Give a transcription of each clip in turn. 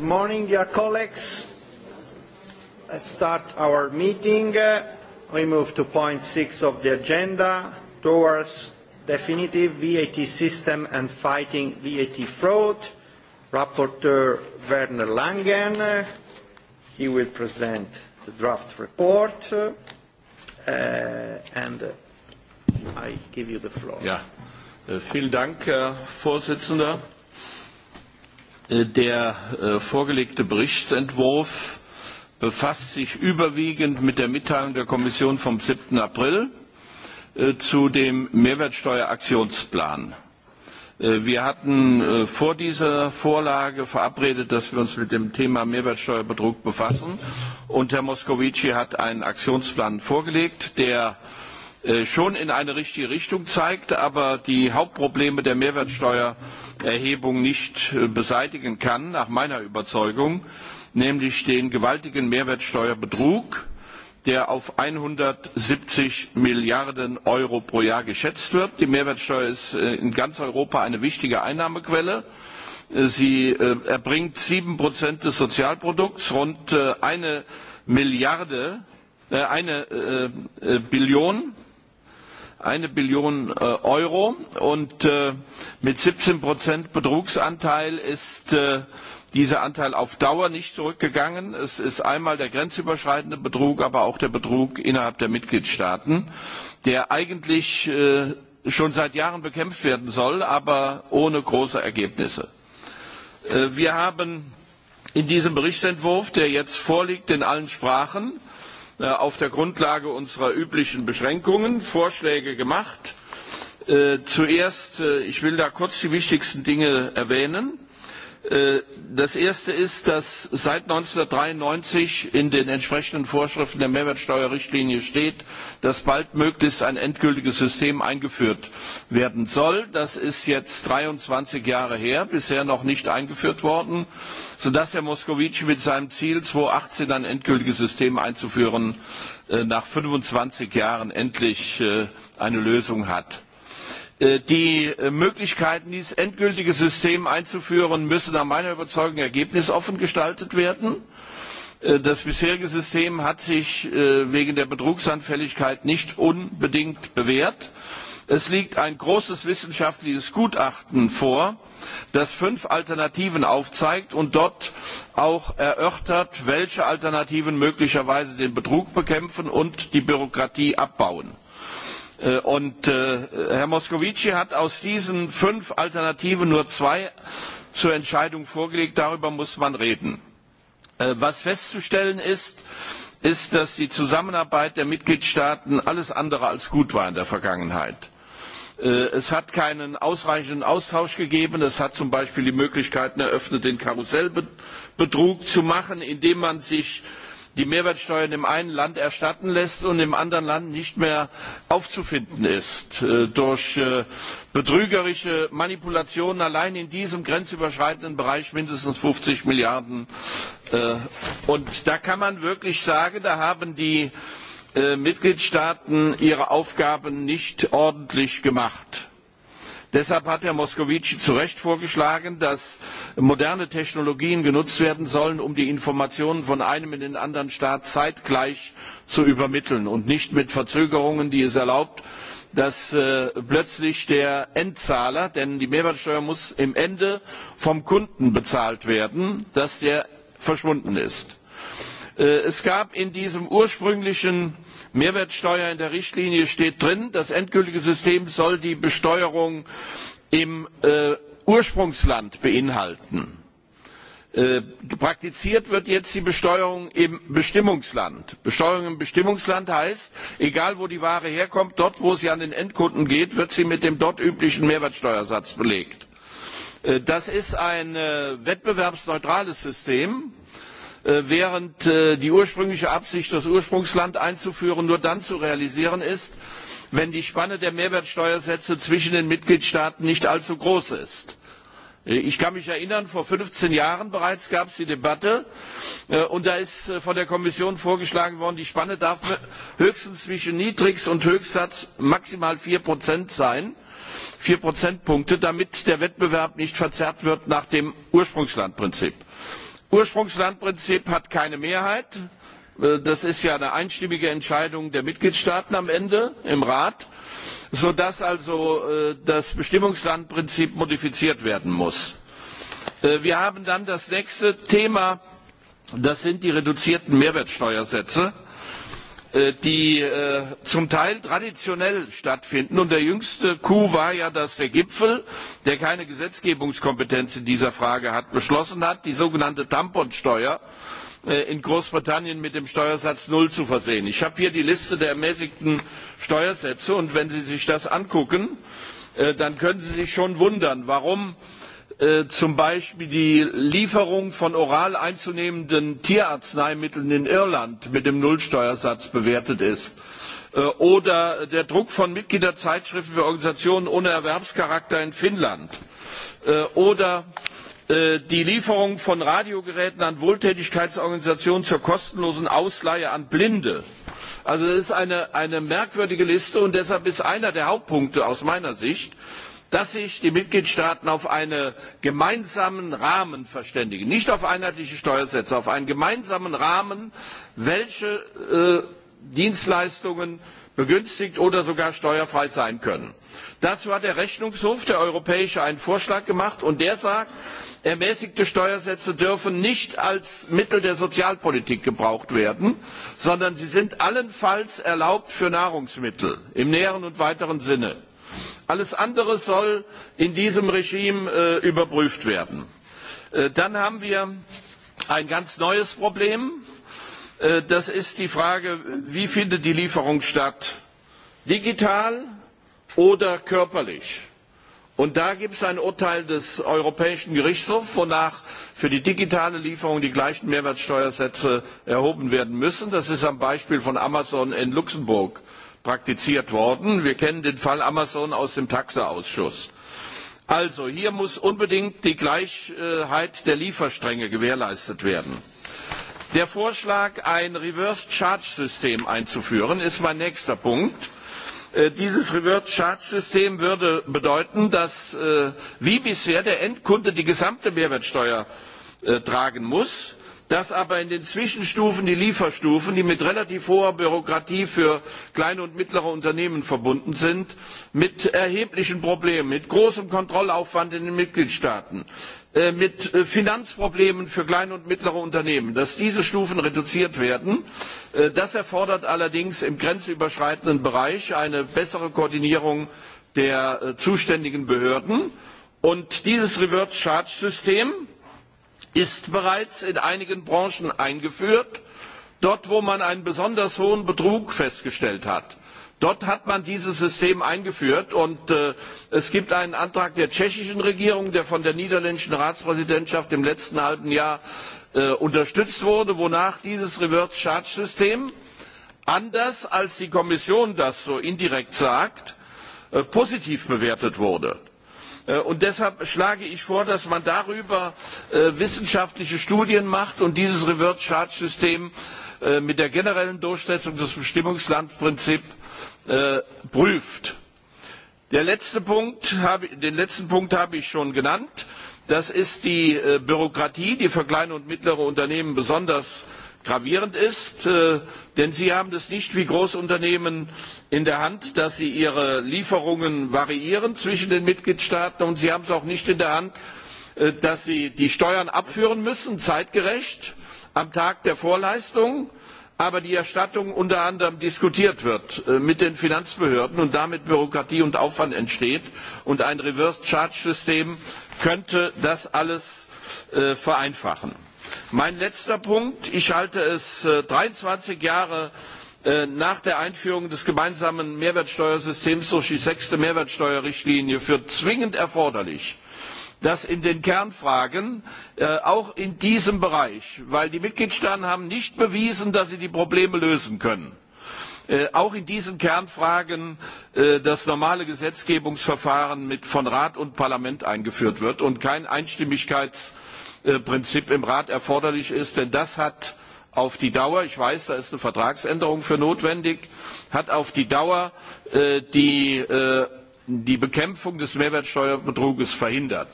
morning, dear colleagues. Let's start our meeting. We move to point six of the agenda towards definitive VAT system and fighting VAT fraud. Rapporteur Werner Langen. He will present the draft report. and I give you the floor. Uh, vielen Dank, Herr Vorsitzender. Der vorgelegte Berichtsentwurf befasst sich überwiegend mit der Mitteilung der Kommission vom 7. April zu dem Mehrwertsteueraktionsplan. Wir hatten vor dieser Vorlage verabredet, dass wir uns mit dem Thema Mehrwertsteuerbetrug befassen. Und Herr Moscovici hat einen Aktionsplan vorgelegt, der schon in eine richtige Richtung zeigt, aber die Hauptprobleme der Mehrwertsteuer Erhebung nicht beseitigen kann, nach meiner Überzeugung, nämlich den gewaltigen Mehrwertsteuerbetrug, der auf einhundertsiebzig Milliarden Euro pro Jahr geschätzt wird. Die Mehrwertsteuer ist in ganz Europa eine wichtige Einnahmequelle. Sie erbringt sieben Prozent des Sozialprodukts, rund eine Milliarde, eine Billion eine Billion Euro und mit siebzehn Betrugsanteil ist dieser Anteil auf Dauer nicht zurückgegangen. Es ist einmal der grenzüberschreitende Betrug, aber auch der Betrug innerhalb der Mitgliedstaaten, der eigentlich schon seit Jahren bekämpft werden soll, aber ohne große Ergebnisse. Wir haben in diesem Berichtsentwurf, der jetzt vorliegt, in allen Sprachen auf der Grundlage unserer üblichen Beschränkungen Vorschläge gemacht. Zuerst, ich will da kurz die wichtigsten Dinge erwähnen Das erste ist, dass seit eintausendneunhundertdreiundneunzig in den entsprechenden Vorschriften der Mehrwertsteuerrichtlinie steht, dass baldmöglichst ein endgültiges System eingeführt werden soll. Das ist jetzt dreiundzwanzig Jahre her, bisher noch nicht eingeführt worden, sodass Herr Moscovici mit seinem Ziel, zweitausendachtzehn ein endgültiges System einzuführen, nach fünfundzwanzig Jahren endlich eine Lösung hat die möglichkeiten dieses endgültige system einzuführen müssen nach meiner überzeugung ergebnisoffen gestaltet werden. das bisherige system hat sich wegen der betrugsanfälligkeit nicht unbedingt bewährt. es liegt ein großes wissenschaftliches gutachten vor das fünf alternativen aufzeigt und dort auch erörtert welche alternativen möglicherweise den betrug bekämpfen und die bürokratie abbauen. Und Herr Moscovici hat aus diesen fünf Alternativen nur zwei zur Entscheidung vorgelegt. Darüber muss man reden. Was festzustellen ist, ist, dass die Zusammenarbeit der Mitgliedstaaten alles andere als gut war in der Vergangenheit. Es hat keinen ausreichenden Austausch gegeben. Es hat zum Beispiel die Möglichkeiten eröffnet, den Karussellbetrug zu machen, indem man sich die Mehrwertsteuer dem einen Land erstatten lässt und im anderen Land nicht mehr aufzufinden ist. Durch betrügerische Manipulationen allein in diesem grenzüberschreitenden Bereich mindestens fünfzig Milliarden. Und da kann man wirklich sagen, da haben die Mitgliedstaaten ihre Aufgaben nicht ordentlich gemacht Deshalb hat Herr Moscovici zu Recht vorgeschlagen, dass moderne Technologien genutzt werden sollen, um die Informationen von einem in den anderen Staat zeitgleich zu übermitteln und nicht mit Verzögerungen, die es erlaubt, dass plötzlich der Endzahler, denn die Mehrwertsteuer muss am Ende vom Kunden bezahlt werden, verschwunden ist. Es gab in diesem ursprünglichen mehrwertsteuer in der richtlinie steht drin das endgültige system soll die besteuerung im ursprungsland beinhalten. praktiziert wird jetzt die besteuerung im bestimmungsland. besteuerung im bestimmungsland heißt egal wo die ware herkommt dort wo sie an den endkunden geht wird sie mit dem dort üblichen mehrwertsteuersatz belegt. das ist ein wettbewerbsneutrales system während die ursprüngliche absicht das ursprungsland einzuführen nur dann zu realisieren ist wenn die spanne der mehrwertsteuersätze zwischen den mitgliedstaaten nicht allzu groß ist. ich kann mich erinnern vor fünfzehn jahren bereits gab es die debatte und da ist von der kommission vorgeschlagen worden die spanne darf höchstens zwischen niedrig und höchstsatz maximal vier sein vier prozentpunkte damit der wettbewerb nicht verzerrt wird nach dem ursprungslandprinzip. Ursprungslandprinzip hat keine Mehrheit. Das ist ja eine einstimmige Entscheidung der Mitgliedstaaten am Ende im Rat, sodass also das Bestimmungslandprinzip modifiziert werden muss. Wir haben dann das nächste Thema, das sind die reduzierten Mehrwertsteuersätze die zum Teil traditionell stattfinden. Und der jüngste Coup war ja, dass der Gipfel, der keine Gesetzgebungskompetenz in dieser Frage hat, beschlossen hat, die sogenannte Tamponsteuer in Großbritannien mit dem Steuersatz Null zu versehen. Ich habe hier die Liste der ermäßigten Steuersätze und wenn Sie sich das angucken, dann können Sie sich schon wundern, warum zum Beispiel die Lieferung von oral einzunehmenden Tierarzneimitteln in Irland mit dem Nullsteuersatz bewertet ist oder der Druck von Mitgliederzeitschriften für Organisationen ohne Erwerbscharakter in Finnland oder die Lieferung von Radiogeräten an Wohltätigkeitsorganisationen zur kostenlosen Ausleihe an Blinde. Also das ist eine merkwürdige Liste und deshalb ist einer der Hauptpunkte aus meiner Sicht, dass sich die Mitgliedstaaten auf einen gemeinsamen Rahmen verständigen, nicht auf einheitliche Steuersätze, auf einen gemeinsamen Rahmen, welche Dienstleistungen begünstigt oder sogar steuerfrei sein können. Dazu hat der Rechnungshof, der Europäische, einen Vorschlag gemacht und der sagt, ermäßigte Steuersätze dürfen nicht als Mittel der Sozialpolitik gebraucht werden, sondern sie sind allenfalls erlaubt für Nahrungsmittel im näheren und weiteren Sinne. Alles andere soll in diesem Regime überprüft werden. Dann haben wir ein ganz neues Problem. Das ist die Frage, wie findet die Lieferung statt? Digital oder körperlich? Und da gibt es ein Urteil des Europäischen Gerichtshofs, wonach für die digitale Lieferung die gleichen Mehrwertsteuersätze erhoben werden müssen. Das ist am Beispiel von Amazon in Luxemburg praktiziert worden. Wir kennen den Fall Amazon aus dem Taxe-Ausschuss. Also hier muss unbedingt die Gleichheit der Lieferstränge gewährleistet werden. Der Vorschlag, ein Reverse Charge System einzuführen, ist mein nächster Punkt. Dieses Reverse Charge System würde bedeuten, dass wie bisher der Endkunde die gesamte Mehrwertsteuer tragen muss dass aber in den Zwischenstufen die Lieferstufen, die mit relativ hoher Bürokratie für kleine und mittlere Unternehmen verbunden sind, mit erheblichen Problemen, mit großem Kontrollaufwand in den Mitgliedstaaten, mit Finanzproblemen für kleine und mittlere Unternehmen, dass diese Stufen reduziert werden. Das erfordert allerdings im grenzüberschreitenden Bereich eine bessere Koordinierung der zuständigen Behörden. Und dieses Reverse Charge System ist bereits in einigen branchen eingeführt dort wo man einen besonders hohen betrug festgestellt hat. dort hat man dieses system eingeführt und es gibt einen antrag der tschechischen regierung der von der niederländischen ratspräsidentschaft im letzten halben jahr unterstützt wurde wonach dieses reverse charge system anders als die kommission das so indirekt sagt positiv bewertet wurde. Und deshalb schlage ich vor, dass man darüber wissenschaftliche Studien macht und dieses Reverse Charge System mit der generellen Durchsetzung des Bestimmungslandprinzips prüft. Den letzten Punkt habe ich schon genannt. Das ist die Bürokratie, die für kleine und mittlere Unternehmen besonders gravierend ist, denn sie haben es nicht wie Großunternehmen in der Hand, dass sie ihre Lieferungen variieren zwischen den Mitgliedstaaten und sie haben es auch nicht in der Hand, dass sie die Steuern abführen müssen, zeitgerecht, am Tag der Vorleistung, aber die Erstattung unter anderem diskutiert wird mit den Finanzbehörden und damit Bürokratie und Aufwand entsteht. Und ein Reverse Charge System könnte das alles vereinfachen mein letzter punkt ich halte es dreiundzwanzig jahre nach der einführung des gemeinsamen mehrwertsteuersystems durch die sechste mehrwertsteuerrichtlinie für zwingend erforderlich dass in den kernfragen auch in diesem bereich weil die mitgliedstaaten haben nicht bewiesen haben dass sie die probleme lösen können auch in diesen kernfragen das normale gesetzgebungsverfahren von rat und parlament eingeführt wird und kein einstimmigkeitsverfahren prinzip im rat erforderlich ist denn das hat auf die dauer ich weiß da ist eine vertragsänderung für notwendig die die Bekämpfung des Mehrwertsteuerbetruges verhindert.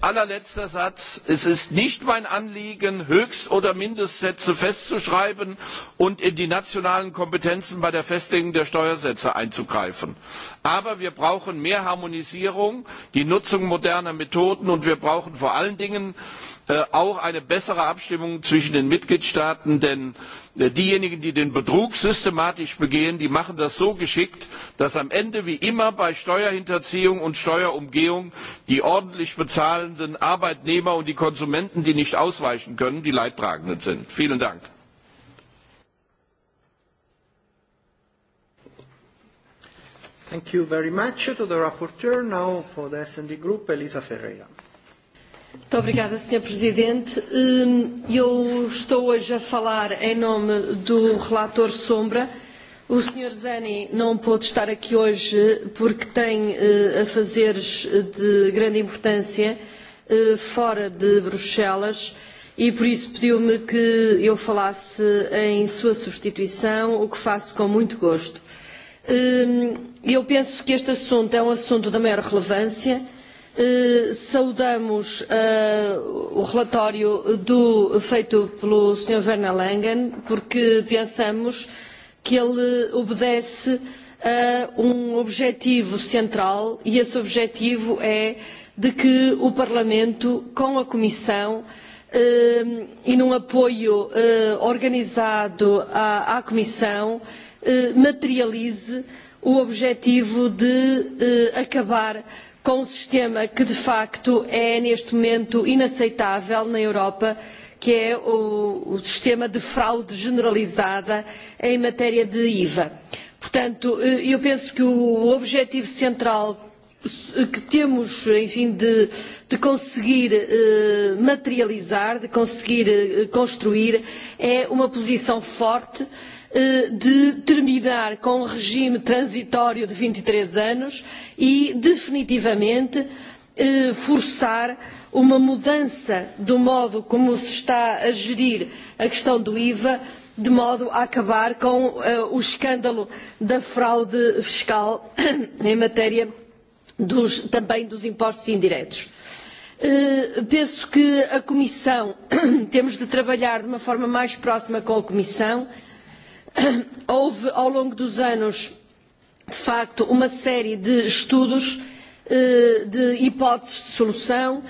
allerletzter Satz. Es ist nicht mein Anliegen, Höchst- oder Mindestsätze festzuschreiben und in die nationalen Kompetenzen bei der Festlegung der Steuersätze einzugreifen. Aber wir brauchen mehr Harmonisierung, die Nutzung moderner Methoden und wir brauchen vor allen Dingen auch eine bessere Abstimmung zwischen den Mitgliedstaaten, denn diejenigen, die den Betrug systematisch begehen, machen das so geschickt, dass am Ende wie immer bei Steuerhinterziehung und Steuerumgehung die ordentlich bezahlenden Arbeitnehmer und die Konsumenten, die nicht ausweichen können, die Leidtragenden sind. Vielen Dank. Muito obrigada, Sr. Presidente. Eu estou hoje a falar em nome do relator Sombra. O Sr. Zani não pôde estar aqui hoje porque tem afazeres de grande importância fora de Bruxelas e por isso pediu-me que eu falasse em sua substituição, o que faço com muito gosto. Eu penso que este assunto é um assunto da maior relevância Saudamos o relatório feito pelo Sr. Werner Langen, porque pensamos que ele obedece a um objetivo central e esse objetivo é de que o Parlamento, com a Comissão e num apoio organizado à Comissão, materialize o objetivo de acabar com um sistema que de facto é neste momento inaceitável na Europa, que é o, sistema de fraude generalizada em matéria de IVA. Portanto, eu penso que o objetivo central que temos, enfim, de, conseguir materializar, de conseguir construir, é uma posição forte de terminar com o regime transitório de vinte e três anos e, definitivamente, forçar uma mudança do modo como se está a gerir a questão do IVA, de modo a acabar com o escândalo da fraude fiscal em matéria também dos impostos indiretos. penso que a Comissão, temos de trabalhar de uma forma mais próxima com a Comissão, houve ao longo dos anos, de facto, uma série de estudos de hipóteses de solução.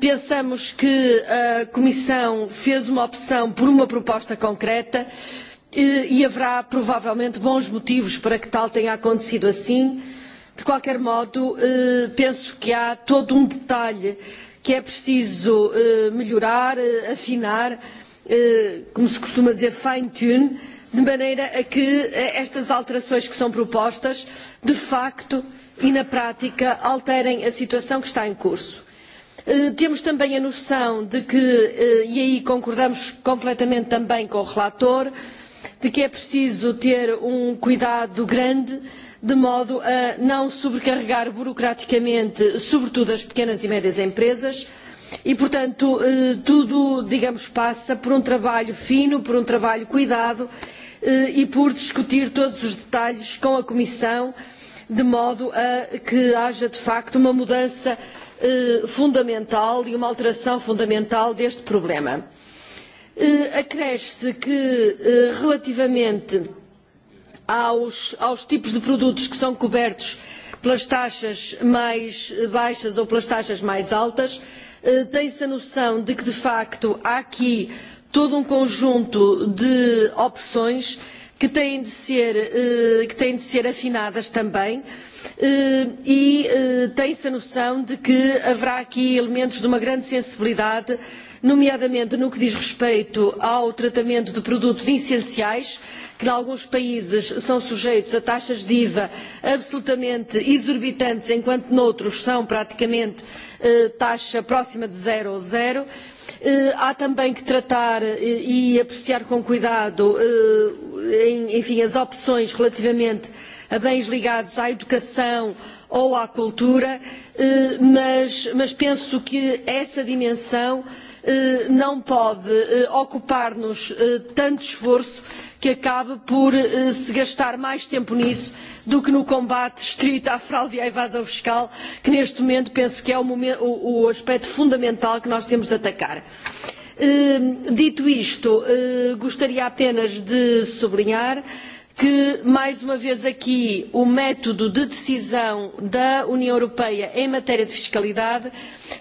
Pensamos que a Comissão fez uma opção por uma proposta concreta e haverá provavelmente bons motivos para que tal tenha acontecido assim. De qualquer modo, penso que há todo um detalhe que é preciso melhorar, afinar, como se costuma dizer, fine-tune, de maneira a que estas alterações que são propostas, de facto e na prática, alterem a situação que está em curso. Temos também a noção de que, e aí concordamos completamente também com o relator, de que é preciso ter um cuidado grande de modo a não sobrecarregar burocraticamente, sobretudo as pequenas e médias empresas, E, portanto, tudo, digamos, passa por um trabalho fino, por um trabalho cuidado e por discutir todos os detalhes com a Comissão, de modo a que haja, de facto, uma mudança fundamental e uma alteração fundamental deste problema. Acresce que, relativamente aos, tipos de produtos que são cobertos pelas taxas mais baixas ou pelas taxas mais altas, tem-se a noção de que, de facto, há aqui todo um conjunto de opções que têm de ser, que têm de ser afinadas também e tem-se a noção de que haverá aqui elementos de uma grande sensibilidade uh, nomeadamente no que diz respeito ao tratamento de produtos essenciais, que em alguns países são sujeitos a taxas de IVA absolutamente exorbitantes, enquanto noutros são praticamente taxa próxima de zero ou zero. Há também que tratar e apreciar com cuidado enfim, as opções relativamente a bens ligados à educação ou à cultura, mas penso que essa dimensão não pode ocupar-nos tanto esforço que acabe por se gastar mais tempo nisso do que no combate estrito à fraude e à evasão fiscal, que neste momento penso que é o aspecto fundamental que nós temos de atacar. Dito isto, gostaria apenas de sublinhar que, mais uma vez aqui, o método de decisão da União Europeia em matéria de fiscalidade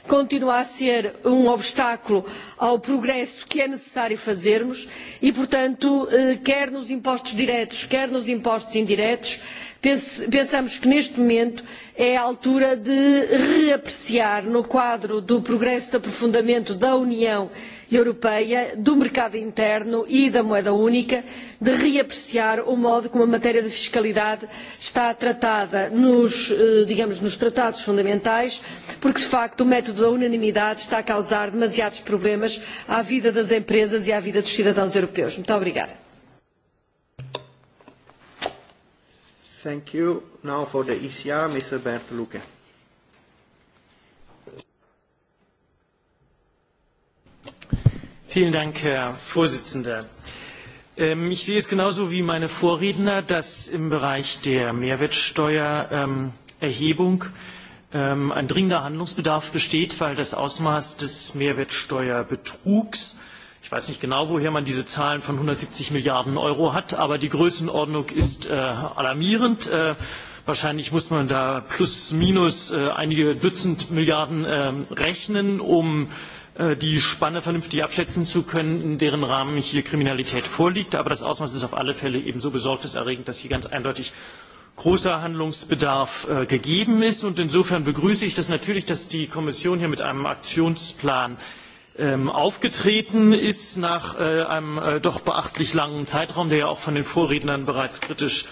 continua a ser um obstáculo ao progresso que é necessário fazermos e, portanto, quer nos impostos diretos, quer nos impostos indiretos, pensamos que neste momento é a altura de reapreciar no quadro do progresso de aprofundamento da União Europeia Europeia, do mercado interno e da moeda única, de reapreciar o modo como a matéria de fiscalidade está tratada nos, digamos, nos tratados fundamentais, porque de facto o método da unanimidade está a causar demasiados problemas à vida das empresas e à vida dos cidadãos europeus. Muito obrigada. Thank you. Now for the ECR, Mr. Bert Vielen Dank, Herr Vorsitzender. Ich sehe es genauso wie meine Vorredner, dass im Bereich der Mehrwertsteuererhebung ein dringender Handlungsbedarf besteht, weil das Ausmaß des Mehrwertsteuerbetrugs ich weiß nicht genau, woher man diese Zahlen von 170 Milliarden Euro hat, aber die Größenordnung ist alarmierend. wahrscheinlich muss man da plus minus einige Dutzend Milliarden rechnen, um äh, die Spanne vernünftig abschätzen zu können, in deren Rahmen hier Kriminalität vorliegt. Aber das Ausmaß ist auf alle Fälle eben so besorgniserregend, dass hier ganz eindeutig großer Handlungsbedarf gegeben ist. Und insofern begrüße ich das natürlich, dass die Kommission hier mit einem Aktionsplan aufgetreten ist nach einem doch beachtlich langen Zeitraum, der ja auch von den Vorrednern bereits kritisch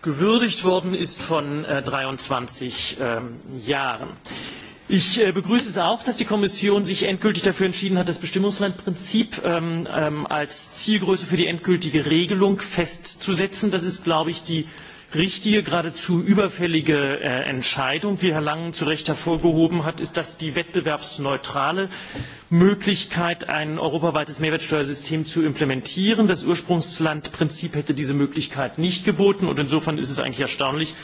gewürdigt worden ist von dreiundzwanzig Jahren. Ich begrüße es auch, dass die Kommission sich endgültig dafür entschieden hat, das Bestimmungslandprinzip als Zielgröße für die endgültige Regelung festzusetzen. Das ist, glaube ich, die richtige, geradezu überfällige Entscheidung. Wie Herr Langen zu Recht hervorgehoben hat, ist das die wettbewerbsneutrale Möglichkeit, ein europaweites Mehrwertsteuersystem zu implementieren. Das Ursprungslandprinzip hätte diese Möglichkeit nicht geboten. Und insofern ist es eigentlich erstaunlich,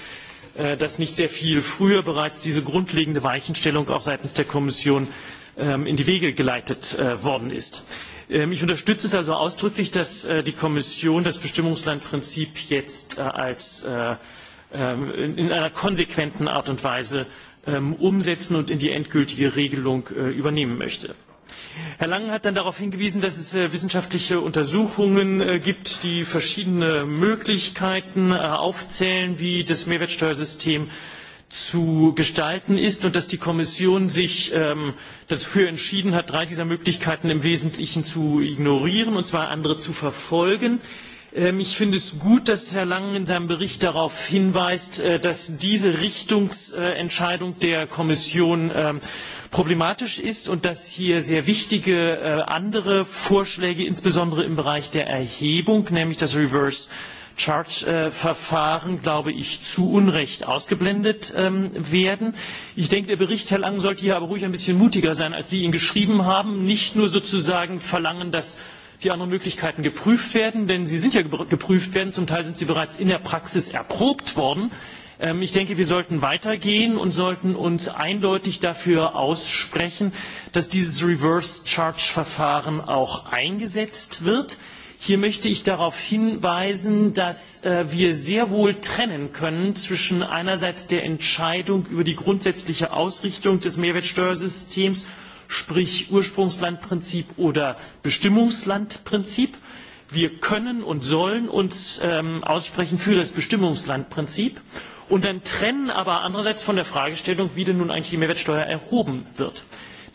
dass nicht sehr viel früher bereits diese grundlegende Weichenstellung auch seitens der Kommission in die Wege geleitet worden ist. Ich unterstütze es also ausdrücklich, dass die Kommission das Bestimmungslandprinzip jetzt in einer konsequenten Art und Weise umsetzen und in die endgültige Regelung übernehmen möchte. Herr Langen hat dann darauf hingewiesen, dass es wissenschaftliche Untersuchungen gibt, die verschiedene Möglichkeiten aufzählen, wie das Mehrwertsteuersystem zu gestalten ist und dass die Kommission sich dafür entschieden hat, drei dieser Möglichkeiten im Wesentlichen zu ignorieren und zwar andere zu verfolgen. Ich finde es gut, dass Herr Langen in seinem Bericht darauf hinweist, dass diese Richtungsentscheidung der Kommission problematisch ist und dass hier sehr wichtige andere Vorschläge, insbesondere im Bereich der Erhebung, nämlich das Reverse Charge Verfahren, glaube ich, zu Unrecht ausgeblendet werden. Ich denke, der Bericht, Herr Lang, sollte hier aber ruhig ein bisschen mutiger sein, als Sie ihn geschrieben haben. Nicht nur sozusagen verlangen, dass die anderen Möglichkeiten geprüft werden, denn sie sind ja geprüft werden, zum Teil sind sie bereits in der Praxis erprobt worden. Ich denke, wir sollten weitergehen und sollten uns eindeutig dafür aussprechen, dass dieses Reverse Charge Verfahren auch eingesetzt wird. Hier möchte ich darauf hinweisen, dass wir sehr wohl trennen können zwischen einerseits der Entscheidung über die grundsätzliche Ausrichtung des Mehrwertsteuersystems sprich Ursprungslandprinzip oder Bestimmungslandprinzip. Wir können und sollen uns aussprechen für das Bestimmungslandprinzip und dann trennen aber andererseits von der Fragestellung, wie denn nun eigentlich die Mehrwertsteuer erhoben wird.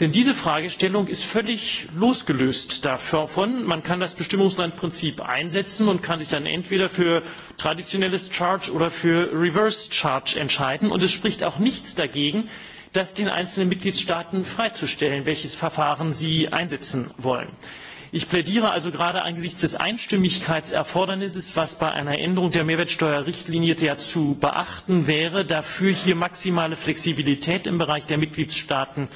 Denn diese Fragestellung ist völlig losgelöst davon. Man kann das Bestimmungslandprinzip einsetzen und kann sich dann entweder für traditionelles Charge oder für Reverse Charge entscheiden. Und es spricht auch nichts dagegen, das den einzelnen Mitgliedstaaten freizustellen, welches Verfahren sie einsetzen wollen. Ich plädiere also gerade angesichts des Einstimmigkeitserfordernisses, was bei einer Änderung der Mehrwertsteuerrichtlinie ja zu beachten wäre, dafür, hier maximale Flexibilität im Bereich der Mitgliedstaaten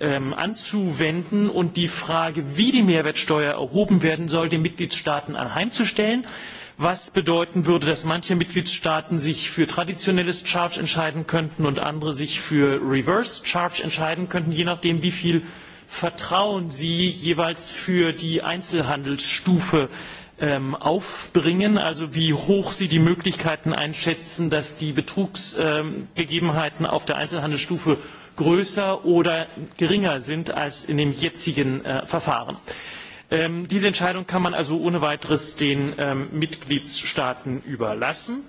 anzuwenden und die Frage, wie die Mehrwertsteuer erhoben werden soll, den Mitgliedstaaten anheimzustellen was bedeuten würde, dass manche Mitgliedstaaten sich für traditionelles Charge entscheiden könnten und andere sich für Reverse Charge entscheiden könnten, je nachdem, wie viel Vertrauen sie jeweils für die Einzelhandelsstufe aufbringen, also wie hoch sie die Möglichkeiten einschätzen, dass die Betrugsgegebenheiten auf der Einzelhandelsstufe größer oder geringer sind als in dem jetzigen Verfahren diese Entscheidung kann man also ohne weiteres den Mitgliedstaaten überlassen.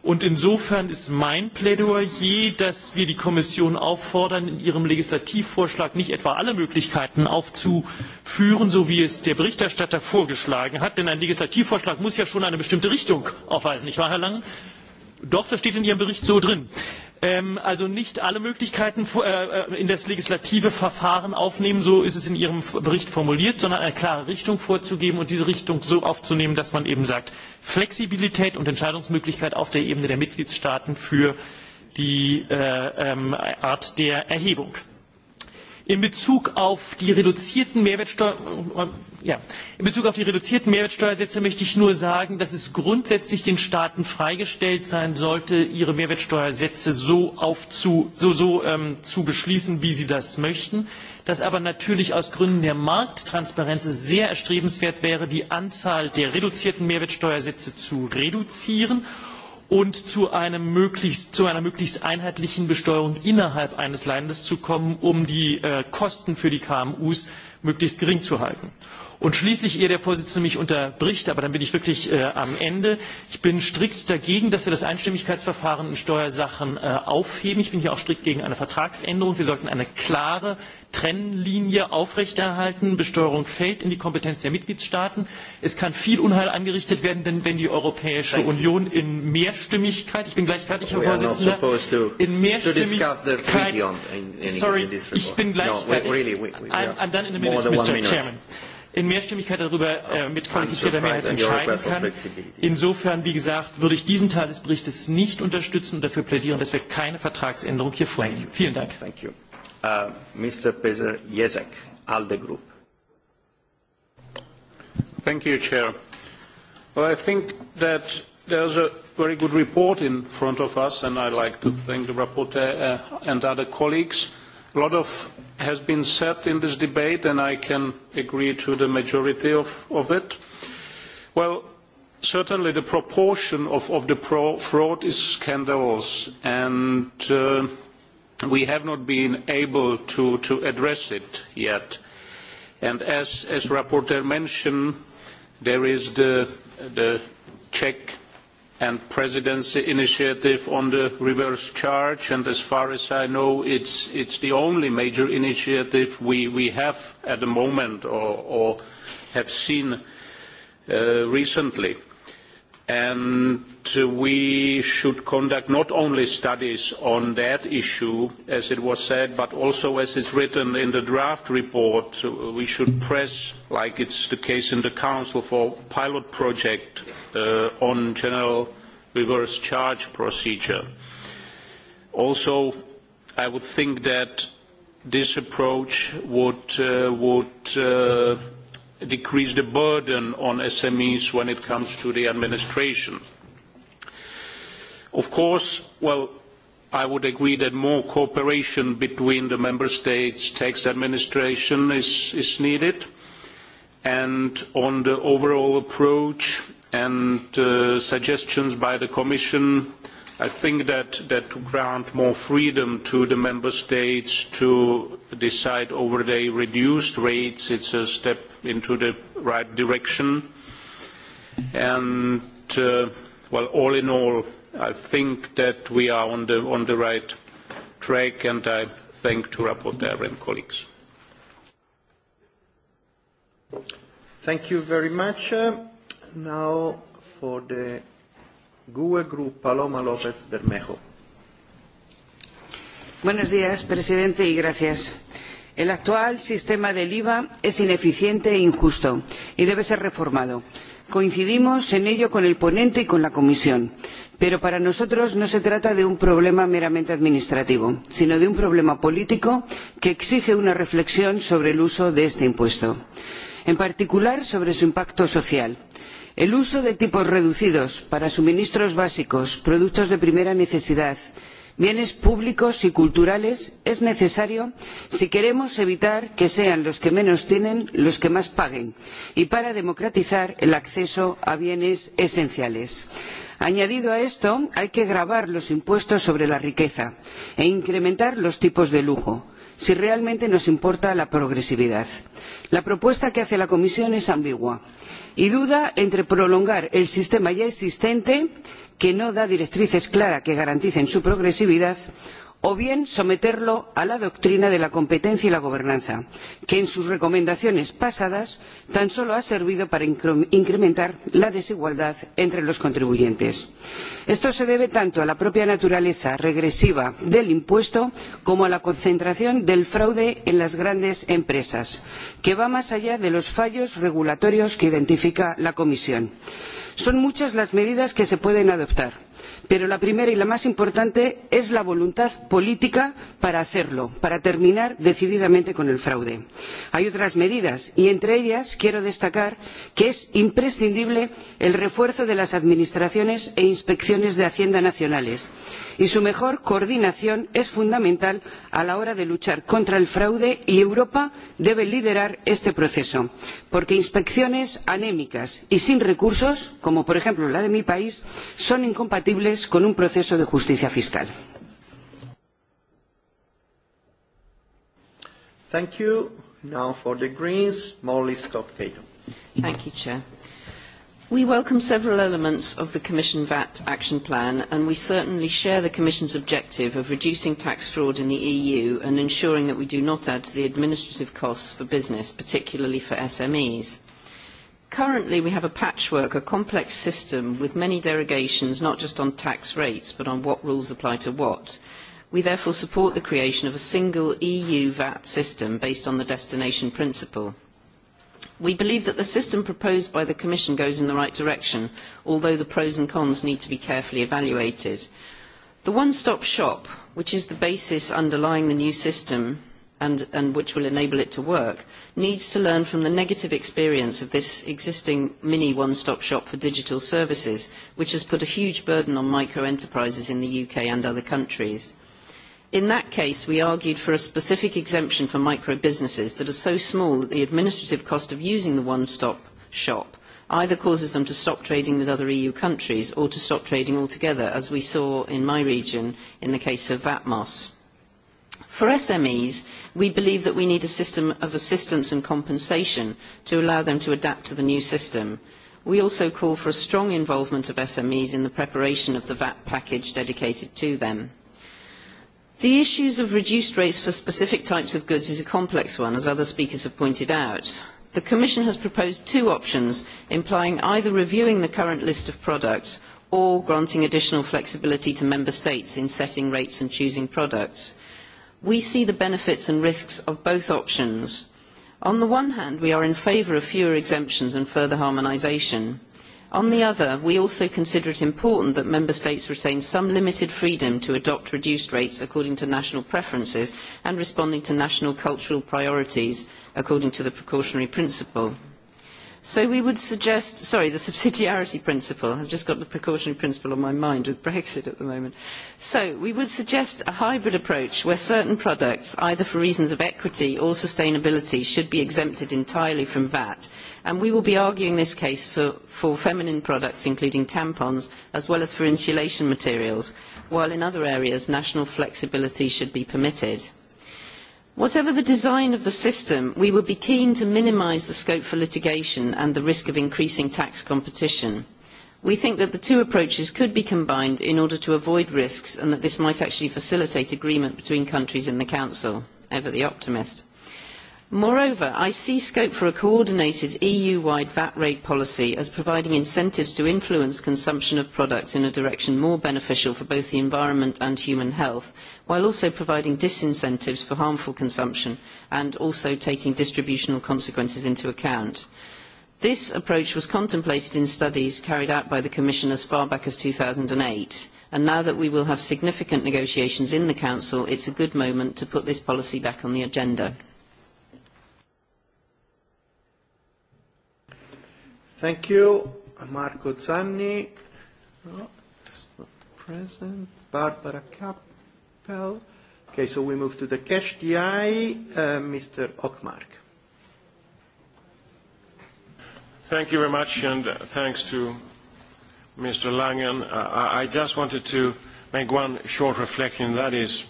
Und insofern ist mein Plädoyer, dass wir die Kommission auffordern, in ihrem Legislativvorschlag nicht etwa alle Möglichkeiten aufzuführen, so wie es der Berichterstatter vorgeschlagen hat. Denn ein Legislativvorschlag muss ja schon eine bestimmte Richtung aufweisen. Nicht wahr, Herr Langen? Doch, das steht in Ihrem Bericht so drin also nicht alle Möglichkeiten in das legislative Verfahren aufnehmen, so ist es in Ihrem Bericht formuliert, sondern eine klare Richtung vorzugeben und diese Richtung so aufzunehmen, dass man eben sagt, Flexibilität und Entscheidungsmöglichkeit auf der Ebene der Mitgliedstaaten für die Art der Erhebung in Bezug auf die reduzierten Mehrwertsteuersätze möchte ich nur sagen, dass es grundsätzlich den Staaten freigestellt sein sollte, ihre Mehrwertsteuersätze so, zu beschließen, wie sie das möchten. Dass aber natürlich aus Gründen der Markttransparenz sehr erstrebenswert wäre, die Anzahl der reduzierten Mehrwertsteuersätze zu reduzieren und zu, einer möglichst einheitlichen Besteuerung innerhalb eines Landes zu kommen, um die Kosten für die KMU möglichst gering zu halten. Und schließlich, ehe der Vorsitzende mich unterbricht, aber dann bin ich wirklich am Ende, ich bin strikt dagegen, dass wir das Einstimmigkeitsverfahren in Steuersachen aufheben. Ich bin hier auch strikt gegen eine Vertragsänderung. Wir sollten eine klare Trennlinie aufrechterhalten. Besteuerung fällt in die Kompetenz der Mitgliedstaaten. Es kann viel Unheil angerichtet werden, denn wenn die Europäische Union in Mehrstimmigkeit, ich bin gleich fertig, Herr Vorsitzender, in Mehrstimmigkeit, sorry, ich bin gleich fertig. I'm, I'm done in a minute, Mr. Chairman in Mehrstimmigkeit darüber mit qualifizierter Mehrheit entscheiden kann. Insofern, wie gesagt, würde ich diesen Teil des Berichts nicht unterstützen und dafür plädieren, dass wir keine Vertragsänderung hier vornehmen. Vielen Dank. I think that a very good report in front of us, and I'd like to thank the rapporteur and other colleagues. A lot of has been said in this debate, and I can agree to the majority of, it. Well, certainly the proportion of, the fraud is scandalous, and we have not been able to, address it yet. And as, as Rapporteur mentioned, there is the, the Czech and presidency initiative on the reverse charge and as far as I know it's it's the only major initiative we, we have at the moment or, or have seen recently and we should conduct not only studies on that issue, as it was said, but also as is written in the draft report, we should press, like it's the case in the Council, for pilot project on general reverse charge procedure. Also, I would think that this approach would decrease the burden on SMEs when it comes to the administration. Of course, well, I would agree that more cooperation between the member states' tax administration is, needed. And on the overall approach, and suggestions by the Commission. I think that, to grant more freedom to the member states to decide over the reduced rates, is a step into the right direction. And well, all in all, I think that we are on the, on the right track, and I thank the rapporteur and colleagues. Thank you very much now for the GUE Group, Paloma López Bermejo. Buenos días, presidente, y gracias. El actual sistema del IVA es ineficiente e injusto y debe ser reformado. Coincidimos en ello con el ponente y con la Comisión, pero para nosotros no se trata de un problema meramente administrativo, sino de un problema político que exige una reflexión sobre el uso de este impuesto, en particular sobre su impacto social el uso de tipos reducidos para suministros básicos productos de primera necesidad bienes públicos y culturales es necesario si queremos evitar que sean los que menos tienen los que más paguen y para democratizar el acceso a bienes esenciales. añadido a esto hay que gravar los impuestos sobre la riqueza e incrementar los tipos de lujo si realmente nos importa la progresividad. La propuesta que hace la Comisión es ambigua y duda entre prolongar el sistema ya existente, que no da directrices claras que garanticen su progresividad, o bien someterlo a la doctrina de la competencia y la gobernanza, que en sus recomendaciones pasadas tan solo ha servido para incrementar la desigualdad entre los contribuyentes. Esto se debe tanto a la propia naturaleza regresiva del impuesto como a la concentración del fraude en las grandes empresas, que va más allá de los fallos regulatorios que identifica la Comisión. Son muchas las medidas que se pueden adoptar pero la primera y la más importante es la voluntad política para hacerlo, para terminar decididamente con el fraude. Hay otras medidas y entre ellas quiero destacar que es imprescindible el refuerzo de las administraciones e inspecciones de Hacienda nacionales y su mejor coordinación es fundamental a la hora de luchar contra el fraude y Europa debe liderar este proceso, porque inspecciones anémicas y sin recursos, como por ejemplo la de mi país, son incompatibles compatibles con un proceso de justicia fiscal. Thank you. Now for the Greens, Molly Thank you, Chair. We welcome several elements of the Commission VAT Action Plan, and we certainly share the Commission's objective of reducing tax fraud in the EU and ensuring that we do not add to the administrative costs for business, particularly for SMEs. Currently, we have a patchwork, a complex system with many derogations, not just on tax rates, but on what rules apply to what. We therefore support the creation of a single EU VAT system based on the destination principle. We believe that the system proposed by the Commission goes in the right direction, although the pros and cons need to be carefully evaluated. The one-stop shop, which is the basis underlying the new system, and, and which will enable it to work, needs to learn from the negative experience of this existing mini one-stop shop for digital services, which has put a huge burden on micro-enterprises in the UK and other countries. In that case, we argued for a specific exemption for micro-businesses that are so small that the administrative cost of using the one-stop shop either causes them to stop trading with other EU countries or to stop trading altogether, as we saw in my region in the case of Vatmos. For SMEs, we believe that we need a system of assistance and compensation to allow them to adapt to the new system. We also call for a strong involvement of SMEs in the preparation of the VAT package dedicated to them. The issues of reduced rates for specific types of goods is a complex one, as other speakers have pointed out. The Commission has proposed two options, implying either reviewing the current list of products or granting additional flexibility to Member States in setting rates and choosing products we see the benefits and risks of both options. On the one hand, we are in favour of fewer exemptions and further harmonisation. On the other, we also consider it important that Member States retain some limited freedom to adopt reduced rates according to national preferences and responding to national cultural priorities according to the precautionary principle. So we would suggest, sorry, the subsidiarity principle. I've just got the precautionary principle on my mind with Brexit at the moment. So we would suggest a hybrid approach where certain products, either for reasons of equity or sustainability, should be exempted entirely from VAT. And we will be arguing this case for, for feminine products, including tampons, as well as for insulation materials, while in other areas national flexibility should be permitted. Whatever the design of the system, we would be keen to minimise the scope for litigation and the risk of increasing tax competition. We think that the two approaches could be combined in order to avoid risks and that this might actually facilitate agreement between countries in the Council, ever the optimist. Moreover, I see scope for a coordinated EU-wide VAT rate policy as providing incentives to influence consumption of products in a direction more beneficial for both the environment and human health, while also providing disincentives for harmful consumption and also taking distributional consequences into account. This approach was contemplated in studies carried out by the Commission as far back as two 2008, and now that we will have significant negotiations in the Council, it is a good moment to put this policy back on the agenda. Thank you. Marco Zanni, not present. Barbara Kappel. Okay, so we move to the cash DI, uh, Mr. Ockmark. Thank you very much, and thanks to Mr. Langen. I, I just wanted to make one short reflection, that is,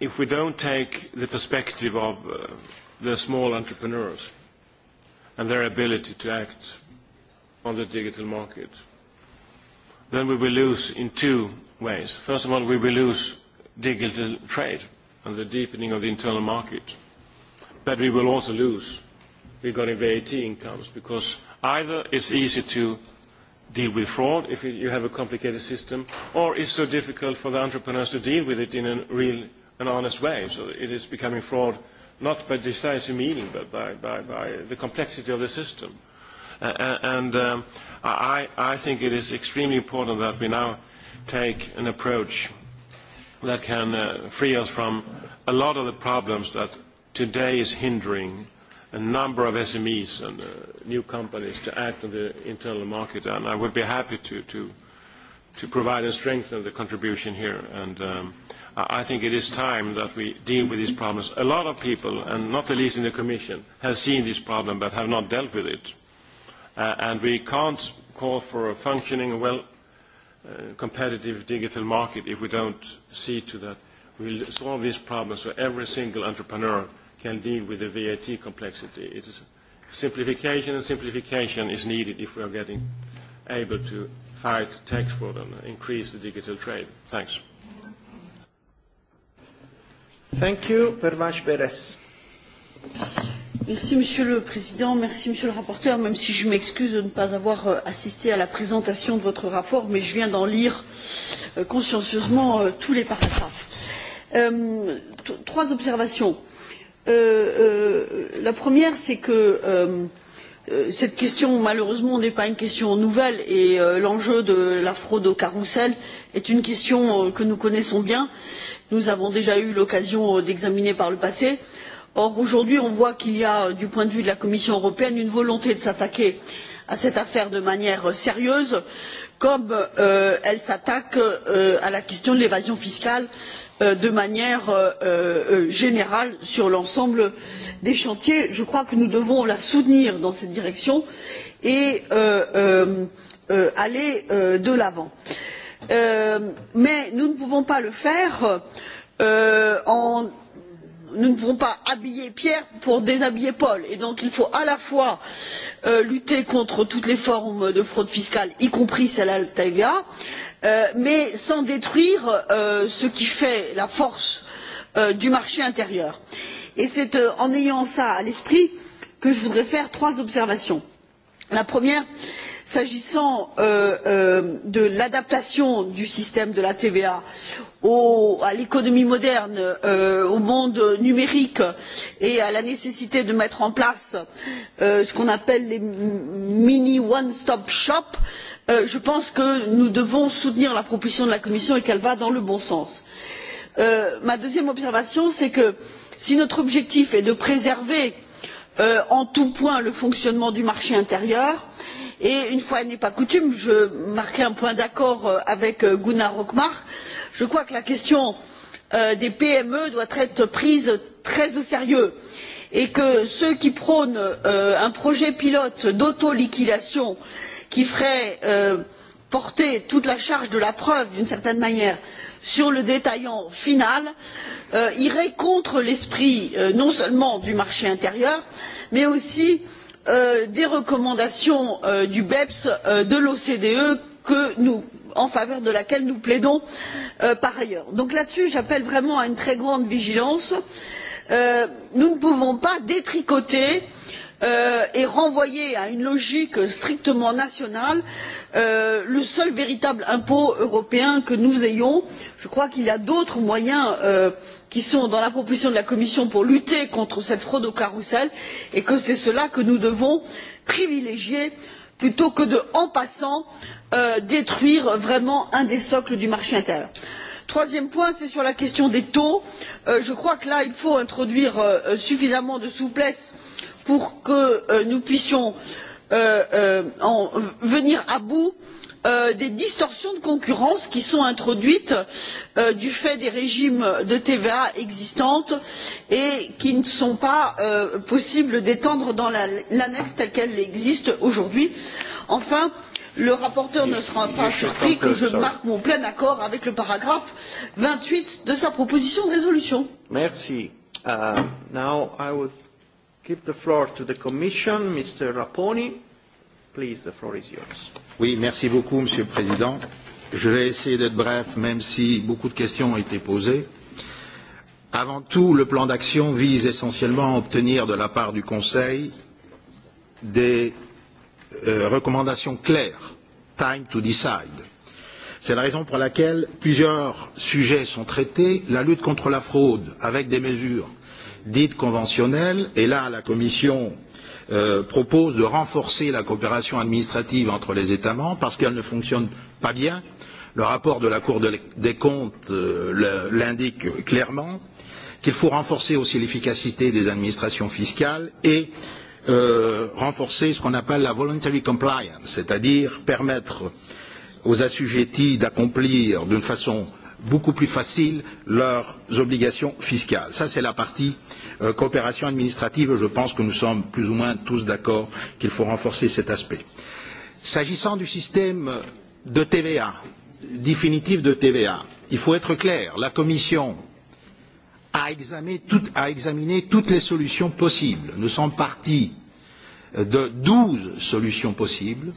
if we don't take the perspective of uh, the small entrepreneurs, and their ability to act on the digital market. Then we will lose in two ways. First of all, we will lose digital trade and the deepening of the internal market. But we will also lose regarding VAT incomes because either it's easy to deal with fraud if you have a complicated system, or it's so difficult for the entrepreneurs to deal with it in a real and honest way. So it is becoming fraud not by decisive meaning, but by, by, by the complexity of the system. Uh, and um, I, I think it is extremely important that we now take an approach that can uh, free us from a lot of the problems that today is hindering a number of SMEs and uh, new companies to act on the internal market. And I would be happy to, to, to provide and strengthen the contribution here. And um, I think it is time that we deal with these problems. A lot of people, and not the least in the Commission, have seen this problem but have not dealt with it. and we can't call for a functioning, well, competitive digital market if we don't see to that. We'll solve this problem so every single entrepreneur can deal with the VAT complexity. It is simplification and simplification is needed if we are getting able to fight tax fraud and increase the digital trade. Thanks. Thank you, Beres. Merci Monsieur le Président, merci Monsieur le rapporteur, même si je m'excuse de ne pas avoir assisté à la présentation de votre rapport, mais je viens d'en lire consciencieusement tous les paragraphes. trois observations. la première, c'est que cette question, malheureusement, n'est pas une question nouvelle et l'enjeu de la fraude au carrousel est une question que nous connaissons bien. Euh, nous avons déjà eu l'occasion d'examiner par le passé. or aujourd'hui on voit qu'il y a du point de vue de la commission européenne une volonté de s'attaquer à cette affaire de manière sérieuse comme elle s'attaque à la question de l'évasion fiscale de manière générale sur l'ensemble des chantiers. je crois que nous devons la soutenir dans cette direction et aller de l'avant. je mais nous ne pouvons pas le faire en nous ne pouvons pas habiller pierre pour déshabiller paul et donc il faut à la fois lutter contre toutes les formes de fraude fiscale y compris celle à la tva mais sans détruire ce qui fait la force du marché intérieur. c'est en ayant cela à l'esprit que je voudrais faire trois observations. la première c'est s'agissant de l'adaptation du système de la tva à l'économie moderne au monde numérique et à la nécessité de mettre en place ce qu'on appelle les mini one stop shops je pense que nous devons soutenir la proposition de la commission et qu'elle va dans le bon sens. ma deuxième observation c'est que si notre objectif est de préserver en tout point le fonctionnement du marché intérieur il et une fois n'est pas coutume je marquerai un point d'accord avec gunnar hkmark je crois que la question des pme doit être prise très au sérieux et que ceux qui prônent un projet pilote d'autoliquidation qui ferait porter toute la charge de la preuve d'une certaine manière sur le détaillant final iraient contre l'esprit non seulement du marché intérieur mais aussi de des recommandations du beps de l'ocde en faveur de laquelle nous plaidons par ailleurs. donc là dessus j'appelle vraiment à une très grande vigilance. nous ne pouvons pas détricoter et renvoyer à une logique strictement nationale le seul véritable impôt européen que nous ayons. je crois qu'il y a d'autres moyens qui sont dans la proposition de la commission pour lutter contre cette fraude au carrousel et que c'est cela que nous devons privilégier plutôt que de en passant détruire vraiment un des socles du marché intérieur. troisième point c'est sur la question des taux. je crois que là il faut introduire suffisamment de souplesse pour que nous puissions venir à bout des distorsions de concurrence qui sont introduites du fait des régimes de tva existants et qu'il ne sont pas possible d'étendre dans l'annexe telle qu'elle existe aujourd'hui. enfin le rapporteur ne sera pas surpris que je marque mon plein accord avec le paragraphe vingt huit de sa proposition de résolution give the floor to the Commission, Mr. Raponi. Please, the floor is yours. Oui, merci beaucoup, Monsieur le Président. Je vais essayer d'être bref, même si beaucoup de questions ont été posées. Avant tout, le plan d'action vise essentiellement à obtenir de la part du Conseil des recommandations claires, time to decide. C'est la raison pour laquelle plusieurs sujets sont traités, la lutte contre la fraude avec des mesures dite conventionnelle. Et là, la Commission propose de renforcer la coopération administrative entre les États membres parce qu'elle ne fonctionne pas bien. Le rapport de la Cour des comptes l'indique clairement qu'il faut renforcer aussi l'efficacité des administrations fiscales et renforcer ce qu'on appelle la voluntary compliance, c'est-à-dire permettre aux assujettis d'accomplir d'une façon beaucoup plus facile leurs obligations fiscales. Ça, c'est la partie coopération administrative. Je pense que nous sommes plus ou moins tous d'accord qu'il faut renforcer cet aspect. S'agissant du système de TVA, définitif de TVA, il faut être clair. La Commission a examiné, toutes les solutions possibles. Nous sommes partis de douze solutions possibles.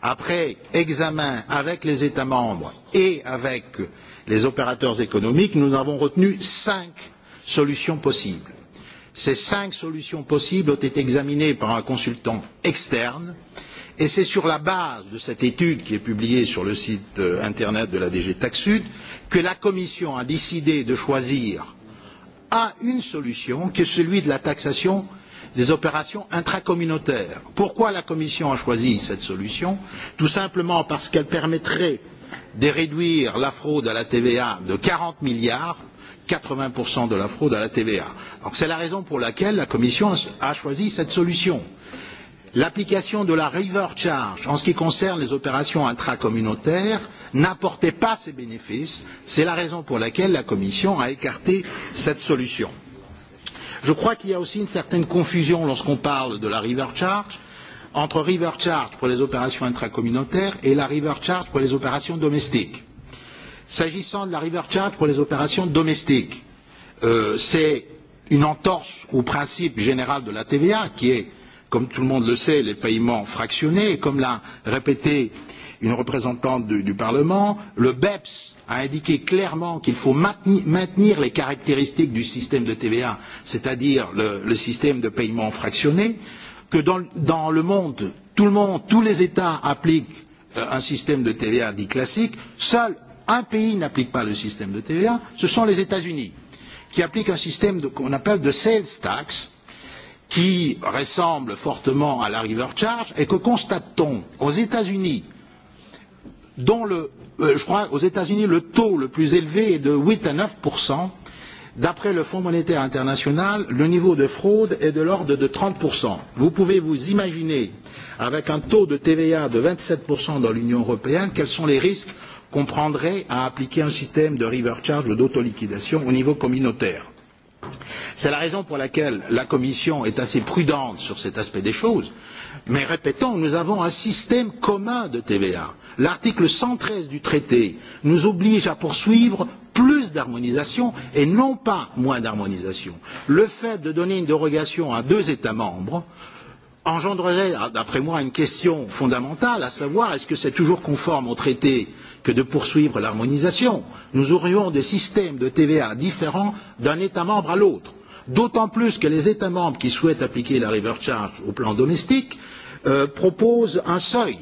Après examen avec les États membres et avec les opérateurs économiques, nous avons retenu cinq solutions possibles. Ces cinq solutions possibles ont été examinées par un consultant externe et c'est sur la base de cette étude qui est publiée sur le site internet de la DG Taxud que la Commission a décidé de choisir à une solution qui est celui de la taxation des opérations intracommunautaires. Pourquoi la Commission a choisi cette solution Tout simplement parce qu'elle permettrait de réduire la fraude à la TVA de quarante milliards, quatre 80% de la fraude à la TVA. C'est la raison pour laquelle la Commission a choisi cette solution. L'application de la river charge en ce qui concerne les opérations intracommunautaires n'apportait pas ces bénéfices. C'est la raison pour laquelle la Commission a écarté cette solution. Je crois qu'il y a aussi une certaine confusion lorsqu'on parle de la river charge entre river charge pour les opérations intracommunautaires et la river charge pour les opérations domestiques. S'agissant de la river charge pour les opérations domestiques, c'est une entorse au principe général de la TVA qui est, comme tout le monde le sait, les paiements fractionnés et comme l'a répété une représentante du, Parlement, le BEPS a indiqué clairement qu'il faut maintenir les caractéristiques du système de TVA, c'est-à-dire le, système de paiement fractionné que dans, le monde, tout le monde, tous les États appliquent un système de TVA dit classique, seul un pays n'applique pas le système de TVA, ce sont les États-Unis, qui appliquent un système qu'on appelle de sales tax, qui ressemble fortement à la river charge, et que constate-t-on aux États-Unis, dont le, je crois, aux États-Unis, le taux le plus élevé est de huit à 9%, D'après le Fonds monétaire international, le niveau de fraude est de l'ordre de 30%. Vous pouvez vous imaginer, avec un taux de TVA de 27% dans l'Union européenne, quels sont les risques qu'on prendrait à appliquer un système de river charge ou d'autoliquidation au niveau communautaire. C'est la raison pour laquelle la Commission est assez prudente sur cet aspect des choses. Mais répétons, nous avons un système commun de TVA. L'article cent treize du traité nous oblige à poursuivre plus d'harmonisation et non pas moins d'harmonisation. Le fait de donner une dérogation à deux États membres engendrerait, d'après moi, une question fondamentale, à savoir est-ce que c'est toujours conforme au traité que de poursuivre l'harmonisation Nous aurions des systèmes de TVA différents d'un État membre à l'autre, d'autant plus que les États membres qui souhaitent appliquer la river charge au plan domestique proposent un seuil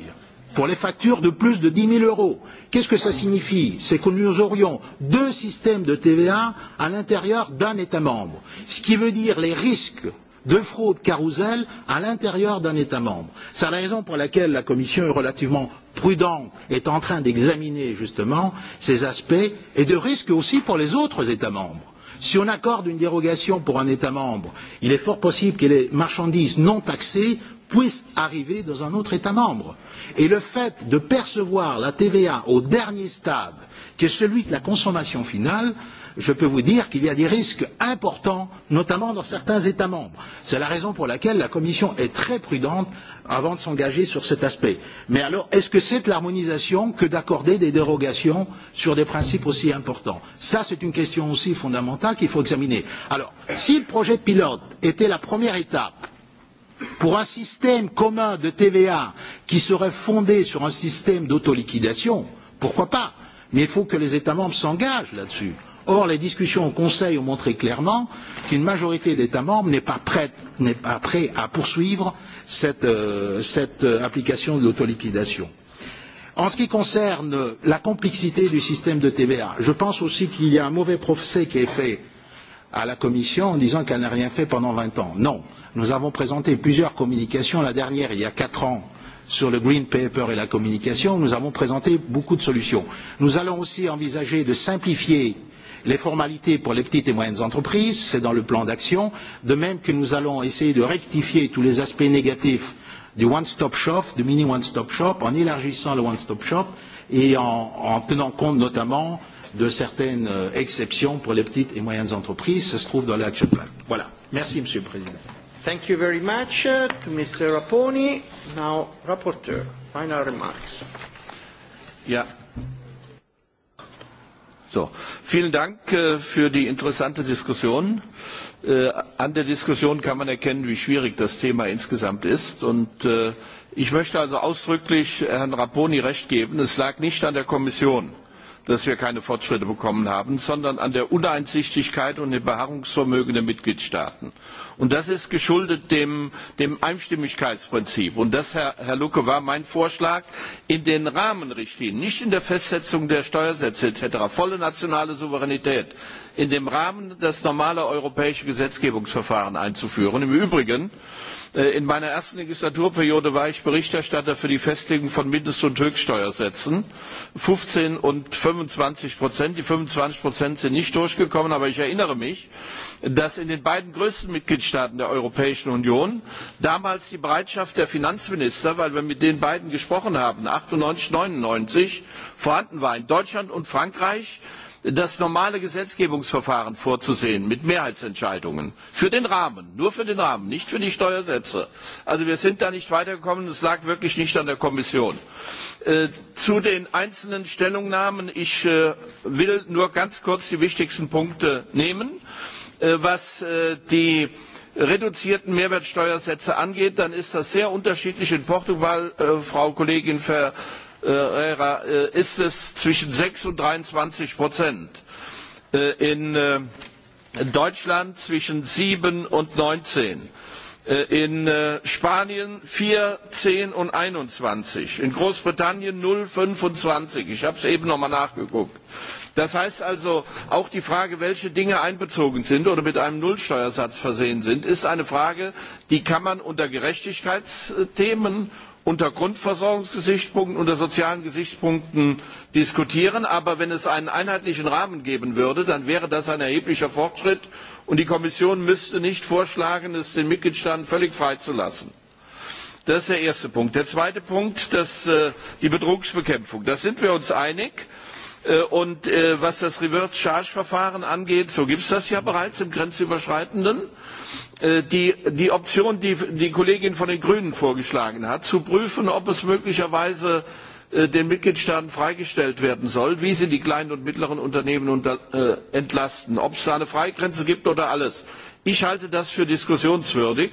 pour les factures de plus de 10 000 euros. Qu'est-ce que cela signifie C'est que nous aurions deux systèmes de TVA à l'intérieur d'un État membre, ce qui veut dire les risques de fraude carrousel à l'intérieur d'un État membre. C'est la raison pour laquelle la Commission est relativement prudente, est en train d'examiner justement ces aspects et de risques aussi pour les autres États membres. Si on accorde une dérogation pour un État membre, il est fort possible que les marchandises non taxées puisse arriver dans un autre État membre. Et le fait de percevoir la TVA au dernier stade, qui est celui de la consommation finale, je peux vous dire qu'il y a des risques importants, notamment dans certains États membres. C'est la raison pour laquelle la Commission est très prudente avant de s'engager sur cet aspect. Mais alors, est-ce que c'est de l'harmonisation que d'accorder des dérogations sur des principes aussi importants Ça, c'est une question aussi fondamentale qu'il faut examiner. Alors, si le projet pilote était la première étape pour un système commun de TVA qui serait fondé sur un système d'autoliquidation, pourquoi pas Mais il faut que les États membres s'engagent là-dessus. Or, les discussions au Conseil ont montré clairement qu'une majorité d'États membres n'est pas prête, pas prêt à poursuivre cette, application de l'autoliquidation. En ce qui concerne la complexité du système de TVA, je pense aussi qu'il y a un mauvais procès qui est fait à la Commission en disant qu'elle n'a rien fait pendant 20 ans. Non, nous avons présenté plusieurs communications, la dernière il y a 4 ans sur le Green Paper et la communication, nous avons présenté beaucoup de solutions. Nous allons aussi envisager de simplifier les formalités pour les petites et moyennes entreprises, c'est dans le plan d'action, de même que nous allons essayer de rectifier tous les aspects négatifs du one-stop shop, du mini one-stop shop, en élargissant le one-stop shop et en, tenant compte notamment euh, de certaines exceptions pour les petites et moyennes entreprises. Ça se trouve dans l'action plan. Voilà. Merci, Monsieur le Président. Thank you very much to Mr. Raponi. Now, rapporteur, final remarks. Yeah. So, vielen Dank für die interessante Diskussion. An der Diskussion kann man erkennen, wie schwierig das Thema insgesamt ist. Und ich möchte also ausdrücklich Herrn Raponi recht geben. Es lag nicht an der Kommission dass wir keine fortschritte bekommen haben sondern an der uneinsichtigkeit und dem beharrungsvermögen der mitgliedstaaten. das ist geschuldet dem einstimmigkeitsprinzip und das herr lucke war mein vorschlag in den rahmenrichtlinien nicht in der festsetzung der steuersätze etc. volle nationale souveränität in dem rahmen das normale europäische gesetzgebungsverfahren einzuführen. im übrigen In meiner ersten Legislaturperiode war ich Berichterstatter für die Festlegung von Mindest- und Höchststeuersätzen. fünfzehn und fünfundzwanzig Die fünfundzwanzig sind nicht durchgekommen, aber ich erinnere mich, dass in den beiden größten Mitgliedstaaten der Europäischen Union damals die Bereitschaft der Finanzminister, weil wir mit den beiden gesprochen haben, 98, neunundneunzig vorhanden war. In Deutschland und Frankreich das normale Gesetzgebungsverfahren vorzusehen mit Mehrheitsentscheidungen für den Rahmen, nur für den Rahmen, nicht für die Steuersätze. Also wir sind da nicht weitergekommen, es lag wirklich nicht an der Kommission. Zu den einzelnen Stellungnahmen, ich will nur ganz kurz die wichtigsten Punkte nehmen. Was die reduzierten Mehrwertsteuersätze angeht, dann ist das sehr unterschiedlich in Portugal, Frau Kollegin Ver Herrera, ist es zwischen sechs und dreiundzwanzig Prozent. In Deutschland zwischen sieben und neunzehn. In Spanien vier, zehn und einundzwanzig. In Großbritannien null fünfundzwanzig. Ich habe es eben noch mal nachgeguckt. Das heißt also, auch die Frage, welche Dinge einbezogen sind oder mit einem Nullsteuersatz versehen sind, ist eine Frage, die kann man unter Gerechtigkeitsthemen unter Grundversorgungsgesichtspunkten, unter sozialen Gesichtspunkten diskutieren. Aber wenn es einen einheitlichen Rahmen geben würde, dann wäre das ein erheblicher Fortschritt und die Kommission müsste nicht vorschlagen, es den Mitgliedstaaten völlig freizulassen. Das ist der erste Punkt. Der zweite Punkt, ist die Betrugsbekämpfung. Da sind wir uns einig. Und was das Reverse Charge Verfahren angeht, so gibt es das ja bereits im grenzüberschreitenden die Option, die die Kollegin von den Grünen vorgeschlagen hat, zu prüfen, ob es möglicherweise den Mitgliedstaaten freigestellt werden soll, wie sie die kleinen und mittleren Unternehmen entlasten, ob es da eine Freigrenze gibt oder alles. Ich halte das für diskussionswürdig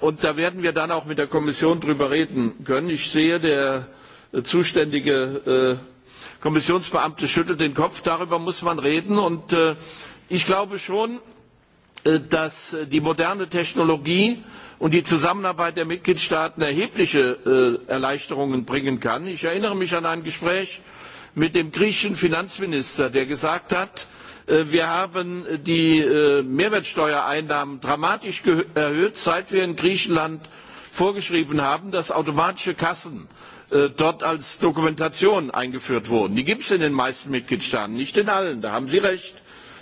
und da werden wir dann auch mit der Kommission darüber reden können. Ich sehe, der zuständige Kommissionsbeamte schüttelt den Kopf, darüber muss man reden und ich glaube schon, dass die moderne Technologie und die Zusammenarbeit der Mitgliedstaaten erhebliche Erleichterungen bringen kann. Ich erinnere mich an ein Gespräch mit dem griechischen Finanzminister, der gesagt hat, wir haben die Mehrwertsteuereinnahmen dramatisch erhöht, seit wir in Griechenland vorgeschrieben haben, dass automatische Kassen dort als Dokumentation eingeführt wurden. Die gibt es in den meisten Mitgliedstaaten, nicht in allen, da haben Sie recht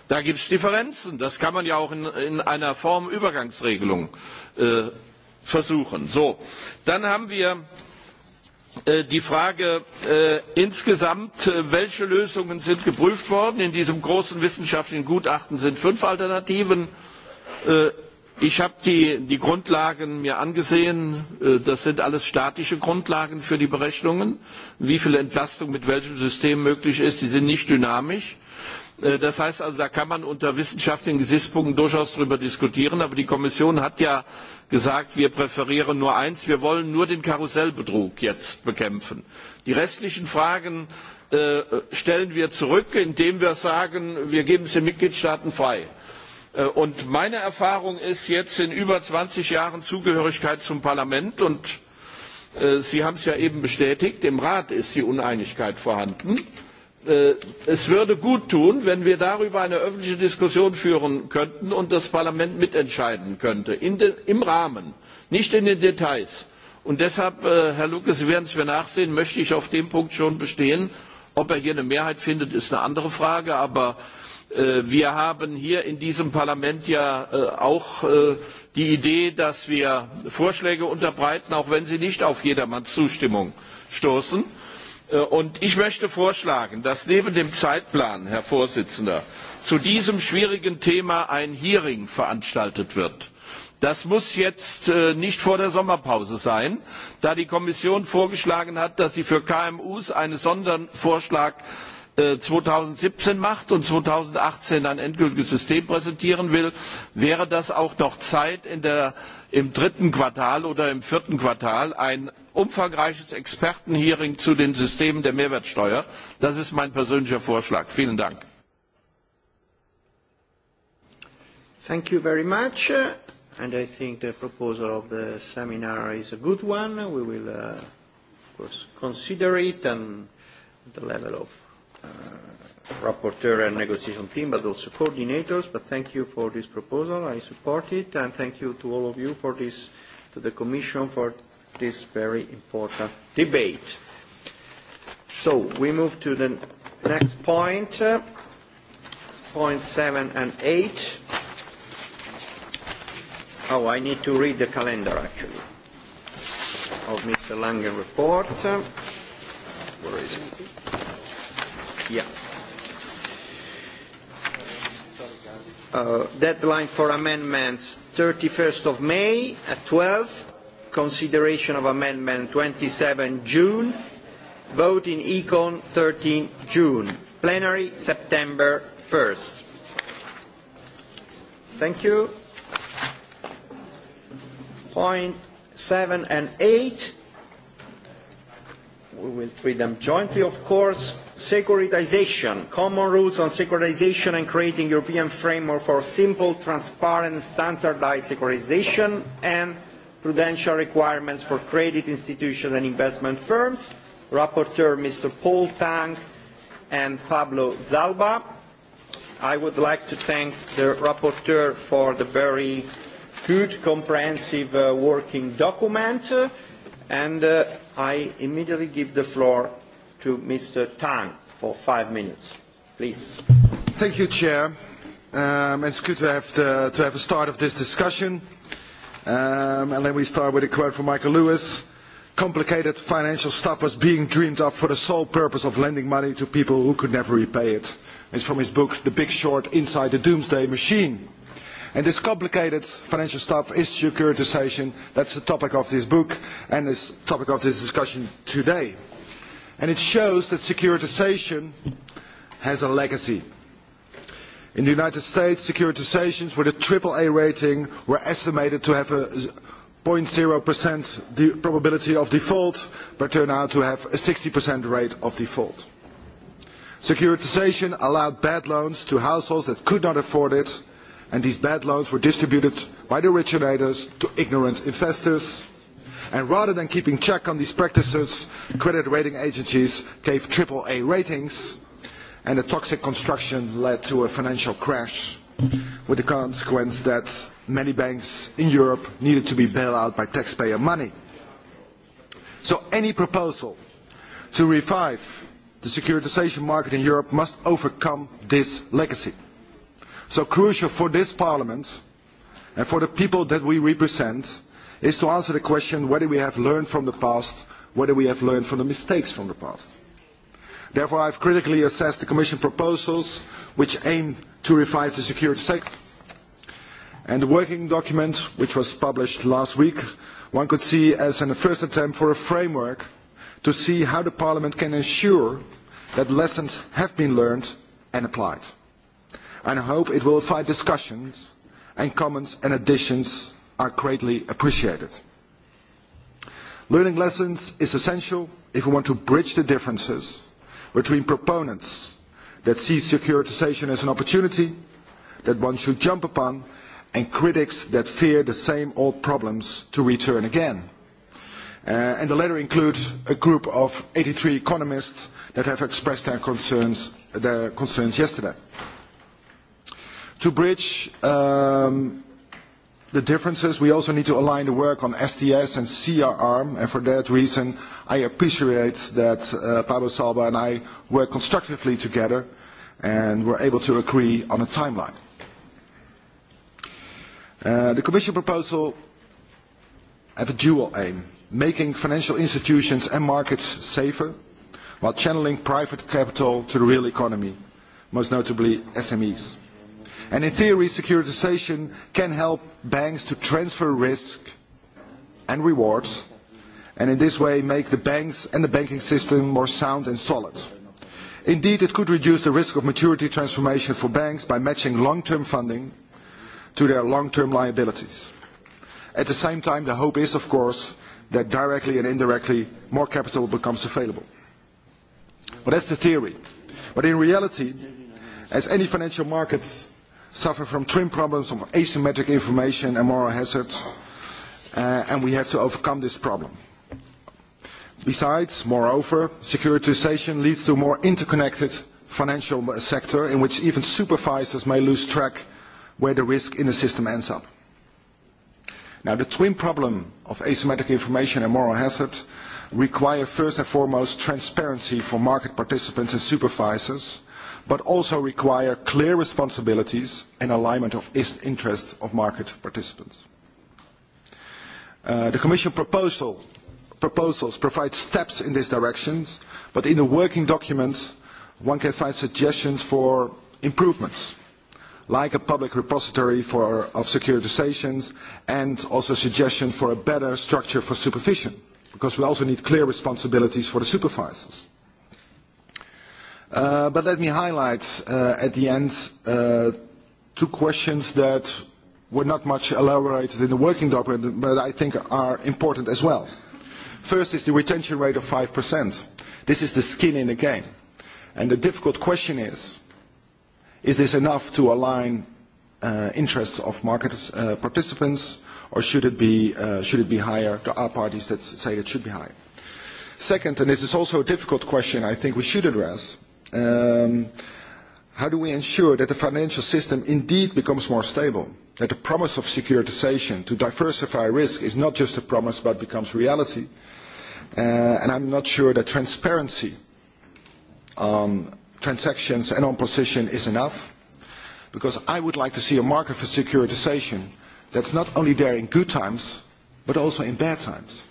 Da gibt es Differenzen. Das kann man ja auch in, einer Form Übergangsregelung versuchen. Dann haben wir die Frage insgesamt, welche Lösungen sind geprüft worden? In diesem großen wissenschaftlichen Gutachten sind fünf Alternativen. Ich habe die, Grundlagen mir angesehen. Das sind alles statische Grundlagen für die Berechnungen. Wie viel Entlastung mit welchem System möglich ist, die sind nicht dynamisch. Das heißt also, da kann man unter wissenschaftlichen Gesichtspunkten durchaus darüber diskutieren. Aber die Kommission hat ja gesagt, wir präferieren nur eins, wir wollen nur den Karussellbetrug jetzt bekämpfen. Die restlichen Fragen stellen wir zurück, indem wir sagen, wir geben es den Mitgliedstaaten frei. Und meine Erfahrung ist jetzt in über zwanzig Jahren Zugehörigkeit zum Parlament und Sie haben es ja eben bestätigt, im Rat ist die Uneinigkeit vorhanden es würde gut tun, wenn wir darüber eine öffentliche Diskussion führen könnten und das Parlament mitentscheiden könnte, im Rahmen, nicht in den Details. Und deshalb, Herr Lucke, Sie werden es mir nachsehen, möchte ich auf dem Punkt schon bestehen. Ob er hier eine Mehrheit findet, ist eine andere Frage, aber wir haben hier in diesem Parlament ja auch die Idee, dass wir Vorschläge unterbreiten, auch wenn sie nicht auf jedermanns Zustimmung stoßen Und ich möchte vorschlagen, dass neben dem Zeitplan, Herr Vorsitzender, zu diesem schwierigen Thema ein Hearing veranstaltet wird. Das muss jetzt nicht vor der Sommerpause sein, da die Kommission vorgeschlagen hat, dass sie für KMU einen Sondervorschlag zweitausendsiebzehn macht und zweitausendachtzehn ein endgültiges system präsentieren will wäre das auch noch zeit im dritten quartal oder im vierten quartal ein umfangreiches expertenhearing zu den systemen der mehrwertsteuer. das ist mein persönlicher vorschlag. vielen dank rapporteur and negotiation team, but also coordinators. But thank you for this proposal. I support it, and thank you to all of you for this, to the Commission for this very important debate. So we move to the next point, uh, point seven and eight. Oh, I need to read the calendar actually of Mr. Langen report. Where is it? Yeah. Uh, deadline for amendments 31st of May at 12, consideration of amendment 27 June, vote in Econ 13 June, plenary September 1st. Thank you. Point 7 and 8, we will treat them jointly, of course. Securitization, common rules on securitization and creating European framework for simple, transparent, standardized securitization and prudential requirements for credit institutions and investment firms. Rapporteur Mr. Paul Tang and Pablo Zalba. I would like to thank the rapporteur for the very good, comprehensive uh, working document. And uh, I immediately give the floor to Mr. Tan for five minutes. Please. Thank you, Chair. Um, it's good to have, the, to have a start of this discussion. Um, and let me start with a quote from Michael Lewis. Complicated financial stuff was being dreamed up for the sole purpose of lending money to people who could never repay it. It's from his book, The Big Short, Inside the Doomsday Machine. And this complicated financial stuff is securitization. That's the topic of this book and the topic of this discussion today and it shows that securitisation has a legacy. In the United States, securitisations with a triple A rating were estimated to have a 0.0% probability of default, but turned out to have a 60% rate of default. Securitisation allowed bad loans to households that could not afford it, and these bad loans were distributed by the originators to ignorant investors And rather than keeping check on these practices, credit rating agencies gave AAA ratings, and the toxic construction led to a financial crash, with the consequence that many banks in Europe needed to be bailed out by taxpayer money. So any proposal to revive the securitisation market in Europe must overcome this legacy. So crucial for this Parliament and for the people that we represent is to answer the question whether we have learned from the past, whether we have learned from the mistakes from the past. Therefore, I have critically assessed the Commission proposals which aim to revive the security sector. And the working document, which was published last week, one could see as a first attempt for a framework to see how Parliament can ensure that lessons have been learned and applied. And I hope it will find discussions and comments and additions are greatly appreciated. Learning lessons is essential if we want to bridge the differences between proponents that see securitisation as an opportunity that one should jump upon and critics that fear the same old problems to return again. and the latter include a group of eighty three economists that have expressed their concerns, their concerns yesterday. To bridge um, the differences, we also need to align the work on STS and CRR, and for that reason, I appreciate that uh, Pablo Salva and I work constructively together and were able to agree on a timeline. Uh, the Commission proposal have a dual aim, making financial institutions and markets safer while channeling private capital to the real economy, most notably SMEs. And in theory, securitisation can help banks to transfer risk and rewards, and in this way make the banks and the banking system more sound and solid. Indeed, it could reduce the risk of maturity transformation for banks by matching long-term funding to their long-term liabilities. At the same time, the hope is, of course, that directly and indirectly more capital becomes available. But that's the theory. But in reality, as any financial markets suffer from twin problems of asymmetric information and moral hazard, uh, and we have to overcome this problem. Besides, moreover, securitization leads to a more interconnected financial sector in which even supervisors may lose track where the risk in the system ends up. Now, the twin problem of asymmetric information and moral hazard require first and foremost transparency for market participants and supervisors but also require clear responsibilities and alignment of interests of market participants. the Commission proposals provide steps in this direction, but in the working documents one can find suggestions for improvements, like a public repository for, of securitizations and also suggestions for a better structure for supervision, because we also need clear responsibilities for the supervisors. But let me highlight at the end two questions that were not much elaborated in the working document, but I think are important as well. First is the retention rate of 5%. This is the skin in the game. And the difficult question is, is this enough to align interests of market participants, or should it be higher? There are parties that say it should be higher. Second, and this is also a difficult question I think we should address, um, how do we ensure that the financial system indeed becomes more stable? That the promise of securitization to diversify risk is not just a promise but becomes reality? Uh, and I'm not sure that transparency on transactions and on position is enough because I would like to see a market for securitization that's not only there in good times but also in bad times.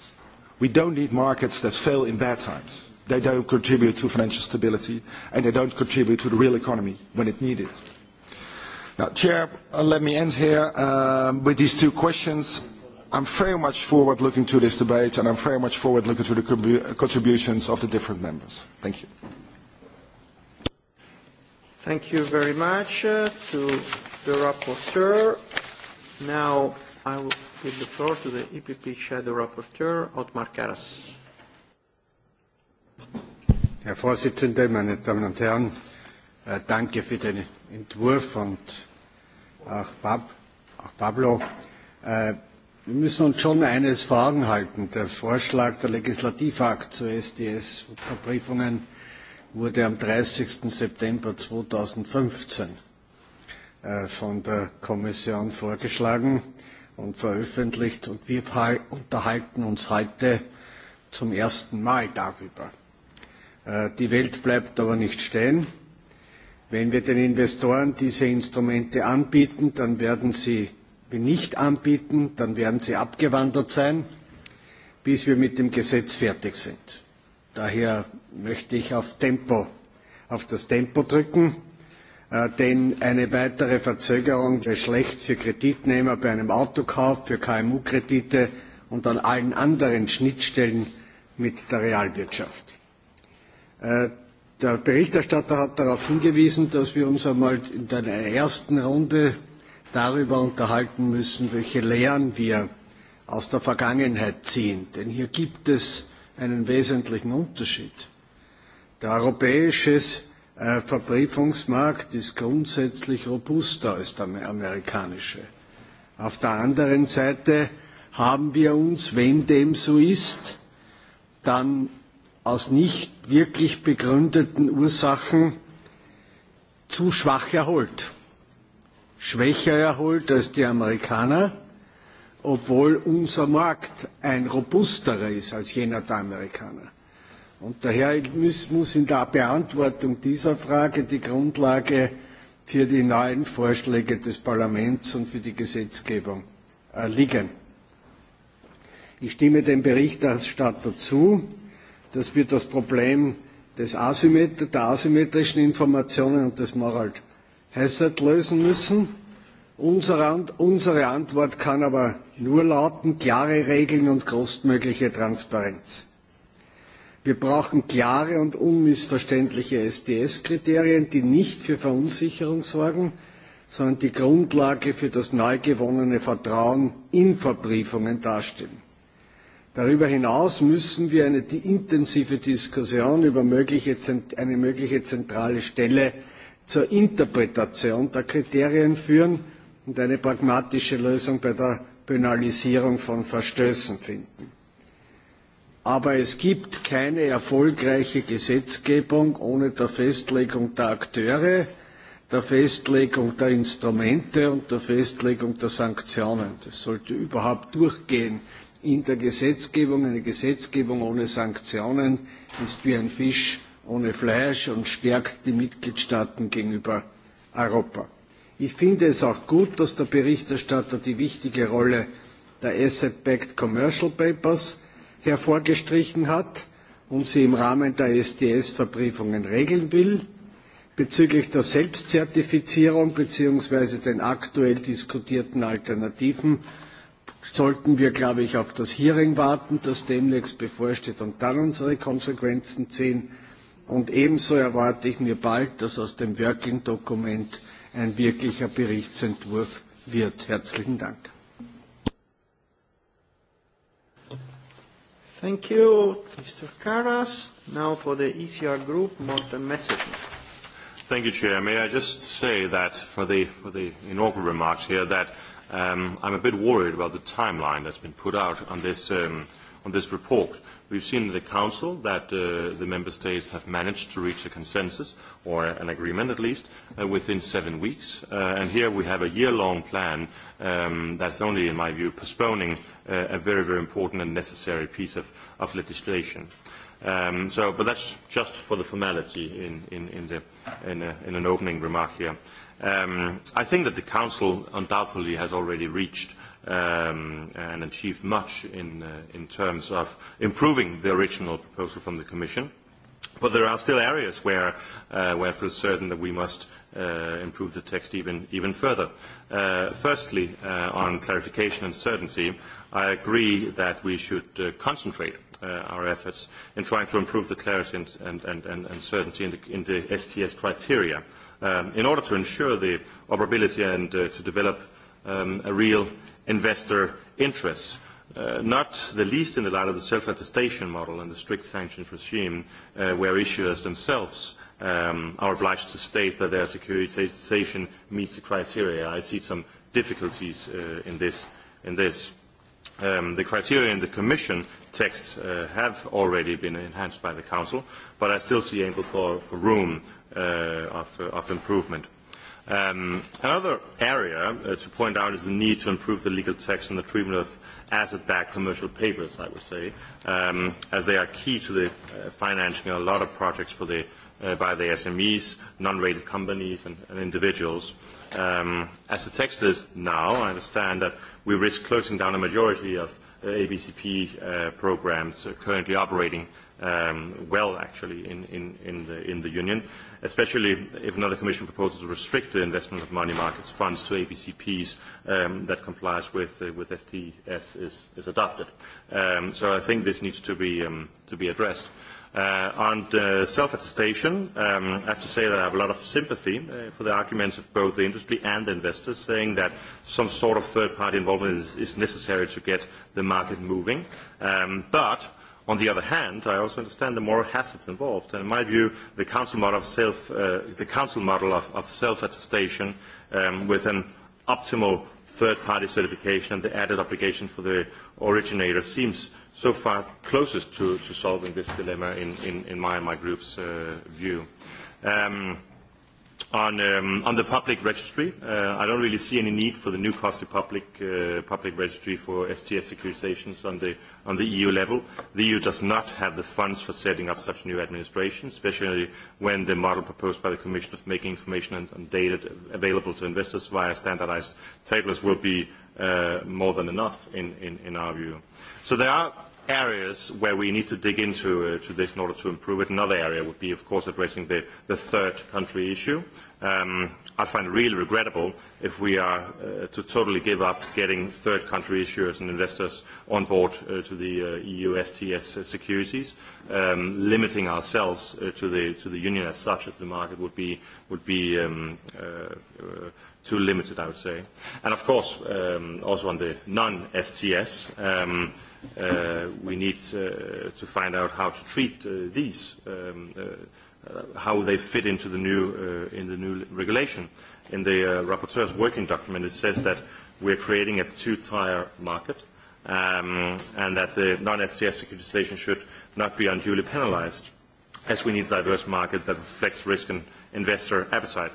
We don't need markets that fail in bad times. They don't contribute to financial stability, and they don't contribute to the real economy when it's needed. Now, Chair, let me end here with these two questions. I'm very much forward-looking to this debate, and I'm very much forward-looking to the contributions of the different members. Thank you. Thank you very much to the rapporteur. Now I will give the floor to the EPP Shadow Rapporteur, Otmar Karas. Herr Vorsitzender, meine Damen und Herren! Danke für den Entwurf und auch Pablo. Wir müssen uns schon eines vor Augen halten. Der Vorschlag der Legislativakt zu SDS-Verbriefungen wurde am 30. September 2015 von der Kommission vorgeschlagen und veröffentlicht. Und wir unterhalten uns heute zum ersten Mal darüber. Die Welt bleibt aber nicht stehen. Wenn wir den Investoren diese Instrumente anbieten, dann werden sie nicht anbieten, dann werden sie abgewandert sein, bis wir mit dem Gesetz fertig sind. Daher möchte ich auf das Tempo drücken, denn eine weitere Verzögerung wäre schlecht für Kreditnehmer bei einem Autokauf, für KMU-Kredite und an allen anderen Schnittstellen mit der Realwirtschaft. Der Berichterstatter hat darauf hingewiesen, dass wir uns einmal in der ersten Runde darüber unterhalten müssen, welche Lehren wir aus der Vergangenheit ziehen. Denn hier gibt es einen wesentlichen Unterschied. Der europäische Verbriefungsmarkt ist grundsätzlich robuster als der amerikanische. Auf der anderen Seite haben wir uns, wenn dem so ist, dann aus nicht wirklich begründeten Ursachen zu schwach erholt. Schwächer erholt als die Amerikaner, obwohl unser Markt ein robusterer ist als jener der Amerikaner. Und daher muss in der Beantwortung dieser Frage die Grundlage für die neuen Vorschläge des Parlaments und für die Gesetzgebung liegen. Ich stimme dem Berichterstatter zu dass wir das Problem des Asymmet der asymmetrischen Informationen und des Moral Hazard lösen müssen. Unsere, unsere Antwort kann aber nur lauten, klare Regeln und größtmögliche Transparenz. Wir brauchen klare und unmissverständliche SDS-Kriterien, die nicht für Verunsicherung sorgen, sondern die Grundlage für das neu gewonnene Vertrauen in Verbriefungen darstellen. Darüber hinaus müssen wir eine intensive Diskussion über eine mögliche zentrale Stelle zur Interpretation der Kriterien führen und eine pragmatische Lösung bei der Penalisierung von Verstößen finden. Aber es gibt keine erfolgreiche Gesetzgebung ohne der Festlegung der Akteure, der Festlegung der Instrumente und der Festlegung der Sanktionen. Das sollte überhaupt durchgehen in der Gesetzgebung. Eine Gesetzgebung ohne Sanktionen ist wie ein Fisch ohne Fleisch und stärkt die Mitgliedstaaten gegenüber Europa. Ich finde es auch gut, dass der Berichterstatter die wichtige Rolle der Asset-Backed Commercial Papers hervorgestrichen hat und sie im Rahmen der SDS-Verbriefungen regeln will. Bezüglich der Selbstzertifizierung bzw. den aktuell diskutierten Alternativen sollten wir, glaube ich, auf das Hearing warten, das demnächst bevorsteht und dann unsere Konsequenzen ziehen. Und ebenso erwarte ich mir bald, dass aus dem Working Dokument ein wirklicher Berichtsentwurf wird. Herzlichen Dank. Thank you, Mr. Karas. Now for the ECR group, Morten Messerschmidt. Thank you, Chair. May I just say that for the, for the inaugural remarks here that Um, I'm a bit worried about the timeline that's been put out on this, um, on this report. We've seen in the Council that uh, the Member States have managed to reach a consensus, or an agreement at least, uh, within seven weeks. Uh, and here we have a year-long plan um, that's only, in my view, postponing uh, a very, very important and necessary piece of, of legislation. Um, so, but that's just for the formality in, in, in, the, in, a, in an opening remark here. I think that the Council undoubtedly has already reached and achieved much in terms of improving the original proposal from the Commission. But there are still areas where it feels certain that we must improve the text even further. Firstly, on clarification and certainty, I agree that we should concentrate our efforts in trying to improve the clarity and certainty in the STS criteria in order to ensure the operability and to develop a real investor interest, not the least in the light of the self-attestation model and the strict sanctions regime, where issuers themselves are obliged to state that their securitization meets the criteria. I see some difficulties in this the criteria in the Commission text have already been enhanced by the Council, but I still see ample for, for room of, improvement. another area to point out is the need to improve the legal text and the treatment of asset-backed commercial papers, I would say, as they are key to the financing of a lot of projects for the by the SMEs, non-rated companies, and, and individuals. Um, as the text is now, I understand that we risk closing down a majority of uh, ABCP uh, programs currently operating um, well, actually, in, in, in, the, in the Union, especially if another Commission proposal to restrict the investment of money markets funds to ABCPs um, that complies with, uh, with STS is, is adopted. Um, so I think this needs to be, um, to be addressed on self-attestation, I have to say that I have a lot of sympathy for the arguments of both the industry and the investors, saying that some sort of third-party involvement is necessary to get the market moving. But on the other hand, I also understand the moral hazards involved. And in my view, the council model of self, the council model of, self-attestation with an optimal third-party certification and the added obligation for the originator seems so far closest to, to solving this dilemma in, in, in my and my group's uh, view. Um, on, um, on the public registry, uh, I don't really see any need for the new costly public, uh, public registry for STS securitizations on the, on the EU level. The EU does not have the funds for setting up such new administrations, especially when the model proposed by the Commission of making information and, and data available to investors via standardized tables will be uh, more than enough in, in, in our view. So there are areas where we need to dig into this in order to improve it. Another area would be, of course, addressing the, the third country issue. Um, I find it really regrettable if we are to totally give up getting third country issuers and investors on board to the EU STS securities. limiting ourselves to, the, to the union as such as the market would be, would be too limited, I would say. And of course, um, also on the non-STS, um, uh, we need uh, to find out how to treat uh, these, um, uh, how they fit into the new, uh, in the new regulation. In the uh, rapporteur's working document, it says that we're creating a two-tier market um, and that the non-STS securitization should not be unduly penalized as we need a diverse market that reflects risk and investor appetite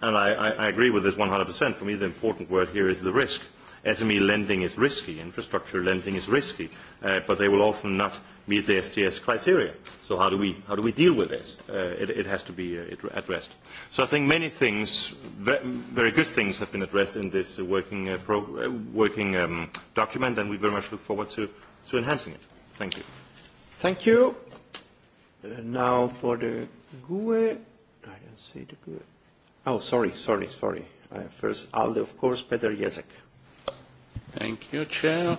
and I, I, I agree with this 100%. For me, the important word here is the risk. SME lending is risky, infrastructure lending is risky, uh, but they will often not meet the STS criteria. So how do we, how do we deal with this? Uh, it, it has to be uh, addressed. So I think many things, very good things, have been addressed in this working, uh, pro, uh, working um, document, and we very much look forward to, to enhancing it. Thank you. Thank you. Uh, now for the GUE. I don't see the GUE. Oh, sorry, sorry, sorry. Uh, first, Alde, of course, Peter Jezek. Thank you, Chair.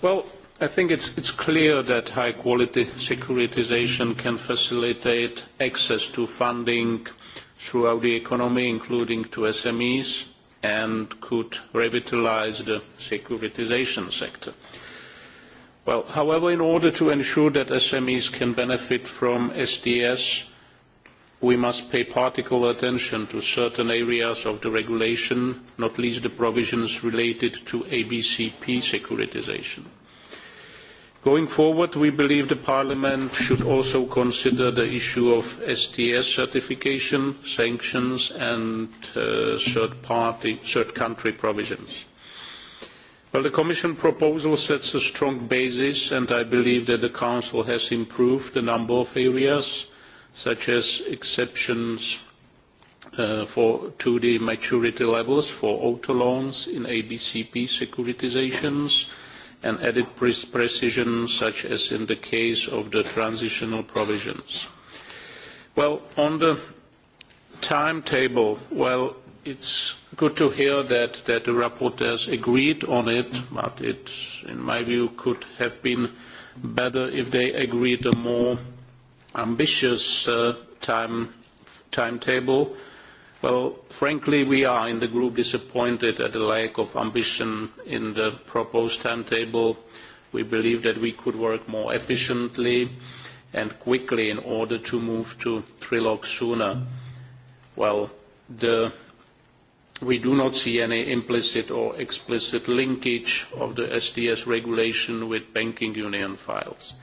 Well, I think it's, it's clear that high-quality securitization can facilitate access to funding throughout the economy, including to SMEs, and could revitalize the securitization sector. Well, however, in order to ensure that SMEs can benefit from SDS, we must pay particular attention to certain areas of the regulation, not least the provisions related to ABCP securitisation. Going forward, we believe the Parliament should also consider the issue of STS certification, sanctions and third, country provisions. the Commission proposal sets a strong basis and I believe that the Council has improved a number of areas such as exceptions for 2D maturity levels for auto loans in ABCP securitizations, and added precision, such as in the case of the transitional provisions. Well, on the timetable, well, it's good to hear that the rapporteurs agreed on it, but it, in my view, could have been better if they agreed a more ambitious timetable. Well, frankly, we are in the group disappointed at the lack of ambition in the proposed timetable. We believe that we could work more efficiently and quickly in order to move to Trilog sooner. Well, the we do not see any implicit or explicit linkage of the SDS regulation with banking union files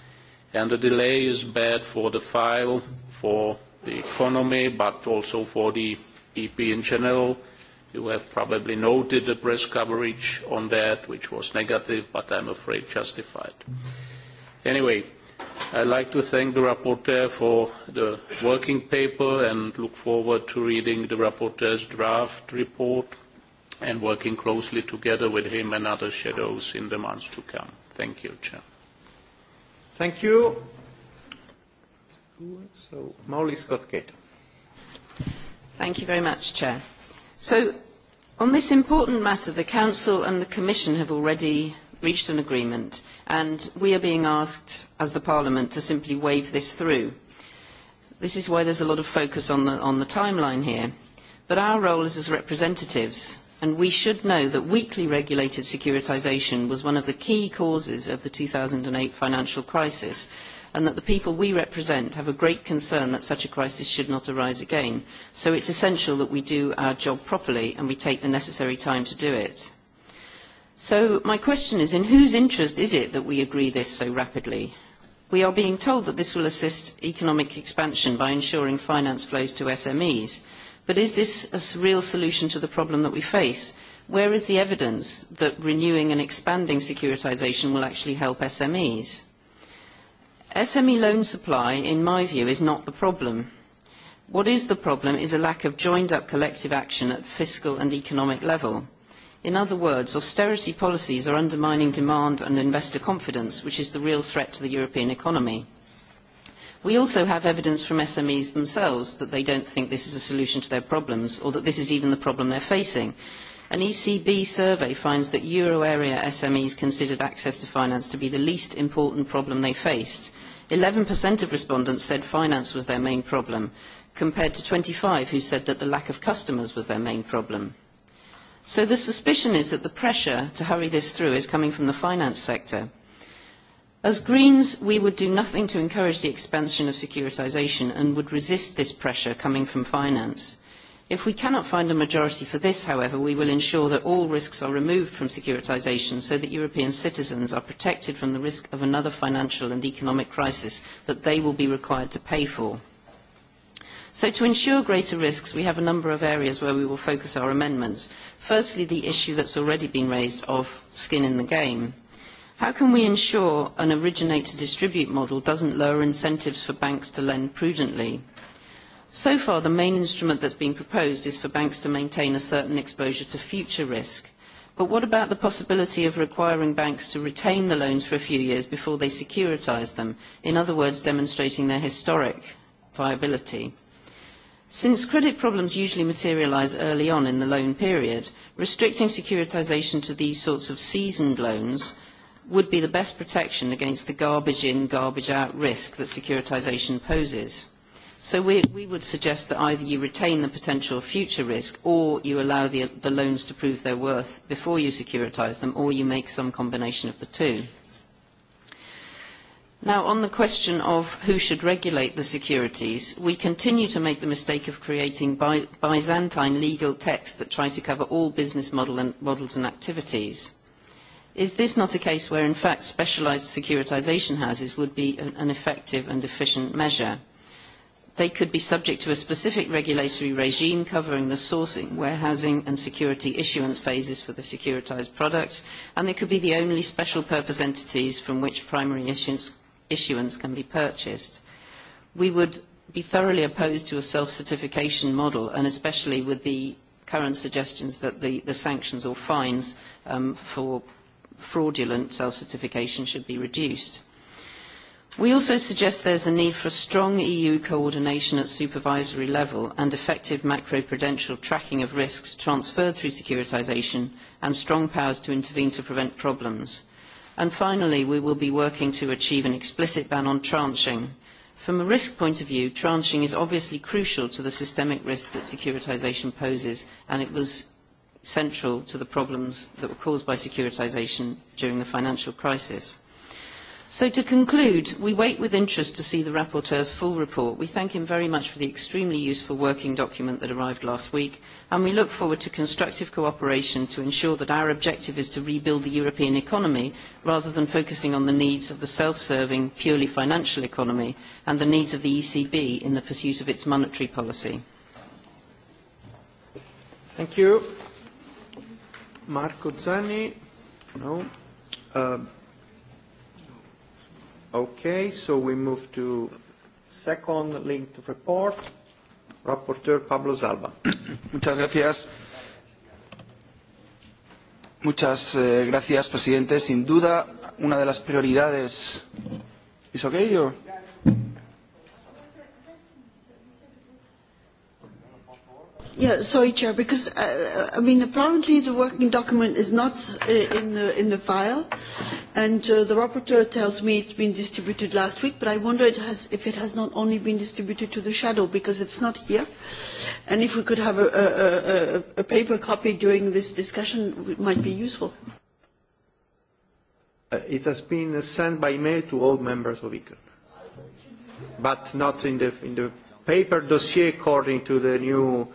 and the delay is bad for the file, for the economy, but also for the EP in general. You have probably noted the press coverage on that, which was negative, but I'm afraid justified. Anyway, I'd like to thank the rapporteur for the working paper and look forward to reading the rapporteur's draft report and working closely together with him and other shadows in the months to come. Thank you, Chair. Thank you. So, Molly Scott-Cato. Thank you very much, Chair. So, on this important matter, the Council and the Commission have already reached an agreement, and we are being asked, as the Parliament, to simply wave this through. This is why there's a lot of focus on the, on the timeline here. But our role is as representatives and we should know that weakly regulated securitisation was one of the key causes of the two thousand eight financial crisis and that the people we represent have a great concern that such a crisis should not arise again. So it is essential that we do our job properly and we take the necessary time to do it. So my question is, in whose interest is it that we agree this so rapidly? We are being told that this will assist economic expansion by ensuring finance flows to SMEs. But is this a real solution to the problem that we face? Where is the evidence that renewing and expanding securitisation will actually help SMEs? SME loan supply, in my view, is not the problem. What is the problem is a lack of joined-up collective action at fiscal and economic level. In other words, austerity policies are undermining demand and investor confidence, which is the real threat to the European economy. We also have evidence from SMEs themselves that they don't think this is a solution to their problems or that this is even the problem they're facing. An ECB survey finds that euro area SMEs considered access to finance to be the least important problem they faced. 11% of respondents said finance was their main problem, compared to 25 who said that the lack of customers was their main problem. So the suspicion is that the pressure to hurry this through is coming from the finance sector. As Greens, we would do nothing to encourage the expansion of securitisation and would resist this pressure coming from finance. If we cannot find a majority for this, however, we will ensure that all risks are removed from securitisation so that European citizens are protected from the risk of another financial and economic crisis that they will be required to pay for. So to ensure greater risks, we have a number of areas where we will focus our amendments. Firstly, the issue that's already been raised of skin in the game. How can we ensure an originate-to-distribute model doesn't lower incentives for banks to lend prudently? So far, the main instrument that's been proposed is for banks to maintain a certain exposure to future risk. But what about the possibility of requiring banks to retain the loans for a few years before they securitise them, in other words, demonstrating their historic viability? Since credit problems usually materialise early on in the loan period, restricting securitisation to these sorts of seasoned loans – would be the best protection against the garbage in, garbage out risk that securitisation poses. So we, we would suggest that either you retain the potential future risk or you allow the, the loans to prove their worth before you securitise them or you make some combination of the two. Now, on the question of who should regulate the securities, we continue to make the mistake of creating Byzantine legal texts that try to cover all business model and, models and activities – Is this not a case where, in fact, specialised securitisation houses would be an effective and efficient measure? They could be subject to a specific regulatory regime covering the sourcing, warehousing and security issuance phases for the securitised products, and they could be the only special purpose entities from which primary issuance can be purchased. We would be thoroughly opposed to a self-certification model, and especially with the current suggestions that the, the sanctions or fines um, for fraudulent self-certification should be reduced. We also suggest there is a need for strong EU coordination at supervisory level and effective macroprudential tracking of risks transferred through securitisation and strong powers to intervene to prevent problems. And finally, we will be working to achieve an explicit ban on tranching. From a risk point of view, tranching is obviously crucial to the systemic risk that securitisation poses, and it was central to the problems that were caused by securitisation during the financial crisis. So to conclude, we wait with interest to see the rapporteur's full report. We thank him very much for the extremely useful working document that arrived last week, and we look forward to constructive cooperation to ensure that our objective is to rebuild the European economy rather than focusing on the needs of the self-serving, purely financial economy and the needs of the ECB in the pursuit of its monetary policy. Thank you. Marco Zanni? No. Uh, okay, so we move to second linked report. Rapporteur Pablo Zalba. Muchas gracias. Muchas eh, gracias, presidente. Sin duda, una de las prioridades. ¿Es okay? Or? Yeah, sorry, Chair, because uh, I mean, apparently the working document is not uh, in the in the file, and uh, the rapporteur tells me it's been distributed last week. But I wonder it has, if it has not only been distributed to the shadow because it's not here, and if we could have a, a, a, a paper copy during this discussion, it might be useful. Uh, it has been sent by mail to all members of ECON, but not in the in the paper dossier according to the new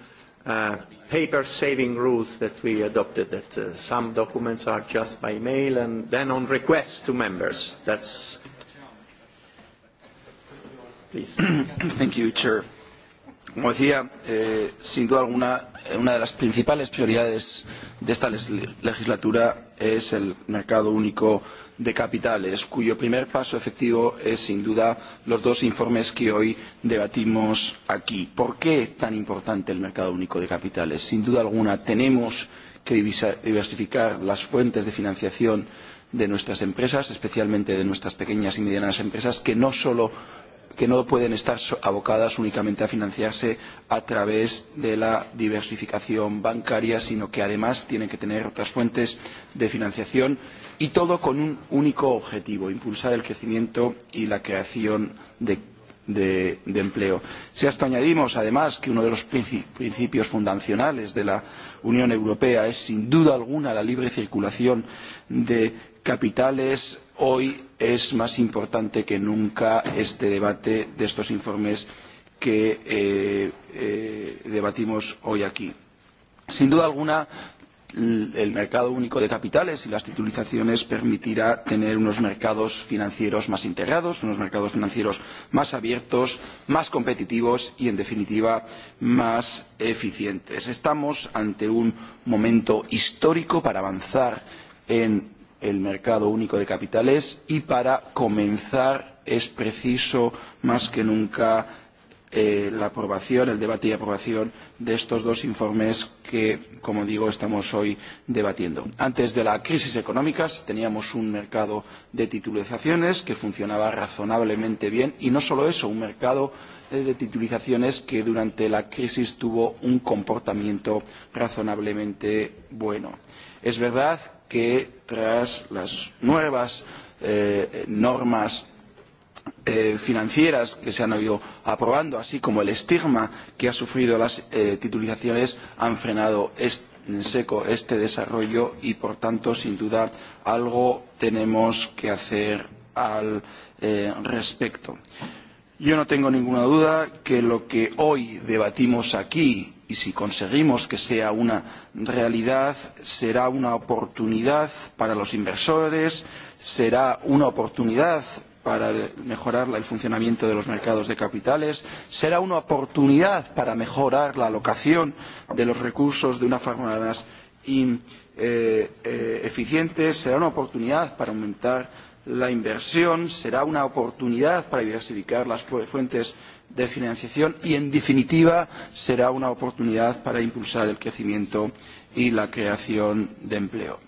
paper saving rules that we adopted that some documents are just by mail and then on request to members. That's please. Thank you, Chair. Como decía, sin duda alguna, una de las principales prioridades de esta legislatura es el mercado único de capitales, cuyo primer paso efectivo es sin duda los dos informes que hoy debatimos aquí. ¿Por qué tan importante el mercado único de capitales? Sin duda alguna tenemos que diversificar las fuentes de financiación de nuestras empresas, especialmente de nuestras pequeñas y medianas empresas, que no solo que no pueden estar abocadas únicamente a financiarse a través de la diversificación bancaria, sino que además tienen que tener otras fuentes de financiación y todo con un único objetivo, impulsar el crecimiento y la creación de, de, de empleo. Si a esto añadimos, además, que uno de los principios fundacionales de la Unión Europea es, sin duda alguna, la libre circulación de capitales, hoy es más importante que nunca este debate de estos informes que eh, eh, debatimos hoy aquí. Sin duda alguna, el mercado único de capitales y las titulizaciones permitirá tener unos mercados financieros más integrados, unos mercados financieros más abiertos, más competitivos y, en definitiva, más eficientes. Estamos ante un momento histórico para avanzar en el mercado único de capitales y para comenzar es preciso más que nunca la aprobación, el debate y aprobación de estos dos informes que, como digo, estamos hoy debatiendo. Antes de la crisis económica teníamos un mercado de titulizaciones que funcionaba razonablemente bien y no solo eso, un mercado de titulizaciones que durante la crisis tuvo un comportamiento razonablemente bueno. Es verdad que tras las nuevas normas financieras que se han ido aprobando, así como el estigma que han sufrido las titulizaciones, han frenado en seco este desarrollo y, por tanto, sin duda, algo tenemos que hacer al respecto. Yo no tengo ninguna duda de que lo que hoy debatimos aquí y si conseguimos que sea una realidad, será una oportunidad para los inversores, será una oportunidad para mejorar el funcionamiento de los mercados de capitales, será una oportunidad para mejorar la alocación de los recursos de una forma más eficiente, será una oportunidad para aumentar la inversión, será una oportunidad para diversificar las fuentes de financiación y, en definitiva, será una oportunidad para impulsar el crecimiento y la creación de empleo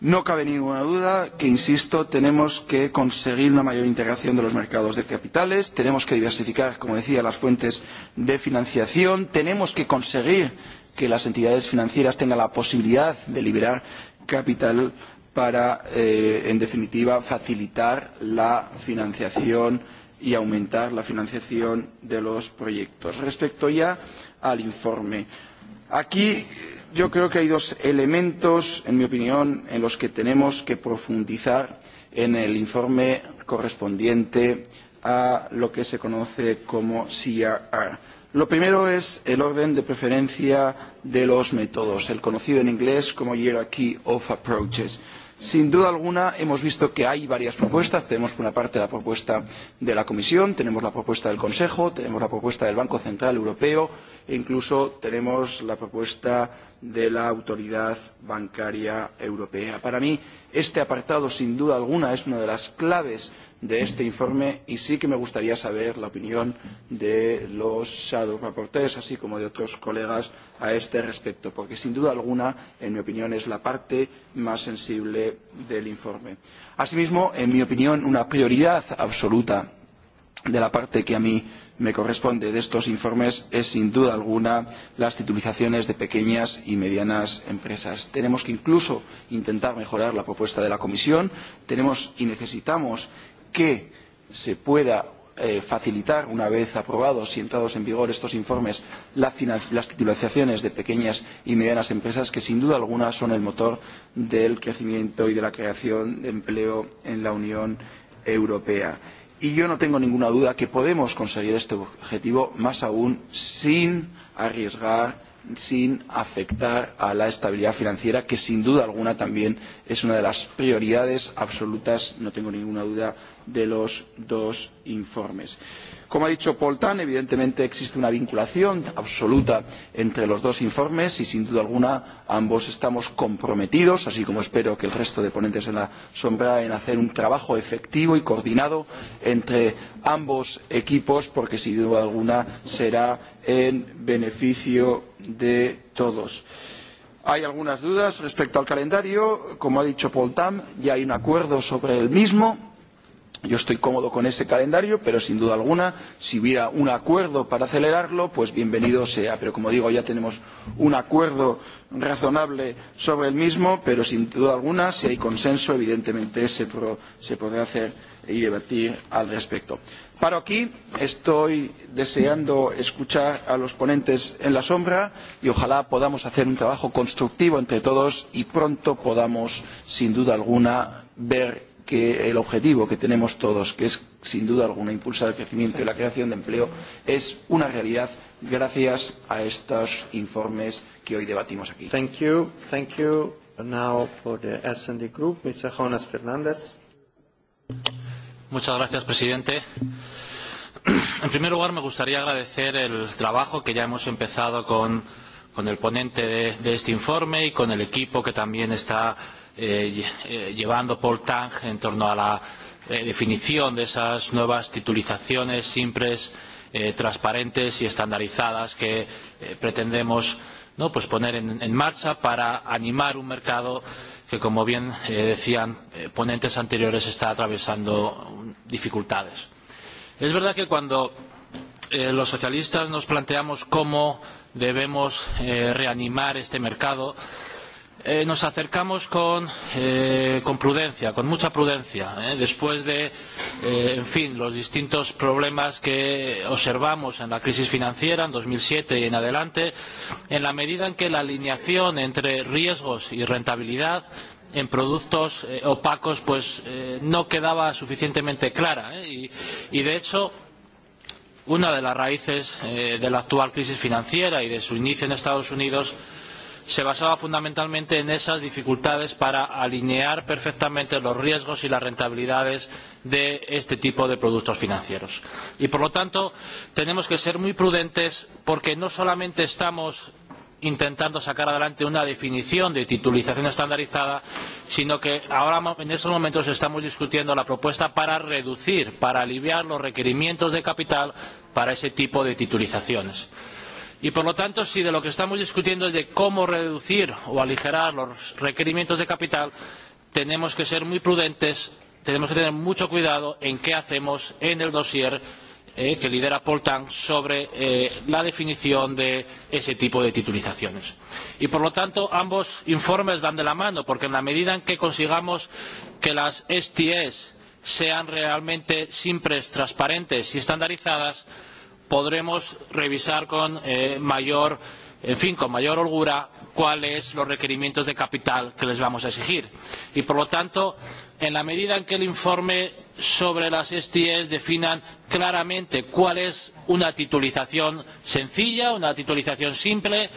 No cabe ninguna duda que, insisto, tenemos que conseguir una mayor integración de los mercados de capitales, tenemos que diversificar, como decía, las fuentes de financiación, tenemos que conseguir que las entidades financieras tengan la posibilidad de liberar capital para, en definitiva, facilitar la financiación y aumentar la financiación de los proyectos. Respecto ya al informe. Aquí yo creo que hay dos elementos, en mi opinión, en los que tenemos que profundizar en el informe correspondiente a lo que se conoce como CRR. Lo primero es el orden de preferencia de los métodos, el conocido en inglés como Hierarchy of Approaches. Sin duda alguna hemos visto que hay varias propuestas. Tenemos por una parte la propuesta de la Comisión, tenemos la propuesta del Consejo, tenemos la propuesta del Banco Central Europeo e incluso tenemos la propuesta de la Autoridad Bancaria Europea. Para mí, este apartado, sin duda alguna, es una de las claves de este informe y sí que me gustaría saber la opinión de los shadow rapporteurs, así como de otros colegas a este respecto, porque sin duda alguna, en mi opinión, es la parte más sensible del informe. Asimismo, en mi opinión, una prioridad absoluta de la parte que a mí me corresponde de estos informes es sin duda alguna las titulizaciones de pequeñas y medianas empresas. Tenemos que incluso intentar mejorar la propuesta de la Comisión. Tenemos y necesitamos que se pueda facilitar, una vez aprobados y entrados en vigor estos informes, las titulizaciones de pequeñas y medianas empresas que sin duda alguna son el motor del crecimiento y de la creación de empleo en la Unión Europea. Y yo no tengo ninguna duda que podemos conseguir este objetivo, más aún sin arriesgar, sin afectar a la estabilidad financiera, que sin duda alguna también es una de las prioridades absolutas, no tengo ninguna duda, de los dos informes. Eh, Como ha dicho Paul Tan, evidentemente existe una vinculación absoluta entre los dos informes y, sin duda alguna, ambos estamos comprometidos, así como espero que el resto de ponentes en la sombra, en hacer un trabajo efectivo y coordinado entre ambos equipos, porque, sin duda alguna, será en beneficio de todos. Hay algunas dudas respecto al calendario. Como ha dicho Paul Tam, ya hay un acuerdo sobre el mismo Yo estoy cómodo con ese calendario, pero sin duda alguna, si hubiera un acuerdo para acelerarlo, pues bienvenido sea. Pero como digo, ya tenemos un acuerdo razonable sobre el mismo, pero sin duda alguna, si hay consenso, evidentemente se, podrá hacer y debatir al respecto. Paro aquí, estoy deseando escuchar a los ponentes en la sombra y ojalá podamos hacer un trabajo constructivo entre todos y pronto podamos, sin duda alguna, ver que el objetivo que tenemos todos, que es sin duda alguna impulsar el crecimiento y la creación de empleo, es una realidad gracias a estos informes que hoy debatimos aquí. Thank you. Thank you. Now for the S&D Group, Mr. Jonas Fernández. Muchas gracias, presidente. En primer lugar, me gustaría agradecer el trabajo que ya hemos empezado con, con el ponente de, de este informe y con el equipo que también está llevando Paul Tang en torno a la definición de esas nuevas titulizaciones simples, transparentes y estandarizadas que pretendemos poner en, marcha para animar un mercado que, como bien decían ponentes anteriores, está atravesando dificultades. Es verdad que cuando los socialistas nos planteamos cómo debemos reanimar este mercado, nos acercamos con, prudencia, con mucha prudencia, después de, los distintos problemas que observamos en la crisis financiera en dos mil siete y en adelante, en la medida en que la alineación entre riesgos y rentabilidad en productos opacos no quedaba suficientemente clara y, de hecho una de las raíces de la actual crisis financiera y de su inicio en Estados Unidos se basaba fundamentalmente en esas dificultades para alinear perfectamente los riesgos y las rentabilidades de este tipo de productos financieros. Y por lo tanto, tenemos que ser muy prudentes porque no solamente estamos intentando sacar adelante una definición de titulización estandarizada, sino que ahora en estos momentos estamos discutiendo la propuesta para reducir, para aliviar los requerimientos de capital para ese tipo de titulizaciones Y por lo tanto, si de lo que estamos discutiendo es de cómo reducir o aligerar los requerimientos de capital, tenemos que ser muy prudentes, tenemos que tener mucho cuidado en qué hacemos en el dossier que lidera Paul Tang sobre la definición de ese tipo de titulizaciones. Y por lo tanto, ambos informes van de la mano, porque en la medida en que consigamos que las STS sean realmente simples, transparentes y estandarizadas, podremos revisar con mayor en fin, con mayor holgura cuáles los requerimientos de capital que les vamos a exigir. Y, por lo tanto, en la medida en que el informe sobre las STIs definan claramente cuál es una titulización sencilla, una titulización simple,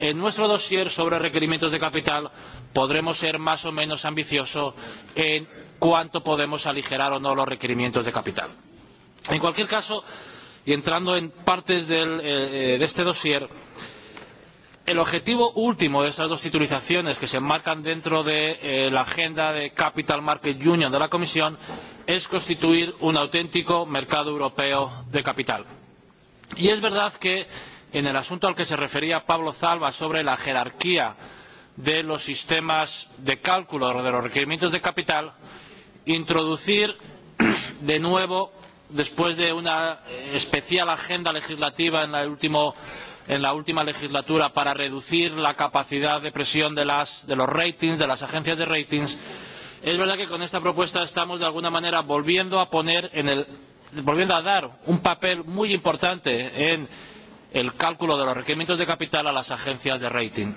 en nuestro dossier sobre requerimientos de capital podremos ser más o menos ambiciosos en cuánto podemos aligerar o no los requerimientos de capital. En cualquier caso, Y entrando en partes de este dossier, el objetivo último de esas dos titulizaciones que se enmarcan dentro de la agenda de Capital Market Union de la Comisión es constituir un auténtico mercado europeo de capital. Y es verdad que en el asunto al que se refería Pablo Zalba sobre la jerarquía de los sistemas de cálculo de los requerimientos de capital, introducir de nuevo después de una especial agenda legislativa en la última en la última legislatura para reducir la capacidad de presión de, las, de los ratings, de las agencias de ratings, es verdad que con esta propuesta estamos de alguna manera volviendo a poner en el, volviendo a dar un papel muy importante en el cálculo de los requerimientos de capital a las agencias de rating.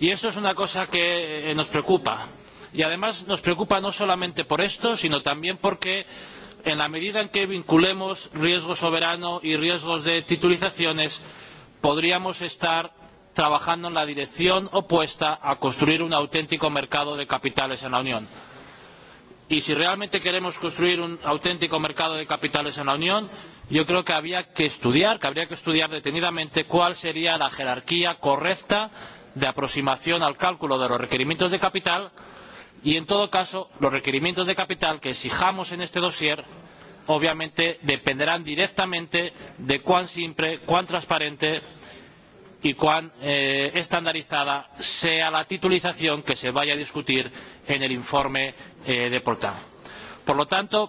Y eso es una cosa que nos preocupa. Y además nos preocupa no solamente por esto, sino también porque en la medida en que vinculemos riesgo soberano y riesgos de titulizaciones, podríamos estar trabajando en la dirección opuesta a construir un auténtico mercado de capitales en la Unión. Y si realmente queremos construir un auténtico mercado de capitales en la Unión, yo creo que habría que estudiar, que habría que estudiar detenidamente cuál sería la jerarquía correcta de aproximación al cálculo de los requerimientos de capital y en todo caso los requerimientos de capital que exijamos en este dossier obviamente dependerán directamente de cuán simple, cuán transparente y cuán estandarizada sea la titulización que se vaya a discutir en el informe de Portal. Por lo tanto,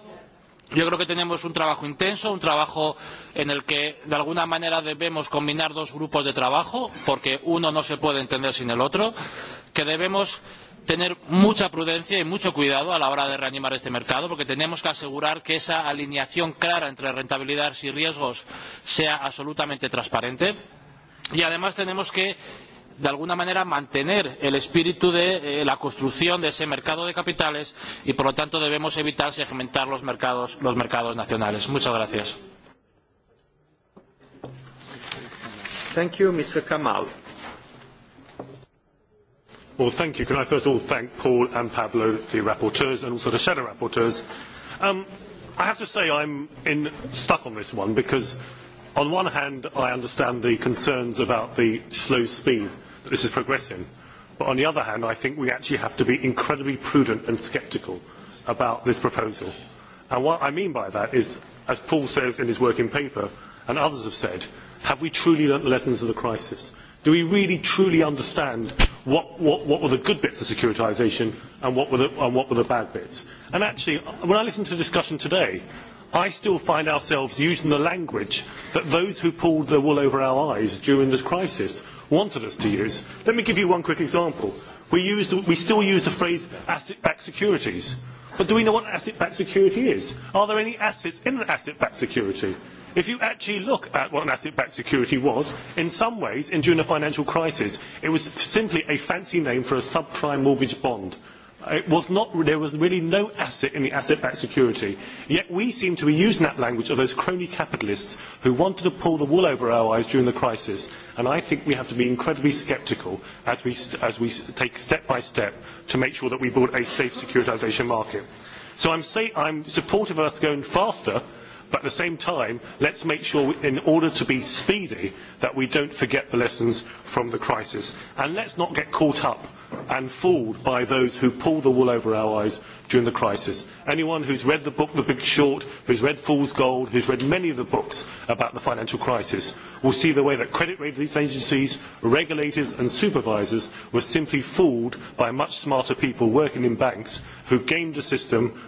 yo creo que tenemos un trabajo intenso, un trabajo en el que de alguna manera debemos combinar dos grupos de trabajo, porque uno no se puede entender sin el otro, que debemos tener mucha prudencia y mucho cuidado a la hora de reanimar este mercado, porque tenemos que asegurar que esa alineación clara entre rentabilidad y riesgos sea absolutamente transparente. Y además tenemos que de alguna manera mantener el espíritu de la construcción de ese mercado de capitales y por lo tanto debemos evitar segmentar los mercados, los mercados nacionales. Muchas gracias. Thank you, Mr. Kamal. Well, thank you. Can I first of all thank Paul and Pablo, the rapporteurs, and also the shadow rapporteurs. Um, I have to say I'm in, stuck on this one because, on one hand, I understand the concerns about the slow speed that this is progressing. But on the other hand, I think we actually have to be incredibly prudent and sceptical about this proposal. And what I mean by that is, as Paul says in his working paper, and others have said, have we truly learnt the lessons of the crisis? Do we really truly understand what, what, what were the good bits of securitisation and what were the, and what were the bad bits. And actually, when I listen to the discussion today, I still find ourselves using the language that those who pulled the wool over our eyes during this crisis wanted us to use. Let me give you one quick example. We, used, we still use the phrase asset-backed securities. But do we know what asset-backed security is? Are there any assets in an asset-backed security? If you actually look at what an asset-backed security was, in some ways, in during the financial crisis, it was simply a fancy name for a subprime mortgage bond. It was not, there was really no asset in the asset-backed security. Yet we seem to be using that language of those crony capitalists who wanted to pull the wool over our eyes during the crisis. And I think we have to be incredibly sceptical as we, as we take step by step to make sure that we build a safe securitisation market. So I'm, say, I'm supportive of us going faster But at the same time, let's make sure, in order to be speedy, that we don't forget the lessons from the crisis. And let's not get caught up and fooled by those who pull the wool over our eyes during the crisis. Anyone who's read the book The Big Short, who's read Fool's Gold, who's read many of the books about the financial crisis, will see the way that credit rating agencies, regulators and supervisors were simply fooled by much smarter people working in banks who gamed the system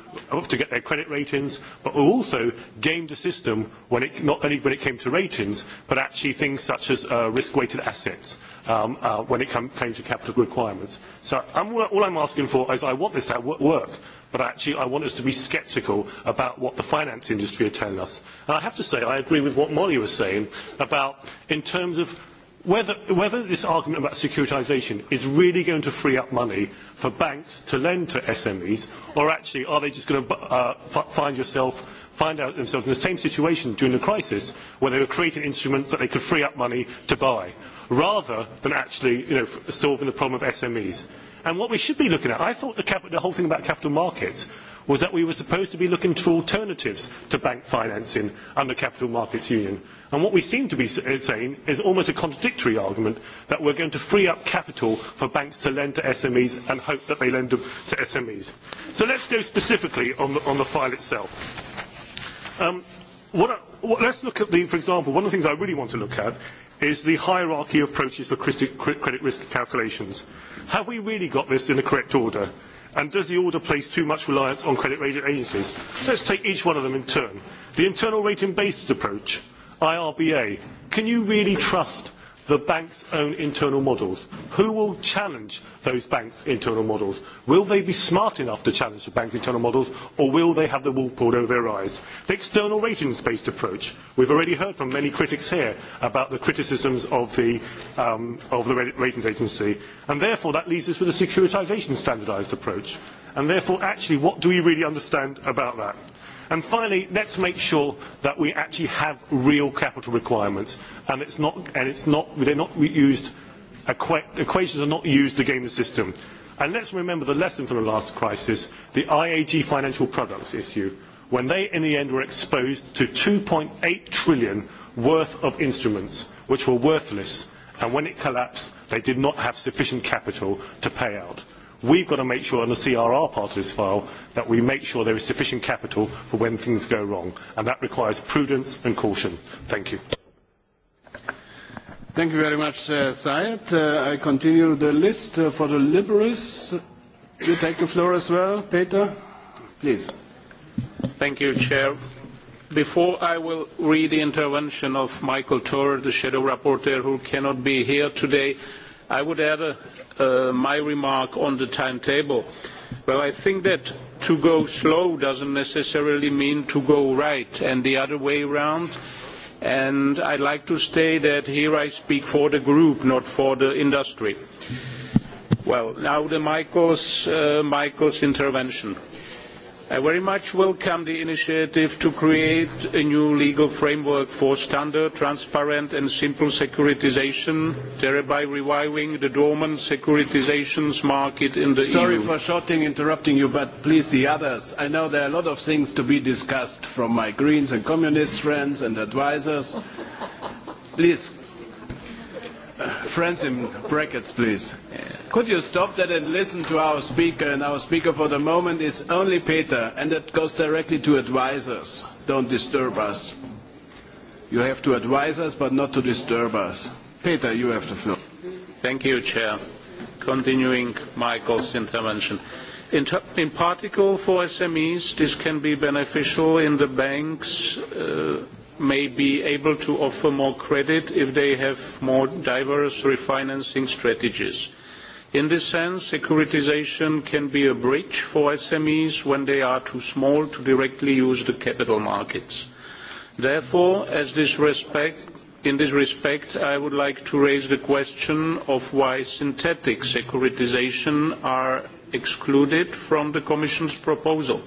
to get their credit ratings, but who also gamed the system when it, not only when it came to ratings, but actually things such as uh, risk-weighted assets um, uh, when it come, came to capital requirements. So I'm, all I'm asking for is I want this to work, but actually I want us to be sceptical about what the finance industry are telling us. And I have to say I agree with what Molly was saying about in terms of whether, whether this argument about securitisation is really going to free up money for banks to lend to SMEs, or actually are they just going to uh, find yourself find out themselves in the same situation during the crisis where they were creating instruments that they could free up money to buy, rather than actually you know, solving the problem of SMEs. And what we should be looking at, I thought the, cap- the whole thing about capital markets was that we were supposed to be looking for alternatives to bank financing under Capital Markets Union. And what we seem to be saying is almost a contradictory argument that we're going to free up capital for banks to lend to SMEs and hope that they lend them to SMEs. So let's go specifically on the, on the file itself. Um, what, what, let's look at the, for example, one of the things I really want to look at is the hierarchy of approaches for credit risk calculations. Have we really got this in the correct order? And does the order place too much reliance on credit rating agencies? Let's take each one of them in turn. The internal rating basis approach, IRBA. Can you really trust the bank's own internal models? Who will challenge those banks' internal models? Will they be smart enough to challenge the bank's internal models, or will they have the wool pulled over their eyes? The external ratings-based approach. We've already heard from many critics here about the criticisms of the, um, of the ratings agency. And therefore, that leaves us with a securitisation standardised approach. And therefore, actually, what do we really understand about that? finally, let's make sure that we actually have real capital requirements, and not, used, equations are not used to game the system. let's remember the lesson from the last crisis, the IAG financial products issue, when they in the end were exposed to 2.8 trillion worth of instruments which were worthless, and when it collapsed, they did not have sufficient capital to pay out. We've got to make sure on the CRR part of this file that we make sure there is sufficient capital for when things go wrong, and that requires prudence and caution. Thank you. Thank you very much, Syed. I continue the list for the Liberals. You take the floor as well, Peter, please. Thank you, Chair. Before I will read the intervention of Michael Torer, the Shadow Rapporteur, who cannot be here today, I would add a my remark on the timetable. Well, I think that to go slow doesn't necessarily mean to go right and the other way round. And I'd like to say that here I speak for the group, not for the industry. Well, now the Michael's, uh, Michael's intervention. I very much welcome the initiative to create a new legal framework for standard, transparent and simple securitisation, thereby reviving the dormant securitisations market in the EU. Sorry for shorting interrupting you, but please the others. I know there are a lot of things to be discussed from my Greens and Communist friends and advisers. Please, friends in brackets, please. Yeah. Could you stop that and listen to our speaker? And our speaker for the moment is only Peter, and that goes directly to advisors. Don't disturb us. You have to advise us, but not to disturb us. Peter, you have the floor. Thank you, Chair. Continuing Michael's intervention. In, in particle for SMEs, this can be beneficial in the banks uh, may be able to offer more credit if they have more diverse refinancing strategies In this sense, securitisation can be a bridge for SMEs when they are too small to directly use the capital markets. Therefore, in this respect, I would like to raise the question of why synthetic securitisation are excluded from the Commission's proposal.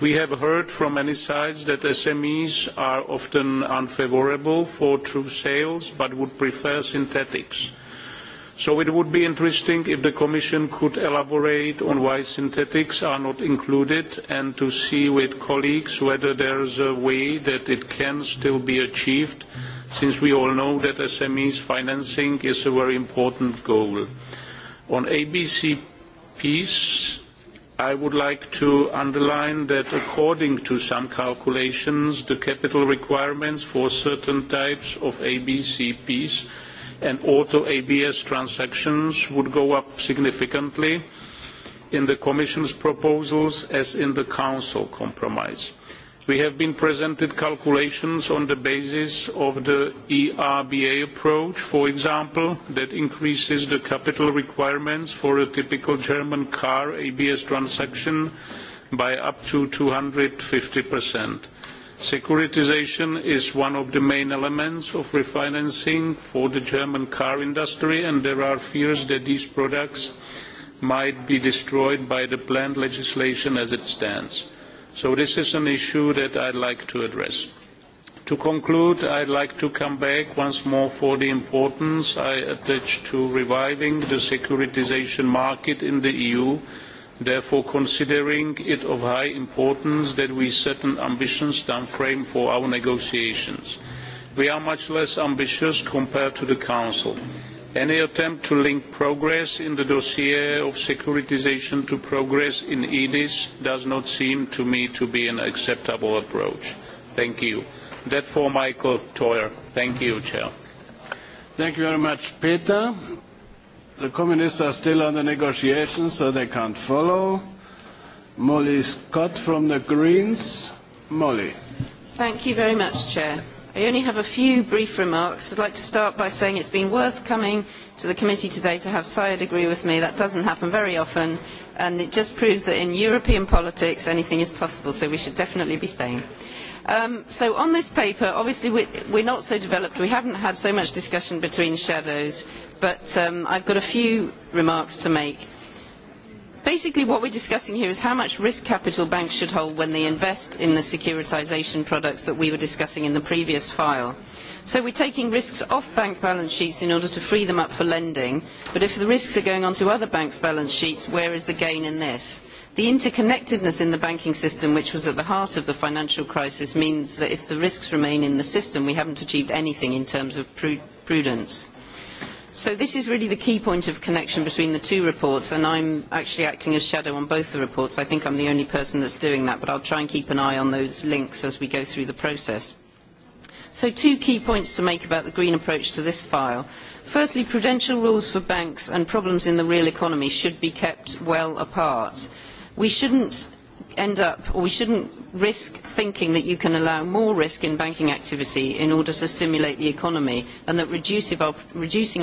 We have heard from many sides that SMEs are often unfavourable for true sales but would prefer synthetics So it would be interesting if the Commission could elaborate on why synthetics are not included and to see with colleagues whether there is a way that it can still be achieved, since we all know that SMEs financing is a very important goal. On ABC piece, I would like to underline that according to some calculations, the capital requirements for certain types of ABCPs and auto ABS transactions would go up significantly in the Commission's proposals as in the Council compromise. We have been presented calculations on the basis of the ERBA approach, for example, that increases the capital requirements for a typical German car ABS transaction by up to two hundred 250%. Securitisation is one of the main elements of refinancing for the German car industry, and there are fears that these products might be destroyed by the planned legislation as it stands. So this is an issue that I'd like to address. To conclude, I'd like to come back once more for the importance I attach to reviving the securitisation market in the EU Therefore, considering it of high importance that we set an ambitious time frame for our negotiations. We are much less ambitious compared to the Council. Any attempt to link progress in the dossier of securitisation to progress in EDIS does not seem to me to be an acceptable approach. Thank you. That for Michael Toyer. Thank you, Chair. Thank you very much, Peter. The communists are still under negotiations, so they can't follow. Molly Scott from the Greens. Molly. Thank you very much, Chair. I only have a few brief remarks. I'd like to start by saying it's been worth coming to the committee today to have Syed agree with me. That doesn't happen very often, and it just proves that in European politics anything is possible, so we should definitely be staying so on this paper, obviously we, are not so developed. We have not had so much discussion between shadows, but I have got a few remarks to make. Basically, what we are discussing here is how much risk capital banks should hold when they invest in the securitisation products that we were discussing in the previous file. So we are taking risks off bank balance sheets in order to free them up for lending, but if the risks are going onto other banks' balance sheets, where is the gain in this? The interconnectedness in the banking system, which was at the heart of the financial crisis, means that if the risks remain in the system, we haven't achieved anything in terms of prudence. So this is really the key point of connection between the two reports, and I'm actually acting as shadow on both the reports. I think I'm the only person that's doing that, but I'll try and keep an eye on those links as we go through the process. So two key points to make about the green approach to this file. Firstly, prudential rules for banks and problems in the real economy should be kept well apart we shouldn't end up, or we shouldn't risk thinking that you can allow more risk in banking activity in order to stimulate the economy, and that reducing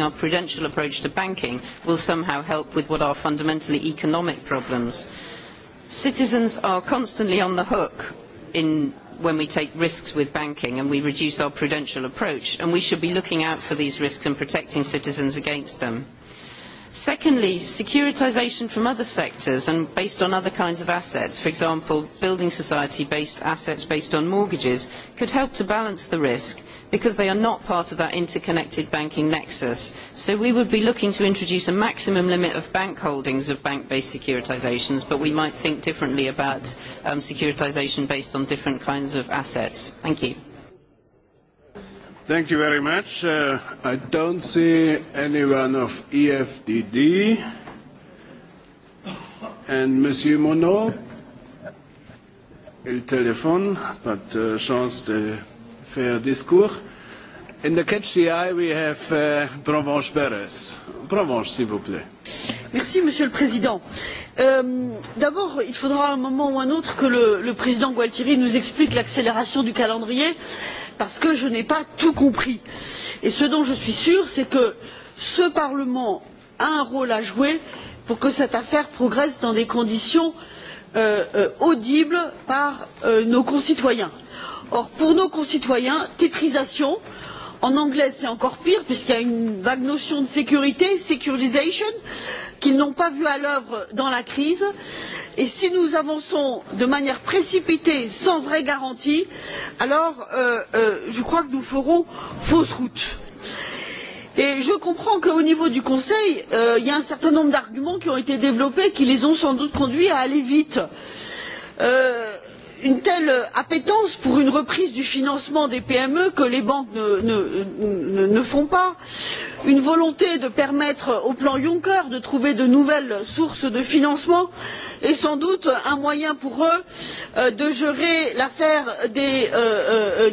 our, prudential approach to banking will somehow help with what are fundamentally economic problems. Citizens are constantly on the hook in when we take risks with banking and we reduce our prudential approach, and we should be looking out for these risks and protecting citizens against them. Secondly, securitisation from other sectors and based on other kinds of assets, for example, building society-based assets based on mortgages, could help to balance the risk because they are not part of that interconnected banking nexus. So we would be looking to introduce a maximum limit of bank holdings of bank-based securitisations, but we might think differently about um, securitisation based on different kinds of assets. Thank you. Thank you very much. I don't see anyone of EFDD. And Monsieur Monod, il téléphone, pas chance de faire discours. In the catch the eye, we have Provence Perez. Provence, s'il vous plaît. Merci, Monsieur le Président. D'abord, il faudra à un moment ou un autre que le, président Gualtieri nous explique l'accélération du calendrier parce que je n'ai pas tout compris. Et ce dont je suis sûre c'est que ce parlement a un rôle à jouer pour que cette affaire progresse dans des conditions audibles par nos concitoyens. or pour nos concitoyens tétrisation en anglais c'est encore pire puisqu'il y a une vague notion de sécurité securisation qu'ils n'ont pas vue à l'œuvre dans la crise et si nous avançons de manière précipitée sans vraie garantie alors je crois que nous ferons fausse route. je comprends qu'au niveau du conseil il y a un certain nombre d'arguments qui ont été développés qui les ont sans doute conduits à aller vite. Euh, une telle appétence pour une reprise du financement des pme que les banques ne font pas une volonté de permettre au plan juncker de trouver de nouvelles sources de financement et sans doute un moyen pour eux de gérer l'affaire des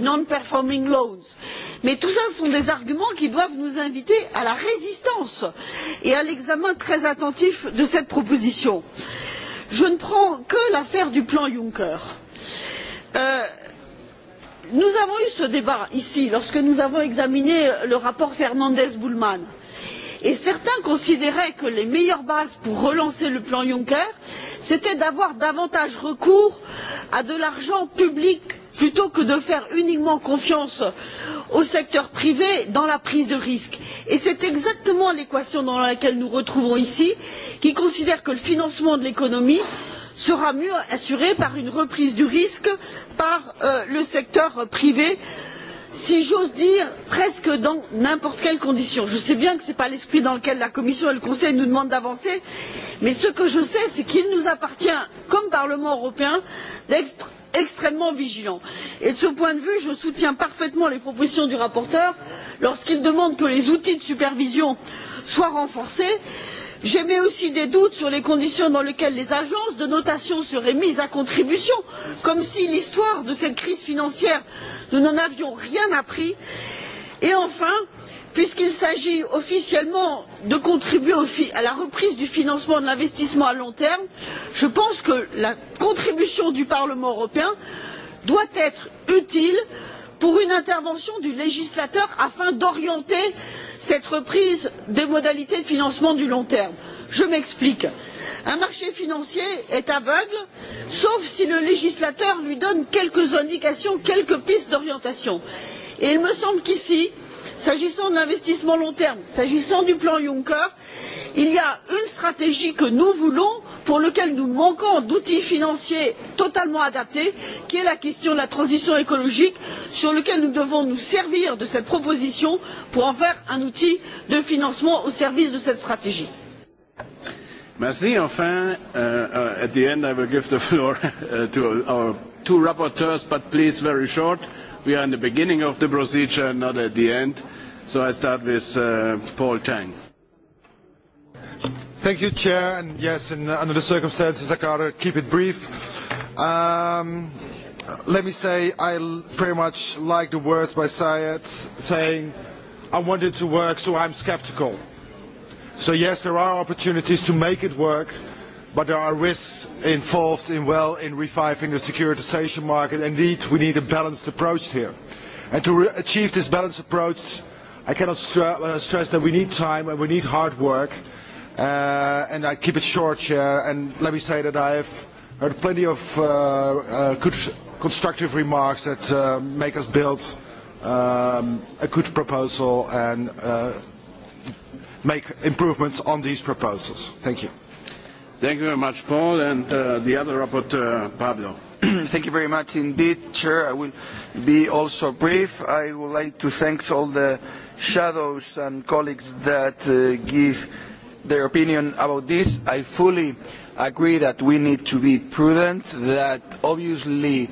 non performing loans. mais tout cela sont des arguments qui doivent nous inviter à la résistance et à l'examen très attentif de cette proposition. je ne prends que l'affaire du plan juncker nous avons eu ce débat ici lorsque nous avons examiné le rapport fernandes bullmann et certains considéraient que les meilleures bases pour relancer le plan juncker c'était d'avoir davantage recours à de l'argent public plutôt que de faire uniquement confiance au secteur privé dans la prise de risque. et c'est exactement l'équation dans laquelle nous nous retrouvons ici qui considère que le financement de l'économie sera mieux assurée par une reprise du risque par le secteur privé si j'ose dire presque dans n'importe quelles conditions. je sais bien que ce n'est pas l'esprit dans lequel la commission et le conseil nous demandent d'avancer mais ce que je sais c'est qu'il nous appartient comme parlement européen d'être extrêmement vigilants. de ce point de vue je soutiens parfaitement les propositions du rapporteur lorsqu'il demande que les outils de supervision soient renforcés j'émets aussi des doutes sur les conditions dans lesquelles les agences de notation seraient mises à contribution comme si l'histoire de cette crise financière nous n'en avions rien appris et enfin puisqu'il s'agit officiellement de contribuer à la reprise du financement de l'investissement à long terme je pense que la contribution du parlement européen doit être utile pour pour une intervention du législateur afin d'orienter cette reprise des modalités de financement à long terme. je m'explique un marché financier est aveugle sauf si le législateur lui donne quelques indications quelques pistes d'orientation et il me semble qu'ici nous S'agissant de l'investissement long terme, s'agissant du plan Juncker, il y a une stratégie que nous voulons pour laquelle nous manquons d'outils financiers totalement adaptés, qui est la question de la transition écologique, sur laquelle nous devons nous servir de cette proposition pour en faire un outil de financement au service de cette stratégie. Merci. Enfin, at the end, I will give the floor to our two rapporteurs, but please very short We are in the beginning of the procedure, not at the end. So I start with Paul Tang. Thank you, Chair. And yes, in, under the circumstances, I gotta keep it brief. let me say I very much like the words by Syed saying, I want it to work, so I'm sceptical. So yes, there are opportunities to make it work, but there are risks involved in well in reviving the securitisation market. Indeed, we need a balanced approach here. And to achieve this balanced approach, I cannot stress that we need time and we need hard work. and I keep it short, Chair, and let me say that I have heard plenty of good constructive remarks that make us build a good proposal and make improvements on these proposals. Thank you. Thank you very much, Paul, and uh, the other rapporteur, Pablo. Thank you very much indeed, Chair. I will be also brief. I would like to thank all the shadows and colleagues that uh, give their opinion about this. I fully agree that we need to be prudent, that obviously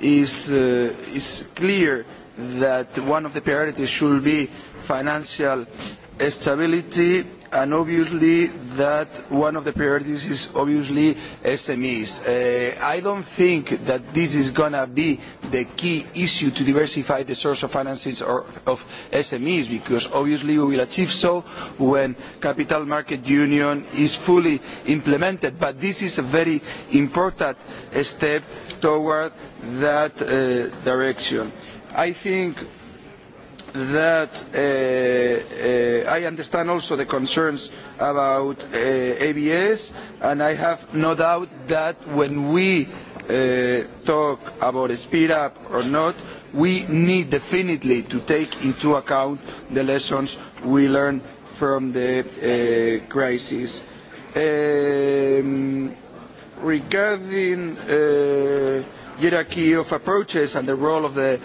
is, uh, is clear that one of the priorities should be financial stability and obviously that one of the priorities is obviously SMEs. Uh, I don't think that this is going to be the key issue to diversify the source of finances or of SMEs because obviously we will achieve so when capital market union is fully implemented. But this is a very important step toward that uh, direction. I think that I understand also the concerns about ABS, and I have no doubt that when we talk about a speed up or not, we need definitely to take into account the lessons we learned from the crisis. Regarding hierarchy of approaches and the role of the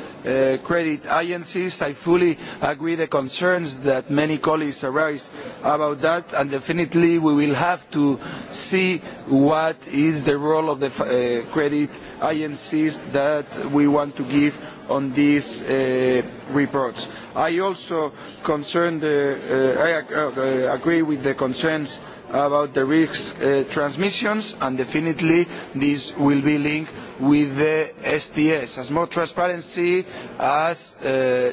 credit agencies. I fully agree with the concerns that many colleagues raised about that, and definitely we will have to see what is the role of the credit agencies that we want to give on these reports. I also agree with the concerns about the risk transmissions, and definitely this will be linked with the STS, as more transparency, as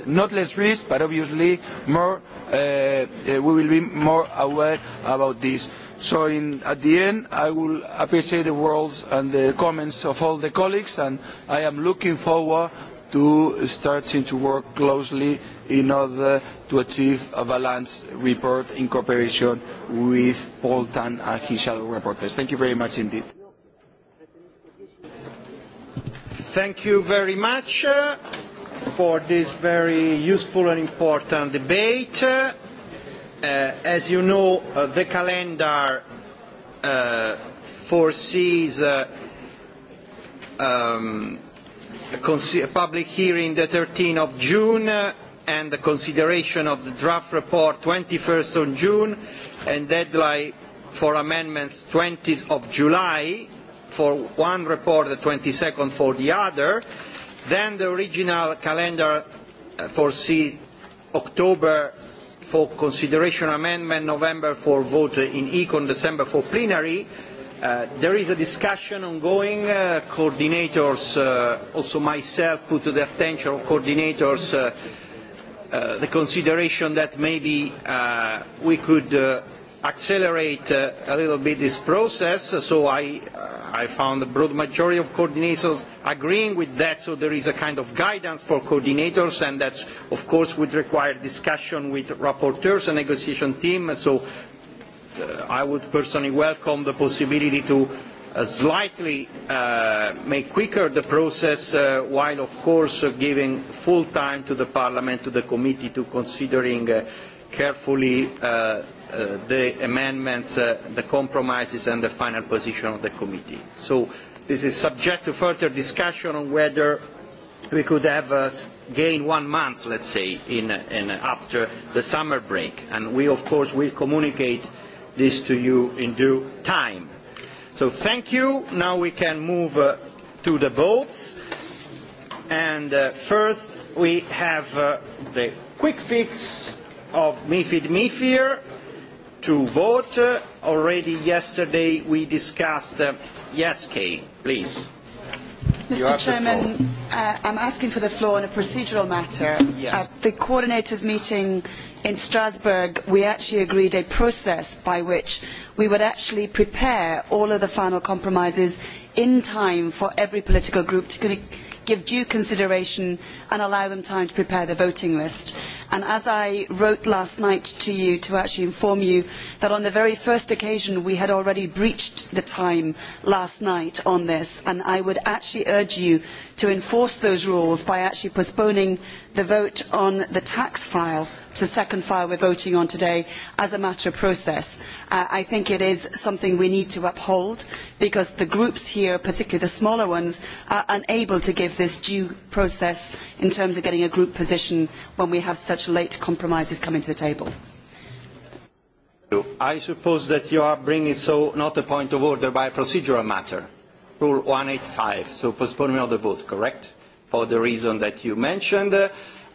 not less risk, but obviously more, we will be more aware about this. So at the end, I will appreciate the words and the comments of all the colleagues, and I am looking forward to starting to work closely in order to achieve a balanced report in cooperation with Paul Tan and his shadow rapporteurs. Thank you very much indeed. Thank you very much for this very useful and important debate. Uh, as you know, uh, the calendar uh, foresees uh, um, a, a public hearing the 13th of June uh, and the consideration of the draft report 21st of June and deadline for amendments 20th of July for one report, the 22nd for the other. Then the original calendar foresees October for consideration amendment, November for vote in Econ, December for plenary. there is a discussion ongoing. coordinators, also myself, put to the attention of coordinators the consideration that maybe we could accelerate uh, a little bit this process. So I, uh, I found a broad majority of coordinators agreeing with that. So there is a kind of guidance for coordinators, and that, of course, would require discussion with rapporteurs and negotiation team. So uh, I would personally welcome the possibility to uh, slightly uh, make quicker the process, uh, while of course uh, giving full time to the Parliament, to the committee, to considering. Uh, carefully uh, the amendments, the compromises and the final position of the committee. So this is subject to further discussion on whether we could have gained one month, let's say, in, after the summer break. And we, of course, will communicate this to you in due time. So thank you. Now we can move to the votes. And first, we have the quick fix of MIFID MIFIR to vote. Already yesterday we discussed the yes Kay, please. Mr Chairman, uh, I'm asking for the floor on a procedural matter. Yes. At the coordinators meeting in Strasbourg, we actually agreed a process by which we would actually prepare all of the final compromises in time for every political group to give due consideration and allow them time to prepare their voting list. And as I wrote last night to you to actually inform you that on the very first occasion we had already breached the time last night on this, and I would actually urge you to enforce those rules by actually postponing the vote on the tax file to the second file we are voting on today as a matter of process. I think it is something we need to uphold because the groups here, particularly the smaller ones, are unable to give this due process in terms of getting a group position when we have such late compromises coming to the table. I suppose that you are bringing so not a point of order by a procedural matter, Rule one hundred and eighty five, so postponement of the vote, correct? For the reason that you mentioned,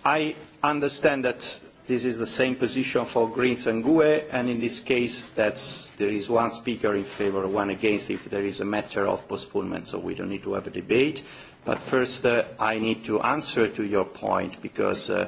I understand that This is the same position for Greens and GUE, and in this case, that's, there is one speaker in favor, one against, if there is a matter of postponement, so we don't need to have a debate. But first, uh, I need to answer to your point, because uh,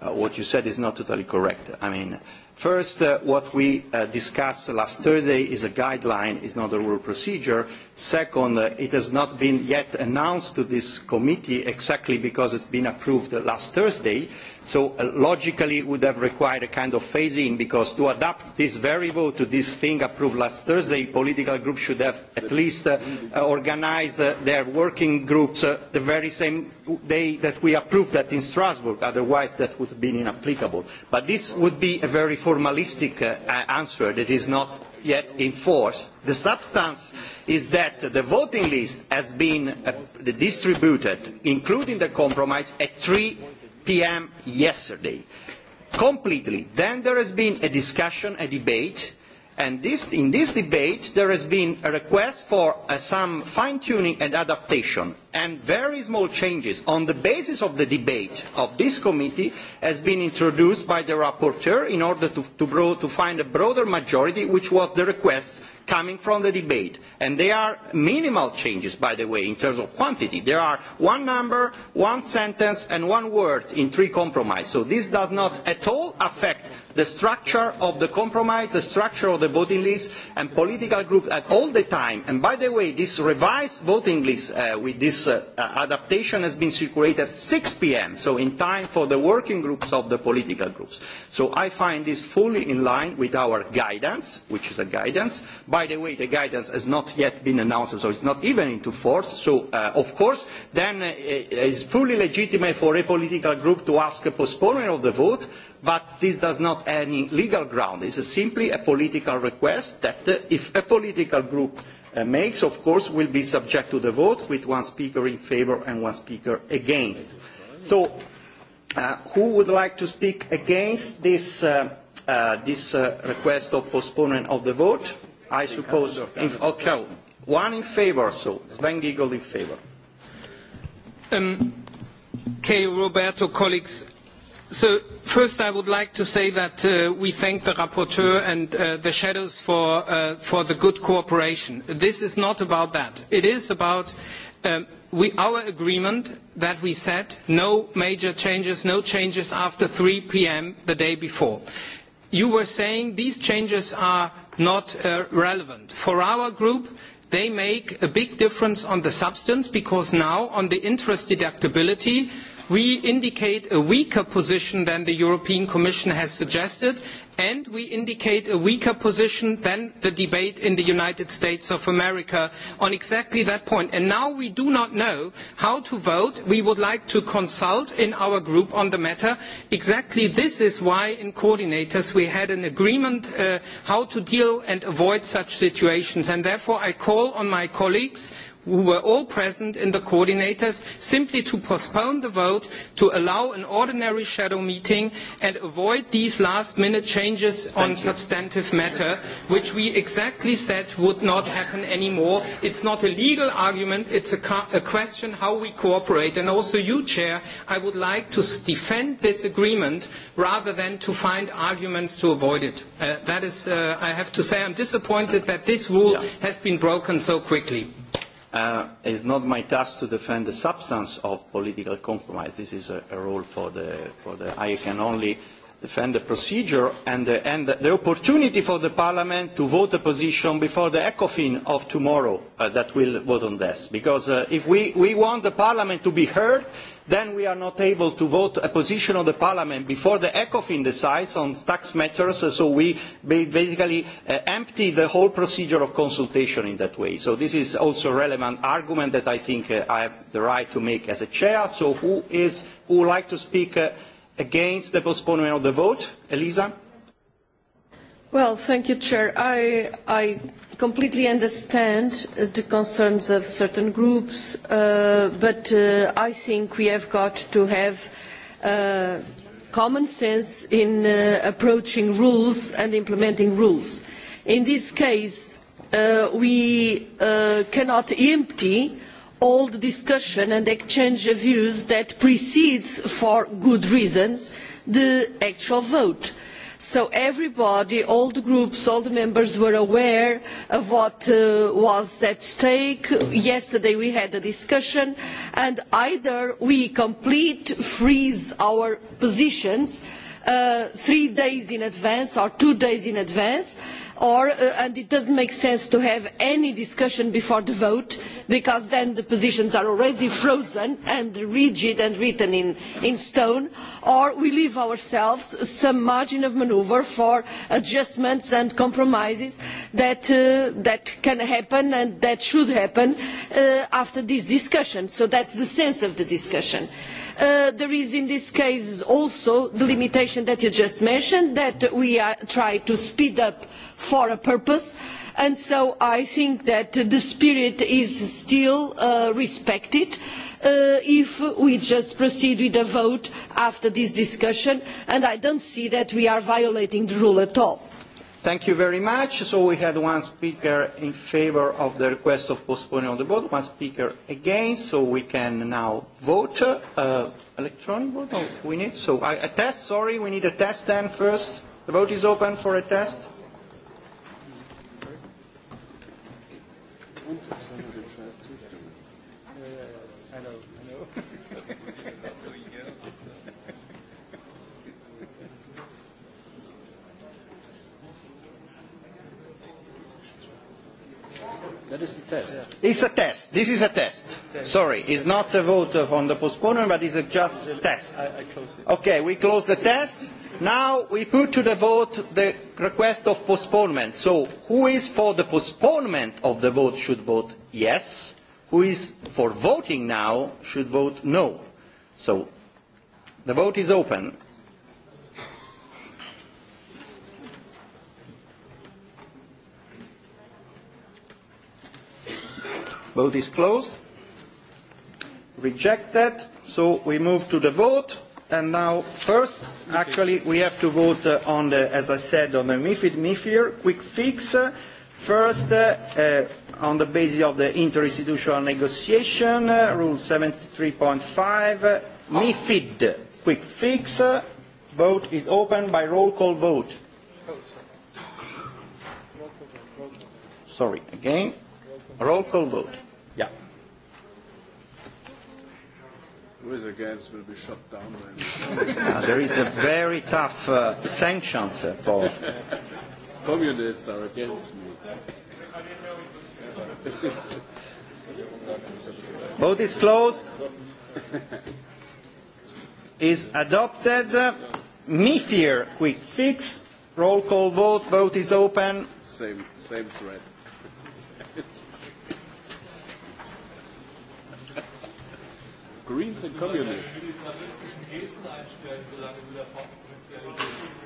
uh, what you said is not totally correct. I mean, first, uh, what we uh, discussed last Thursday is a guideline, is not a rule procedure. Second, uh, it has not been yet announced to this committee exactly because it's been approved last Thursday So logically it would have required a kind of phase-in because to adapt this variable to this thing approved last Thursday, political groups should have at least organised their working groups the very same day that we approved that in Strasbourg. Otherwise that would have been inapplicable. But this would be a very formalistic answer that is not yet in force. The substance is that the voting list has been distributed, including the compromise, at three p.m. yesterday. Completely. Then there has been a discussion, a debate, and this, in this debate there has been a request for uh, some fine-tuning and adaptation and very small changes on the basis of the debate of this committee has been introduced by the rapporteur in order to, find a broader majority, which was the request coming from the debate. And they are minimal changes, by the way, in terms of quantity. There are one number, one sentence, and one word in three compromises. So this does not at all affect the structure of the compromise, the structure of the voting list, and political groups at all the time. And by the way, this revised voting list with this adaptation has been circulated at six p.m., so in time for the working groups of the political groups. So I find this fully in line with our guidance, which is a guidance. By the way, the guidance has not yet been announced, so it's not even into force. So, of course, then it is fully legitimate for a political group to ask a postponement of the vote, but this does not have any legal ground. It's is simply a political request that if a political group makes, of course, will be subject to the vote with one speaker in favour and one speaker against. So, who would like to speak against this, request of postponement of the vote? I suppose, if, okay, one in favour, so Sven Giegold in favour. okay, Roberto, colleagues, So First, I would like to say that we thank the rapporteur and the shadows for the good cooperation. This is not about that. It is about our agreement that we set no major changes, no changes after 3 P.M. the day before. You were saying these changes are not relevant. For our group, they make a big difference on the substance because now on the interest deductibility, we indicate a weaker position than the European Commission has suggested, and we indicate a weaker position than the debate in the United States of America on exactly that point. And now we do not know how to vote. We would like to consult in our group on the matter. Exactly this is why in coordinators we had an agreement on how to deal and avoid such situations. And therefore I call on my colleagues who were all present in the coordinators simply to postpone the vote to allow an ordinary shadow meeting and avoid these last minute changes on substantive matter which we exactly said would not happen anymore. It is not a legal argument, it is a question of how we cooperate and also you chair, I would like to defend this agreement rather than to find arguments to avoid it. that is, I have to say I am disappointed that this rule has been broken so quickly. Uh, it's not my task to defend the substance of political compromise. This is a, a role for the, for the, I can only defend the procedure and the, and the opportunity for the Parliament to vote a position before the ECOFIN of tomorrow uh, that will vote on this. Because uh, if we, we want the Parliament to be heard then we are not able to vote a position of parliament before the ecofin decides on tax matters so we basically empty the whole procedure of consultation in that way. so this is also a relevant argument that i think i have the right to make as a chair. so who is who would like to speak against the postponement of the vote? elisa? well thank you chair. i completely understand the concerns of certain groups, but I think we have got to have common sense in approaching rules and implementing rules. In this case, we cannot empty all the discussion and exchange of views that precedes, for good reasons, the actual vote So everybody, all the groups, all the members were aware of what was at stake. Yesterday we had a discussion and either we complete freeze our positions three days in advance or two days in advance, and it does not make sense to have any discussion before the vote because then the positions are already frozen and rigid and written in stone or we leave ourselves some margin of manoeuvre for adjustments and compromises that can happen and that should happen after this discussion so that is the sense of the discussion. there is in this case also the limitation that you just mentioned that we try to speed up for a purpose and so i think that the spirit is still respected if we just proceed with a vote after this discussion and i do not see that we are violating the rule at all. Thank you very much. So we had one speaker in favor of the request of postponing of the vote, one speaker against, so we can now vote. Uh, electronic vote? No, we need, so I, a test, sorry, we need a test then first. The vote is open for a test. I know, I know. That is the test. It's a test. This is a test. Sorry, it's not a vote on the postponement, but it's a just test. I, I close it. Okay, we close the test. Now we put to the vote the request of postponement. So who is for the postponement of the vote should vote yes. Who is for voting now should vote no. So the vote is open. Vote is closed. Rejected. So we move to the vote And now, first, actually, we have to vote uh, on the, as I said, on the MIFID, MIFIR, quick fix. Uh, first, uh, uh, on the basis of the interinstitutional negotiation, uh, Rule 73.5, uh, MIFID, quick fix. Uh, vote is open by roll call vote. Sorry, again. Roll call vote. Yeah. Who is against will be shut down uh, There is a very tough uh, sanctions uh, for... Communists are against me. Vote is closed. is adopted. MIFIR quick fix. Roll call vote. Vote is open. Same, same threat. Greens and Communists.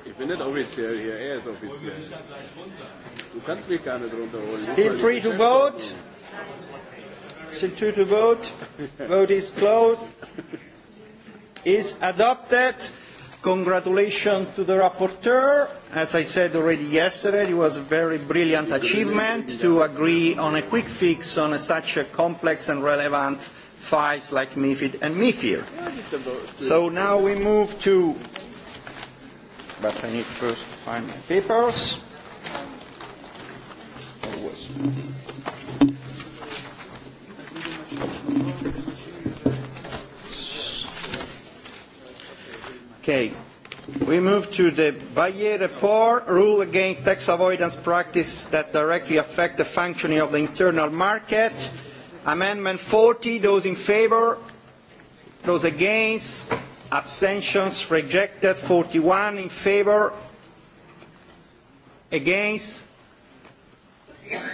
Ich bin nicht offiziell hier, er ist offiziell. Du kannst mich gar nicht runterholen. Feel free to vote. Feel free to vote. Vote is closed. Is adopted. Congratulations to the rapporteur. As I said already yesterday, it was a very brilliant achievement to agree on a quick fix on a, such a complex and relevant files like MIFID and MIFIR. So now we move to, but I need first to find my papers. Okay. We move to the Bayer report, rule against tax avoidance practice that directly affect the functioning of the internal market. Amendment 40, those in favor, those against, abstentions rejected, 41 in favor, against,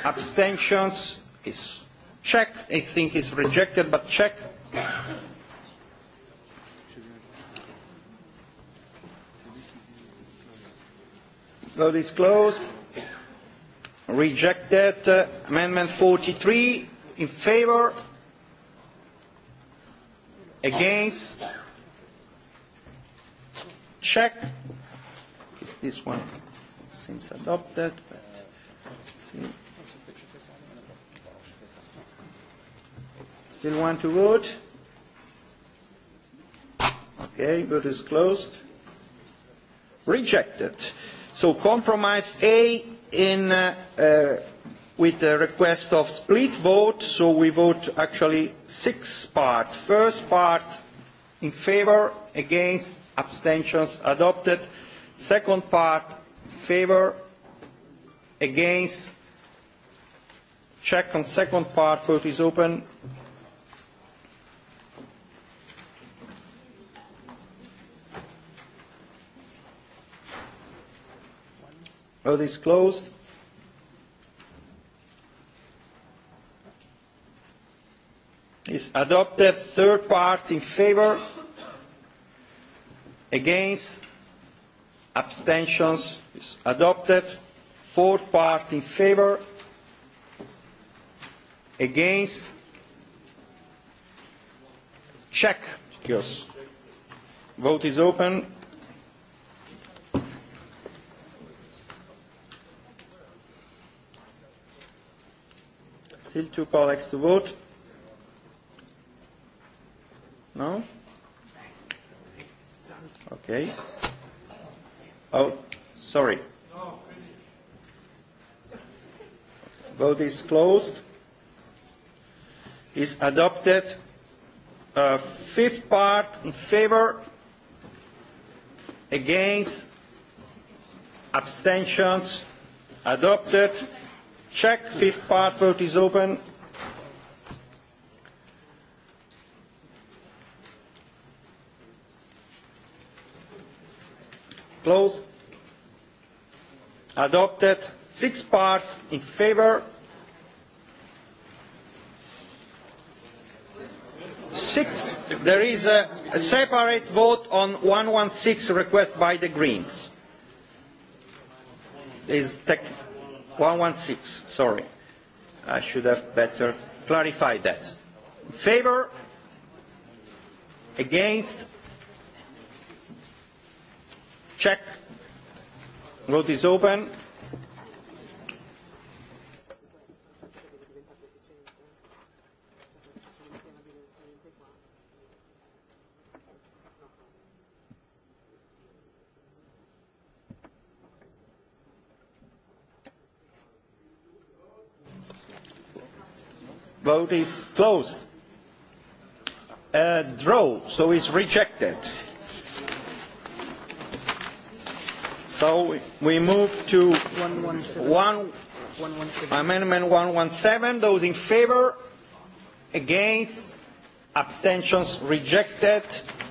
abstentions is check. I think it's rejected, but check. Vote is closed. Rejected. Uh, amendment 43 in favor, against, check. Is this one seems adopted, but still want to vote? Okay, vote is closed. Rejected. So compromise A in uh, uh, with the request of split vote, so we vote actually six parts. First part in favour, against, abstentions adopted. Second part, favour, against, check on second part, vote is open. Vote is closed is adopted. Third part in favour. Against. Abstentions is adopted. Fourth part in favour. Against. Check. Yes. Vote is open. Still two colleagues to vote. No? Okay. Oh, sorry. Vote is closed. Is adopted. Uh, fifth part in favor, against, abstentions, adopted. Check, fifth part, vote is open. closed adopted six part in favor six there is a, a separate vote on 116 request by the greens is tech 116 sorry i should have better clarified that in favor against Check. Vote is open. Vote is closed. Uh, draw, so it's rejected. So we move to one, amendment 117. Those in favor, against, abstentions rejected.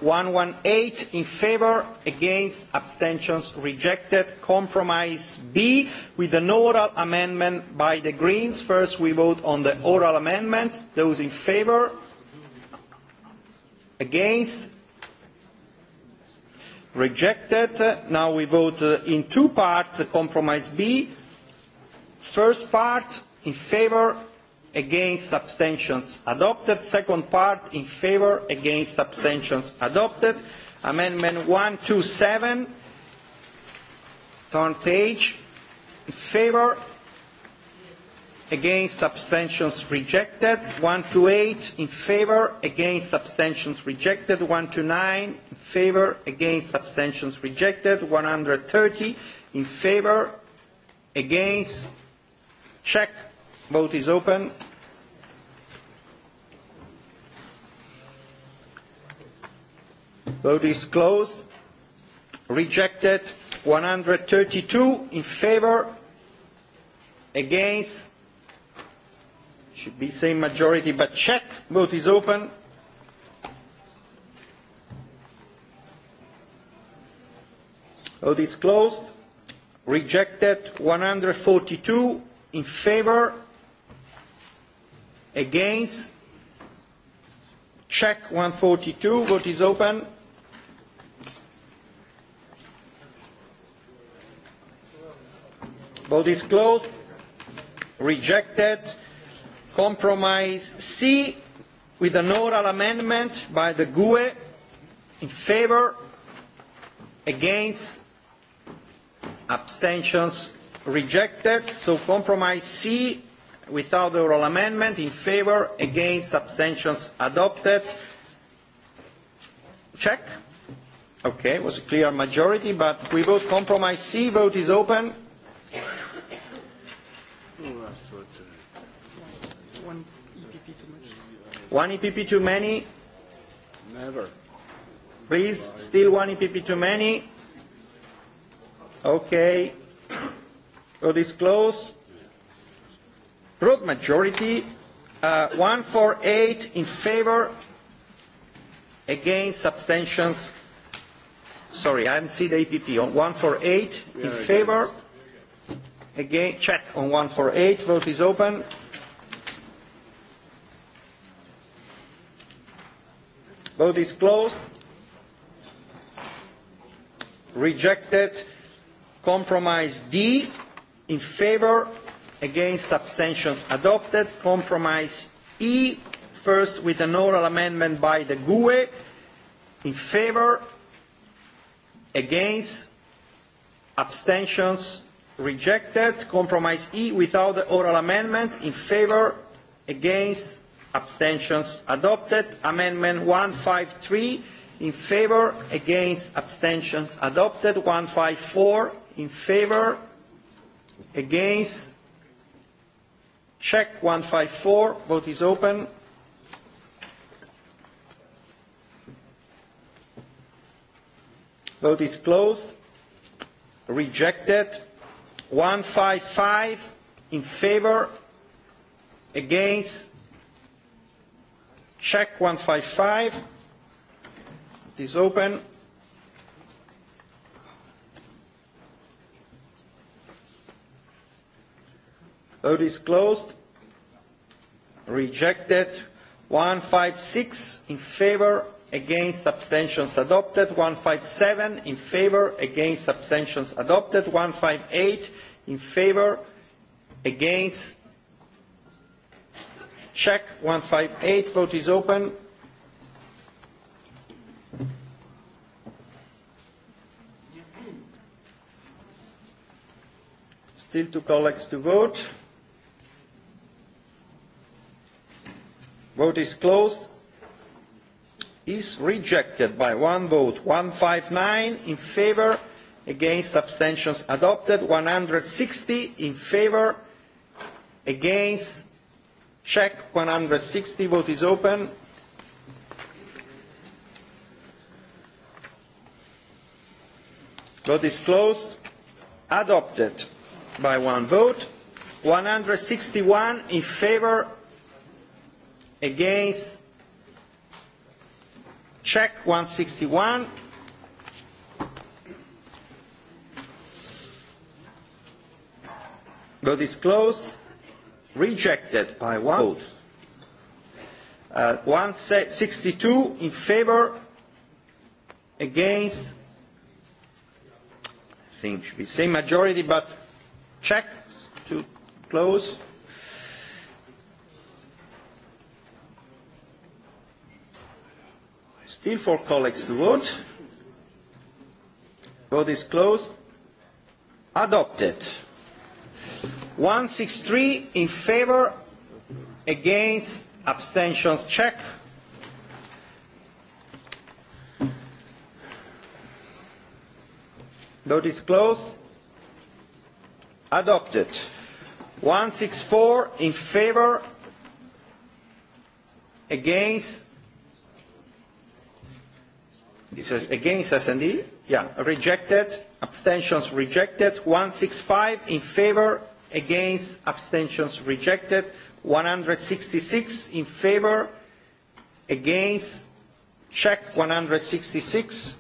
118 in favor, against, abstentions rejected. Compromise B with an oral amendment by the Greens. First we vote on the oral amendment. Those in favor, against, rejected. Now we vote in two parts, compromise B. First part, in favor, against abstentions adopted. Second part, in favor, against abstentions adopted. Amendment one two seven. turn page, in favor, against abstentions rejected to 8 in favor against abstentions rejected to 9 in favor against abstentions rejected 130 in favor against check vote is open vote is closed rejected 132 in favor against Should be same majority, but check. Vote is open. Vote is closed. Rejected 142 in favor, against. Check 142. Vote is open. Vote is closed. Rejected Compromise C with an oral amendment by the GUE in favor, against, abstentions rejected. So compromise C without the oral amendment in favor, against, abstentions adopted. Check. Okay, it was a clear majority, but we vote compromise C. Vote is open. One EPP too many? Never. Please, still one EPP too many? Okay. Vote is closed. Broad majority. Uh, 148 in favor. Against abstentions. Sorry, I haven't seen the EPP. On 148 in favor. Again, check on 148. Vote is open. Vote is closed. Rejected. Compromise D. In favor. Against abstentions adopted. Compromise E. First with an oral amendment by the GUE. In favor. Against. Abstentions rejected. Compromise E without the oral amendment. In favor. Against abstentions adopted. Amendment one hundred and fifty three in favour, against, abstentions adopted. One hundred and fifty four in favour, against, check one hundred and fifty four. vote is open. Vote is closed. Rejected. One hundred and fifty five in favour, against, Check 155. It is open. Vote is closed. Rejected. 156 in favor, against abstentions adopted. 157 in favor, against abstentions adopted. 158 in favor, against Check 158. Vote is open. Still two colleagues to vote. Vote is closed. Is rejected by one vote. 159 in favor, against abstentions adopted. 160 in favor, against Check 160. Vote is open. Vote is closed. Adopted by one vote. 161 in favor, against. Check 161. Vote is closed rejected by one vote. Uh, 162 in favor, against, I think should be same majority, but check to close. Still four colleagues to vote. Vote is closed. Adopted. 163 in favor, against, abstentions, check. Vote is closed. Adopted. 164 in favor, against, it says against S&D, Yeah, rejected. Abstentions rejected. 165 in favor, against, abstentions rejected. 166 in favor, against, check 166.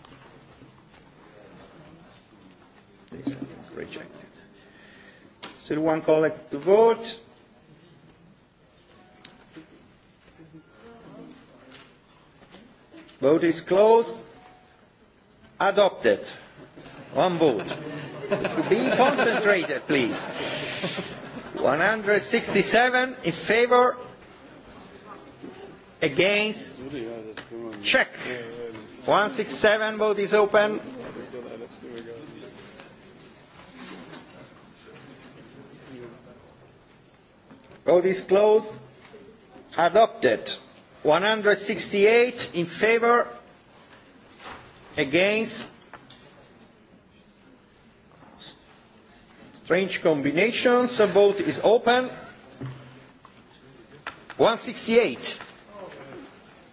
Rejected. So one collect to vote. Vote is closed Adopted. One vote. Be concentrated, please. 167 in favor, against, check. 167 vote is open. Vote is closed. Adopted. 168 in favor, against strange combinations. The vote is open. 168.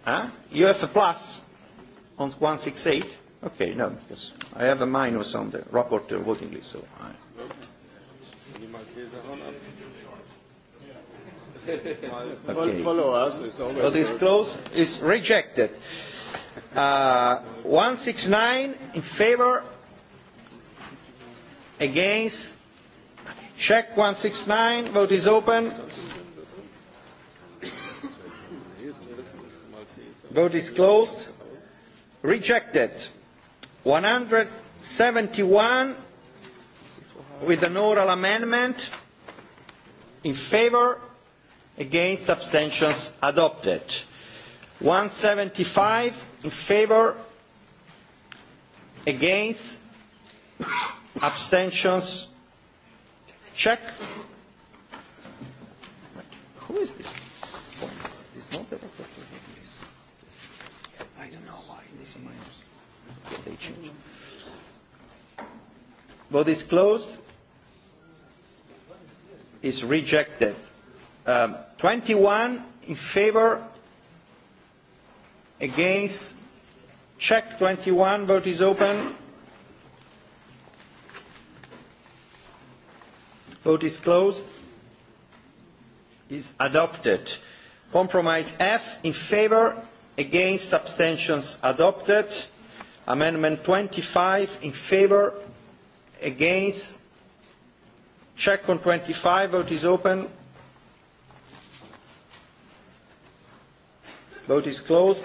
Huh? You have a plus on 168? Okay, no, because I have a minus on the rapporteur voting list. So I... Okay. Follow us. It's always. But it's closed It's rejected. Uh, 169 in favor, against, check 169, vote is open. Vote is closed. Rejected. 171 with an oral amendment. In favor, against abstentions adopted. 175 in favor against abstentions check who is this it's not the I don't know why this is they vote is closed is rejected um, 21 in favor against check 21 vote is open vote is closed is adopted compromise f in favor against abstentions adopted amendment 25 in favor against check on 25 vote is open vote is closed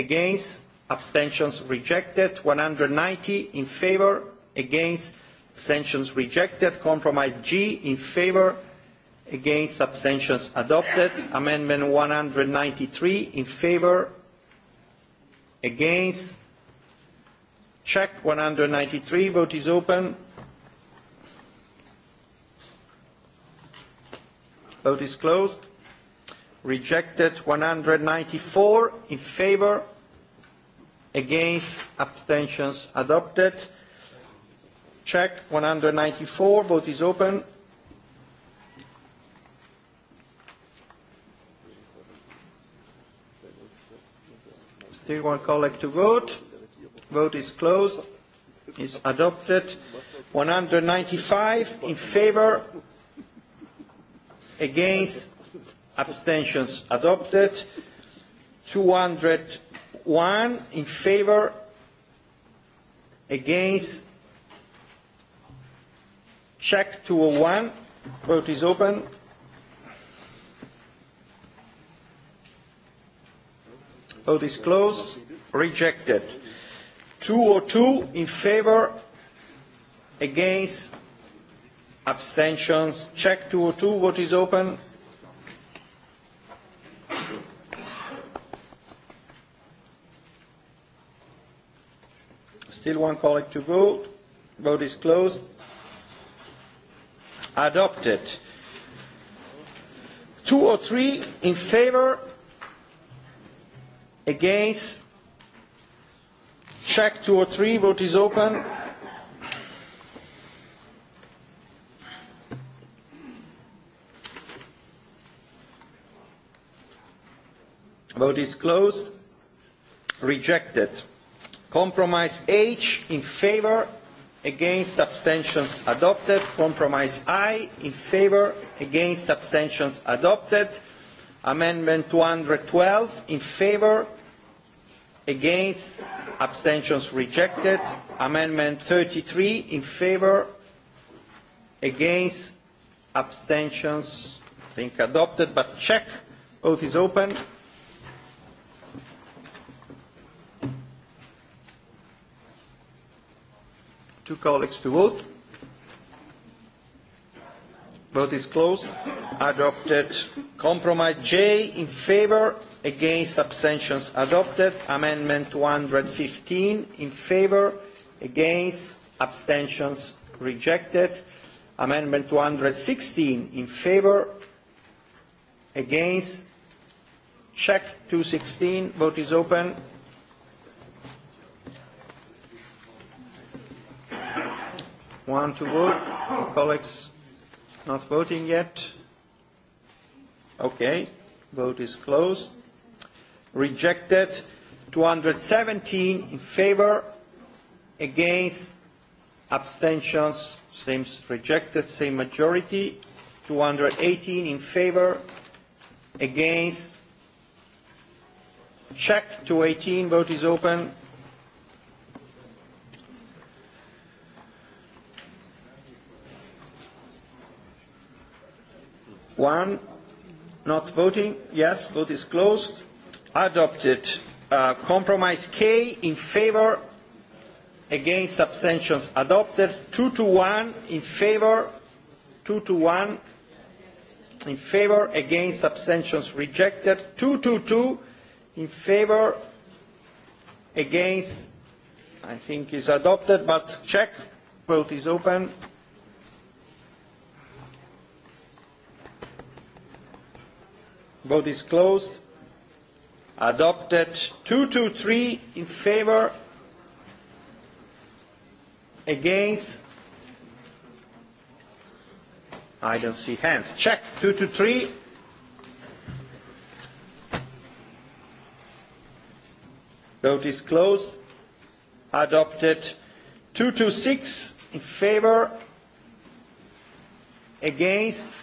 against abstentions rejected 190 in favor against abstentions rejected compromise G in favor against abstentions adopted amendment 193 in favor against check 193 vote is open vote is closed rejected 194 in favor against abstentions adopted check 194 vote is open still one colleague to vote vote is closed is adopted 195 in favor against abstentions adopted. 201 in favor, against, check 201. Vote is open. Vote is closed. Rejected. 202 in favor, against, abstentions. Check 202. Vote is open. Still one colleague to vote. Vote is closed. Adopted. Two or three in favor, against, check two or three, vote is open. Vote is closed. Rejected. Compromise H in favour, against abstentions adopted. Compromise I in favour, against abstentions adopted. Amendment 212 in favour, against abstentions rejected. Amendment 33 in favour, against abstentions, I think adopted, but check. Vote is open. two colleagues to vote. Vote is closed. Adopted. Compromise J in favor, against abstentions adopted. Amendment 215 in favor, against abstentions rejected. Amendment 216 in favor, against. Check 216. Vote is open. one to vote. Colleagues not voting yet. Okay. Vote is closed. Rejected. 217 in favor. Against. Abstentions. Seems rejected. Same majority. 218 in favor. Against. Check 218. Vote is open. One, not voting. Yes, vote is closed. Adopted. Uh, compromise K in favor. Against abstentions adopted. Two to one in favor. Two to one in favor. Against abstentions rejected. Two to two in favor. Against. I think is adopted, but check. Vote is open. Vote is closed. Adopted. 223 in favor. Against. I don't see hands. Check. 223. Vote is closed. Adopted. 226 in favor. Against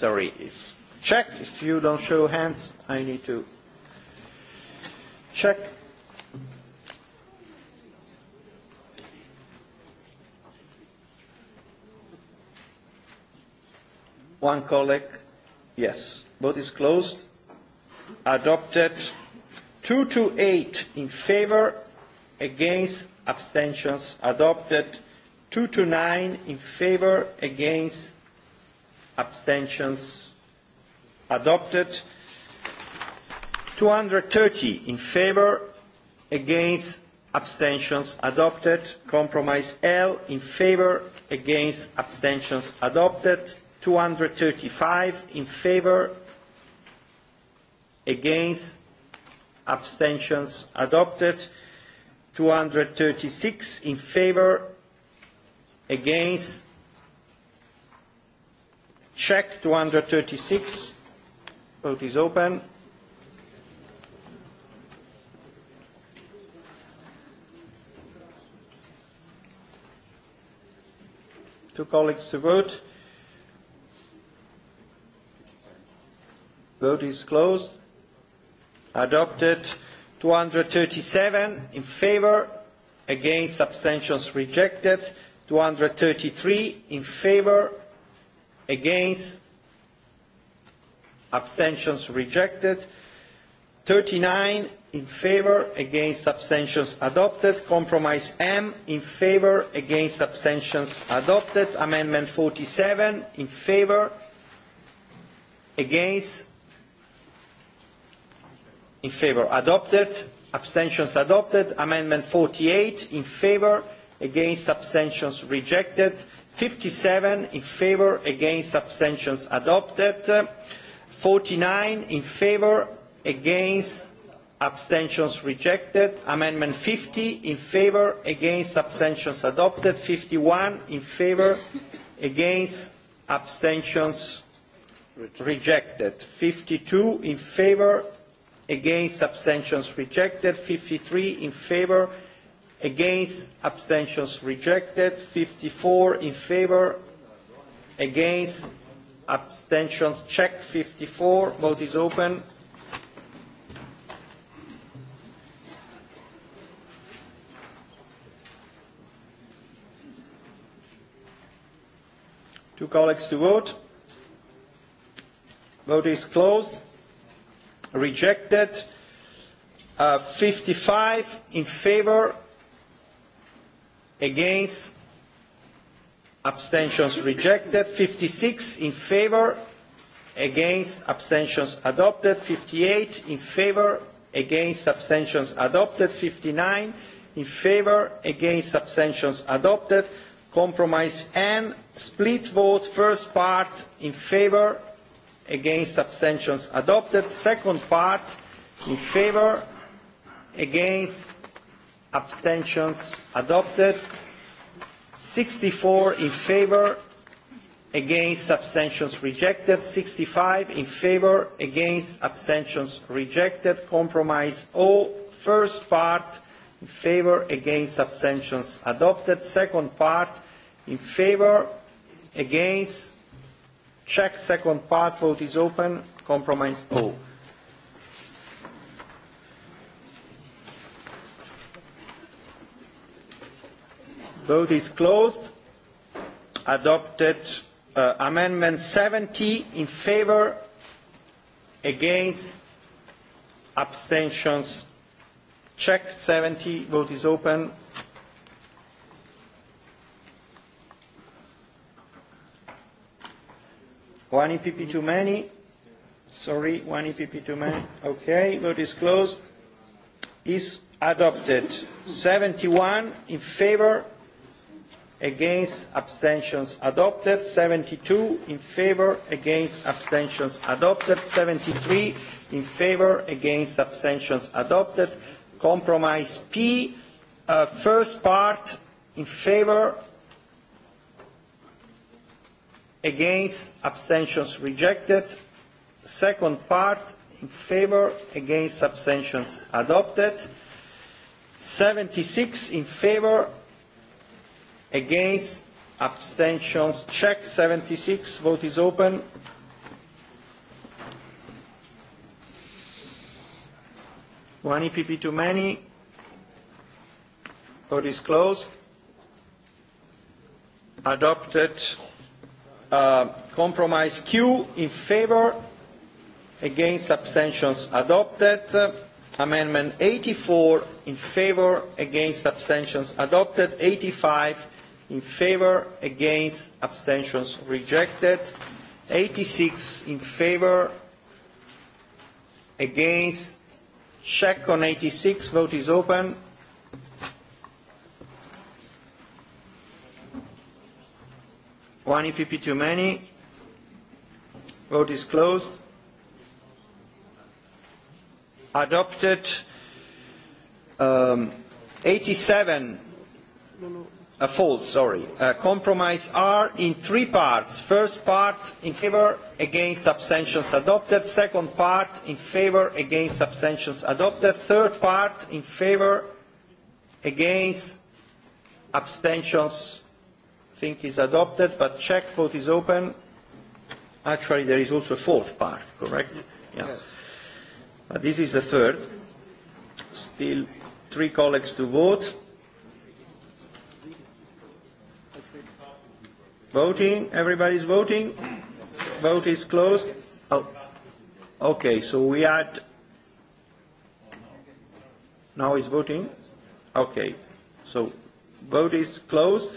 sorry, if check. If you don't show hands, I need to check. One colleague, yes. Vote is closed. Adopted. to eight in favor, against, abstentions. Adopted. to nine in favor, against, abstentions adopted 230 in favor against abstentions adopted compromise L in favor against abstentions adopted 235 in favor against abstentions adopted 236 in favor against Check 236. Vote is open. Two colleagues to vote. Vote is closed. Adopted. 237 in favor, against abstentions rejected. 233 in favor, against abstentions rejected 39 in favor against abstentions adopted compromise m in favor against abstentions adopted amendment 47 in favor against in favor adopted abstentions adopted amendment 48 in favor against abstentions rejected 57 in favor, against abstentions adopted. 49 in favor, against abstentions rejected. Amendment 50 in favor, against abstentions adopted. 51 in favor, against abstentions rejected. 52 in favor, against abstentions rejected. 53 in favor, against against abstentions rejected 54 in favor against abstentions check 54 vote is open two colleagues to vote vote is closed rejected uh, 55 in favor against abstentions rejected 56 in favor against abstentions adopted 58 in favor against abstentions adopted 59 in favor against abstentions adopted compromise and split vote first part in favor against abstentions adopted second part in favor against abstentions adopted 64 in favor against abstentions rejected 65 in favor against abstentions rejected compromise o first part in favor against abstentions adopted second part in favor against check second part vote is open compromise o Vote is closed. Adopted. Uh, amendment 70 in favor, against, abstentions. Check 70. Vote is open. One EPP too many. Sorry, one EPP too many. Okay, vote is closed. Is adopted. 71 in favor, against abstentions adopted 72 in favor against abstentions adopted 73 in favor against abstentions adopted compromise p uh, first part in favor against abstentions rejected second part in favor against abstentions adopted 76 in favor against, abstentions, check 76, vote is open. One EPP too many. Vote is closed. Adopted. Uh, compromise Q in favor. Against abstentions adopted. Uh, amendment 84 in favor. Against abstentions adopted. 85 in favor, against, abstentions rejected. 86 in favor, against, check on 86, vote is open. One EPP too many. Vote is closed. Adopted. Um, 87. No, no uh, false, sorry, uh, compromise R in three parts. First part in favor against abstentions adopted. Second part in favor against abstentions adopted. Third part in favor against abstentions I think is adopted, but check vote is open. Actually, there is also a fourth part, correct? Yeah. Yes. But this is the third. Still three colleagues to vote. Voting? Everybody's voting? Vote is closed. Oh, okay. So we had. Now is voting. Okay. So vote is closed.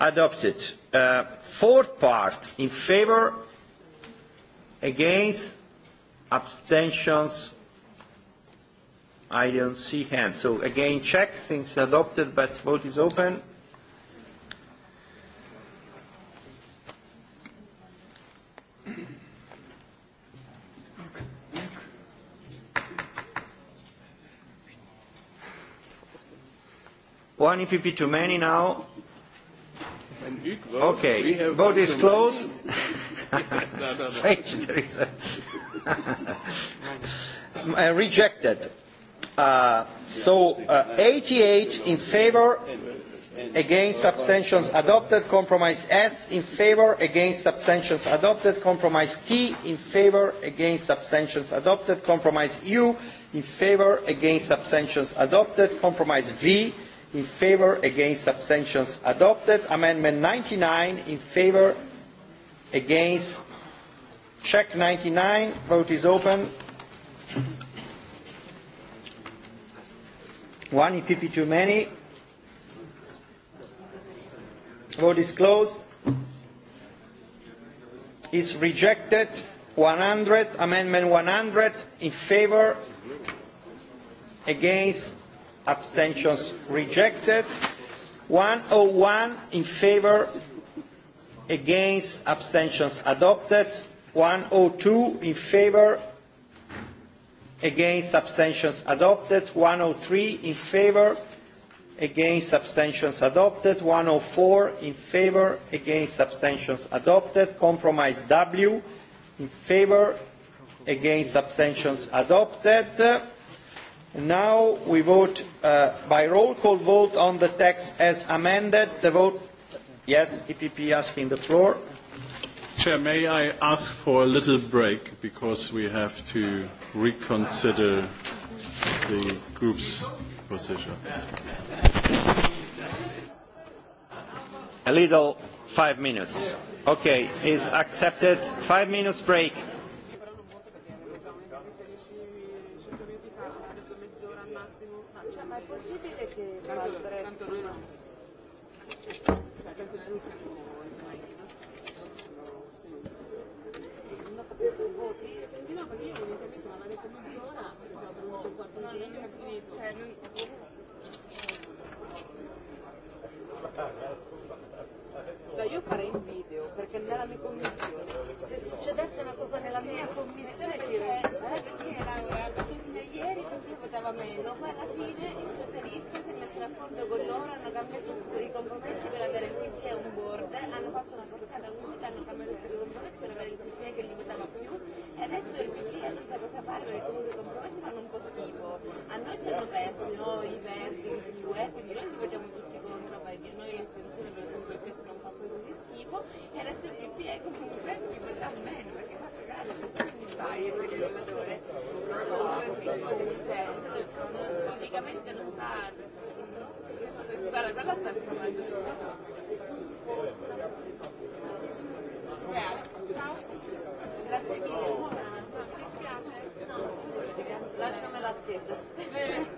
Adopted. Uh, fourth part in favor, against, abstentions. I don't see hands. So again, check. Things adopted, but vote is open. One EPP too many now. Okay, vote is closed. rejected. Uh, so uh, 88 in favor, against abstentions adopted. Compromise S in favor, against abstentions adopted. Compromise T in favor, against abstentions adopted. Compromise U in favor, against abstentions adopted. Compromise V in favour against abstentions adopted amendment 99 in favour against check 99 vote is open one EPP too many vote is closed is rejected 100 amendment 100 in favour against abstentions rejected. 101 in favor, against, abstentions adopted. 102 in favor, against, abstentions adopted. 103 in favor, against, abstentions adopted. 104 in favor, against, abstentions adopted. Compromise W in favor, against, abstentions adopted Now we vote uh, by roll call vote on the text as amended. The vote, yes, EPP asking the floor. Chair, may I ask for a little break because we have to reconsider the group's position. A little five minutes. Okay, is accepted. Five minutes break. Cioè io farei un video, perché nella mia commissione, se succedesse una cosa nella mia commissione resta Perché Laura, fino a ieri tutti votava meno, ma alla fine i socialisti si è messo d'accordo con loro, hanno cambiato i compromessi per avere il PT un board, hanno fatto una portata unica a noi ci hanno persi, no? i verdi, i bue, quindi noi li vediamo tutti contro, perché noi l'estensione per detto questo non fa poi così schifo, e adesso il PP comunque mi verrà meno, perché fa cagare questo fai il regolatore, praticamente non sa, guarda, quella sta provando tutto. grazie mille lasciami la scheda. Grazie.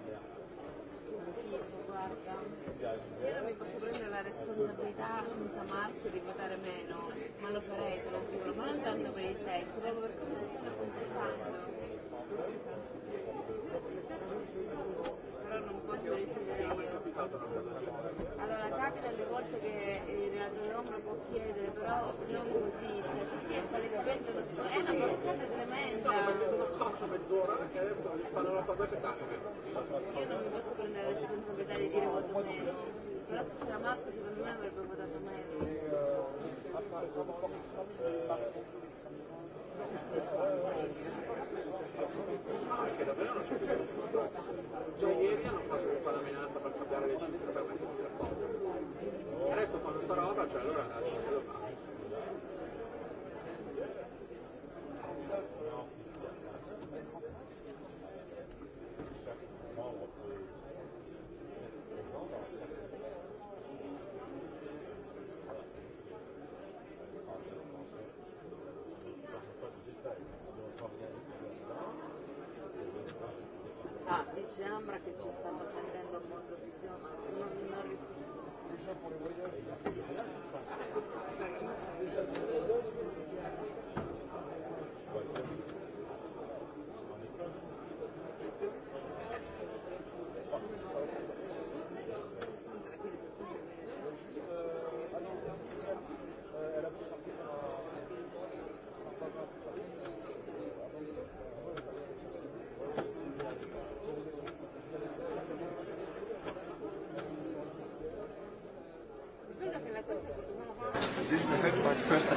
Thank you guarda. Io mi posso prendere la responsabilità senza marchio di votare meno, ma lo farei, te lo giuro, ma non tanto per il test, proprio per come si stanno comportando. Però non posso decidere io. Allora capita le volte che il relatore ombra può chiedere, però non così, cioè così è palesemente è una portata tremenda. Io non mi posso prendere la responsabilità di dire voto meno, però se c'era Marco secondo me avrebbe votato meno perché davvero non c'è più nessuno. Già ieri hanno fatto un po' la menata per cambiare le cifre per mettersi d'accordo. Adesso fanno sta roba, cioè allora lo fa.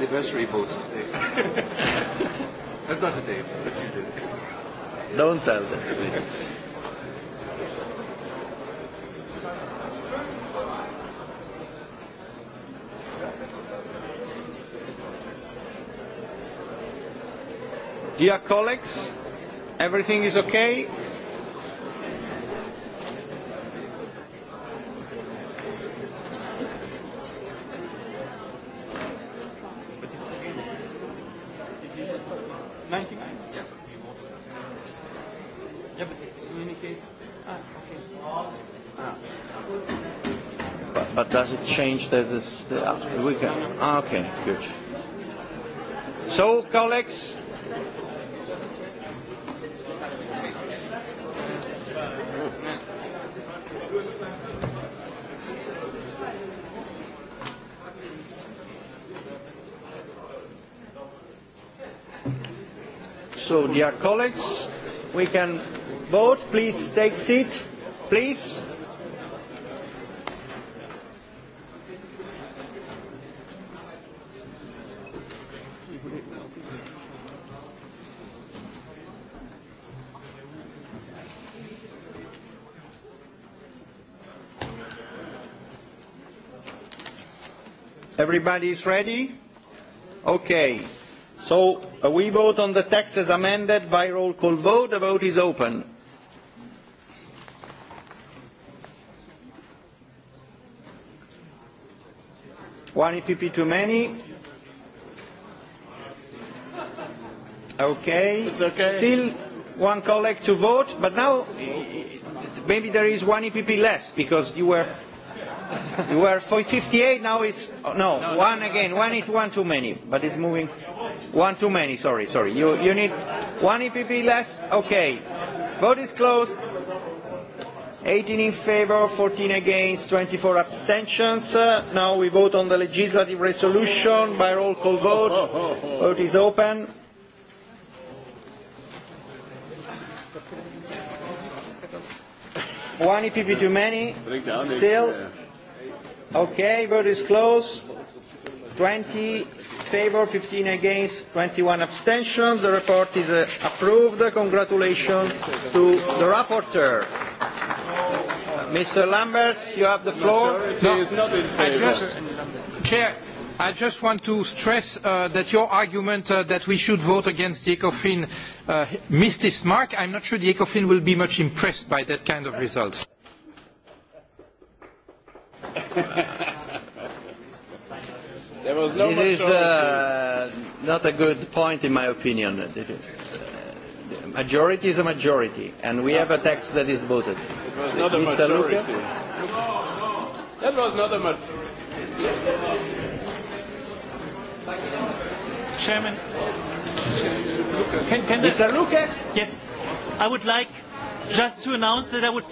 anniversary vote today. That's not today, it's a few days. Don't tell them, please. Dear colleagues, everything is okay? change the, the, the we can. Ah, okay, good. So, colleagues. So, dear colleagues, we can vote. Please take seat. Please. Everybody is ready? Okay. So uh, we vote on the text as amended by roll call vote. The vote is open. One EPP too many. Okay. It's okay. Still one colleague to vote, but now maybe there is one EPP less because you were You were 58, now it's, no, one again, one is one too many, but it's moving. One too many, sorry, sorry. You, you need one EPP less? Okay. Vote is closed. 18 in favor, 14 against, 24 abstentions. Uh, now we vote on the legislative resolution by roll call vote. Vote is open. One EPP too many. Still. Okay, vote is closed. 20 favor, 15 against, 21 abstention. The report is uh, approved. Congratulations to the rapporteur. Mr. Lambers, you have the floor. No, is not in favor. I just, Chair, I just want to stress uh, that your argument uh, that we should vote against the ECOFIN uh, missed its mark. I'm not sure the ECOFIN will be much impressed by that kind of result there was no this is uh, not a good point, in my opinion. The majority is a majority, and we have a text that is voted. It was not a Mr. majority. Luca? That was not a majority. Chairman. Can, can Mr. Luca? Yes. I would like just to announce that I would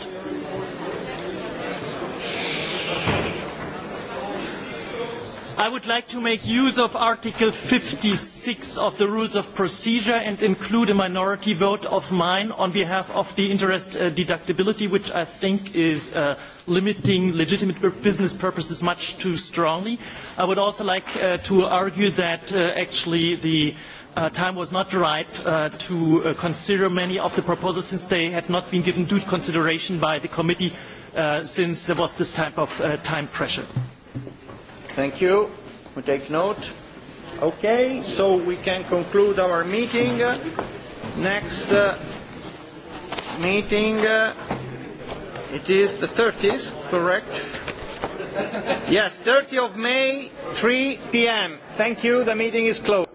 I would like to make use of Article fifty six of the Rules of Procedure and include a minority vote of mine on behalf of the interest deductibility, which I think is limiting legitimate business purposes much too strongly. I would also like to argue that actually the time was not ripe to consider many of the proposals since they had not been given due consideration by the committee since there was this type of time pressure. Thank you. We take note. Okay, so we can conclude our meeting. Next uh, meeting, uh, it is the 30th, correct? Yes, 30 of May, 3 p.m. Thank you. The meeting is closed.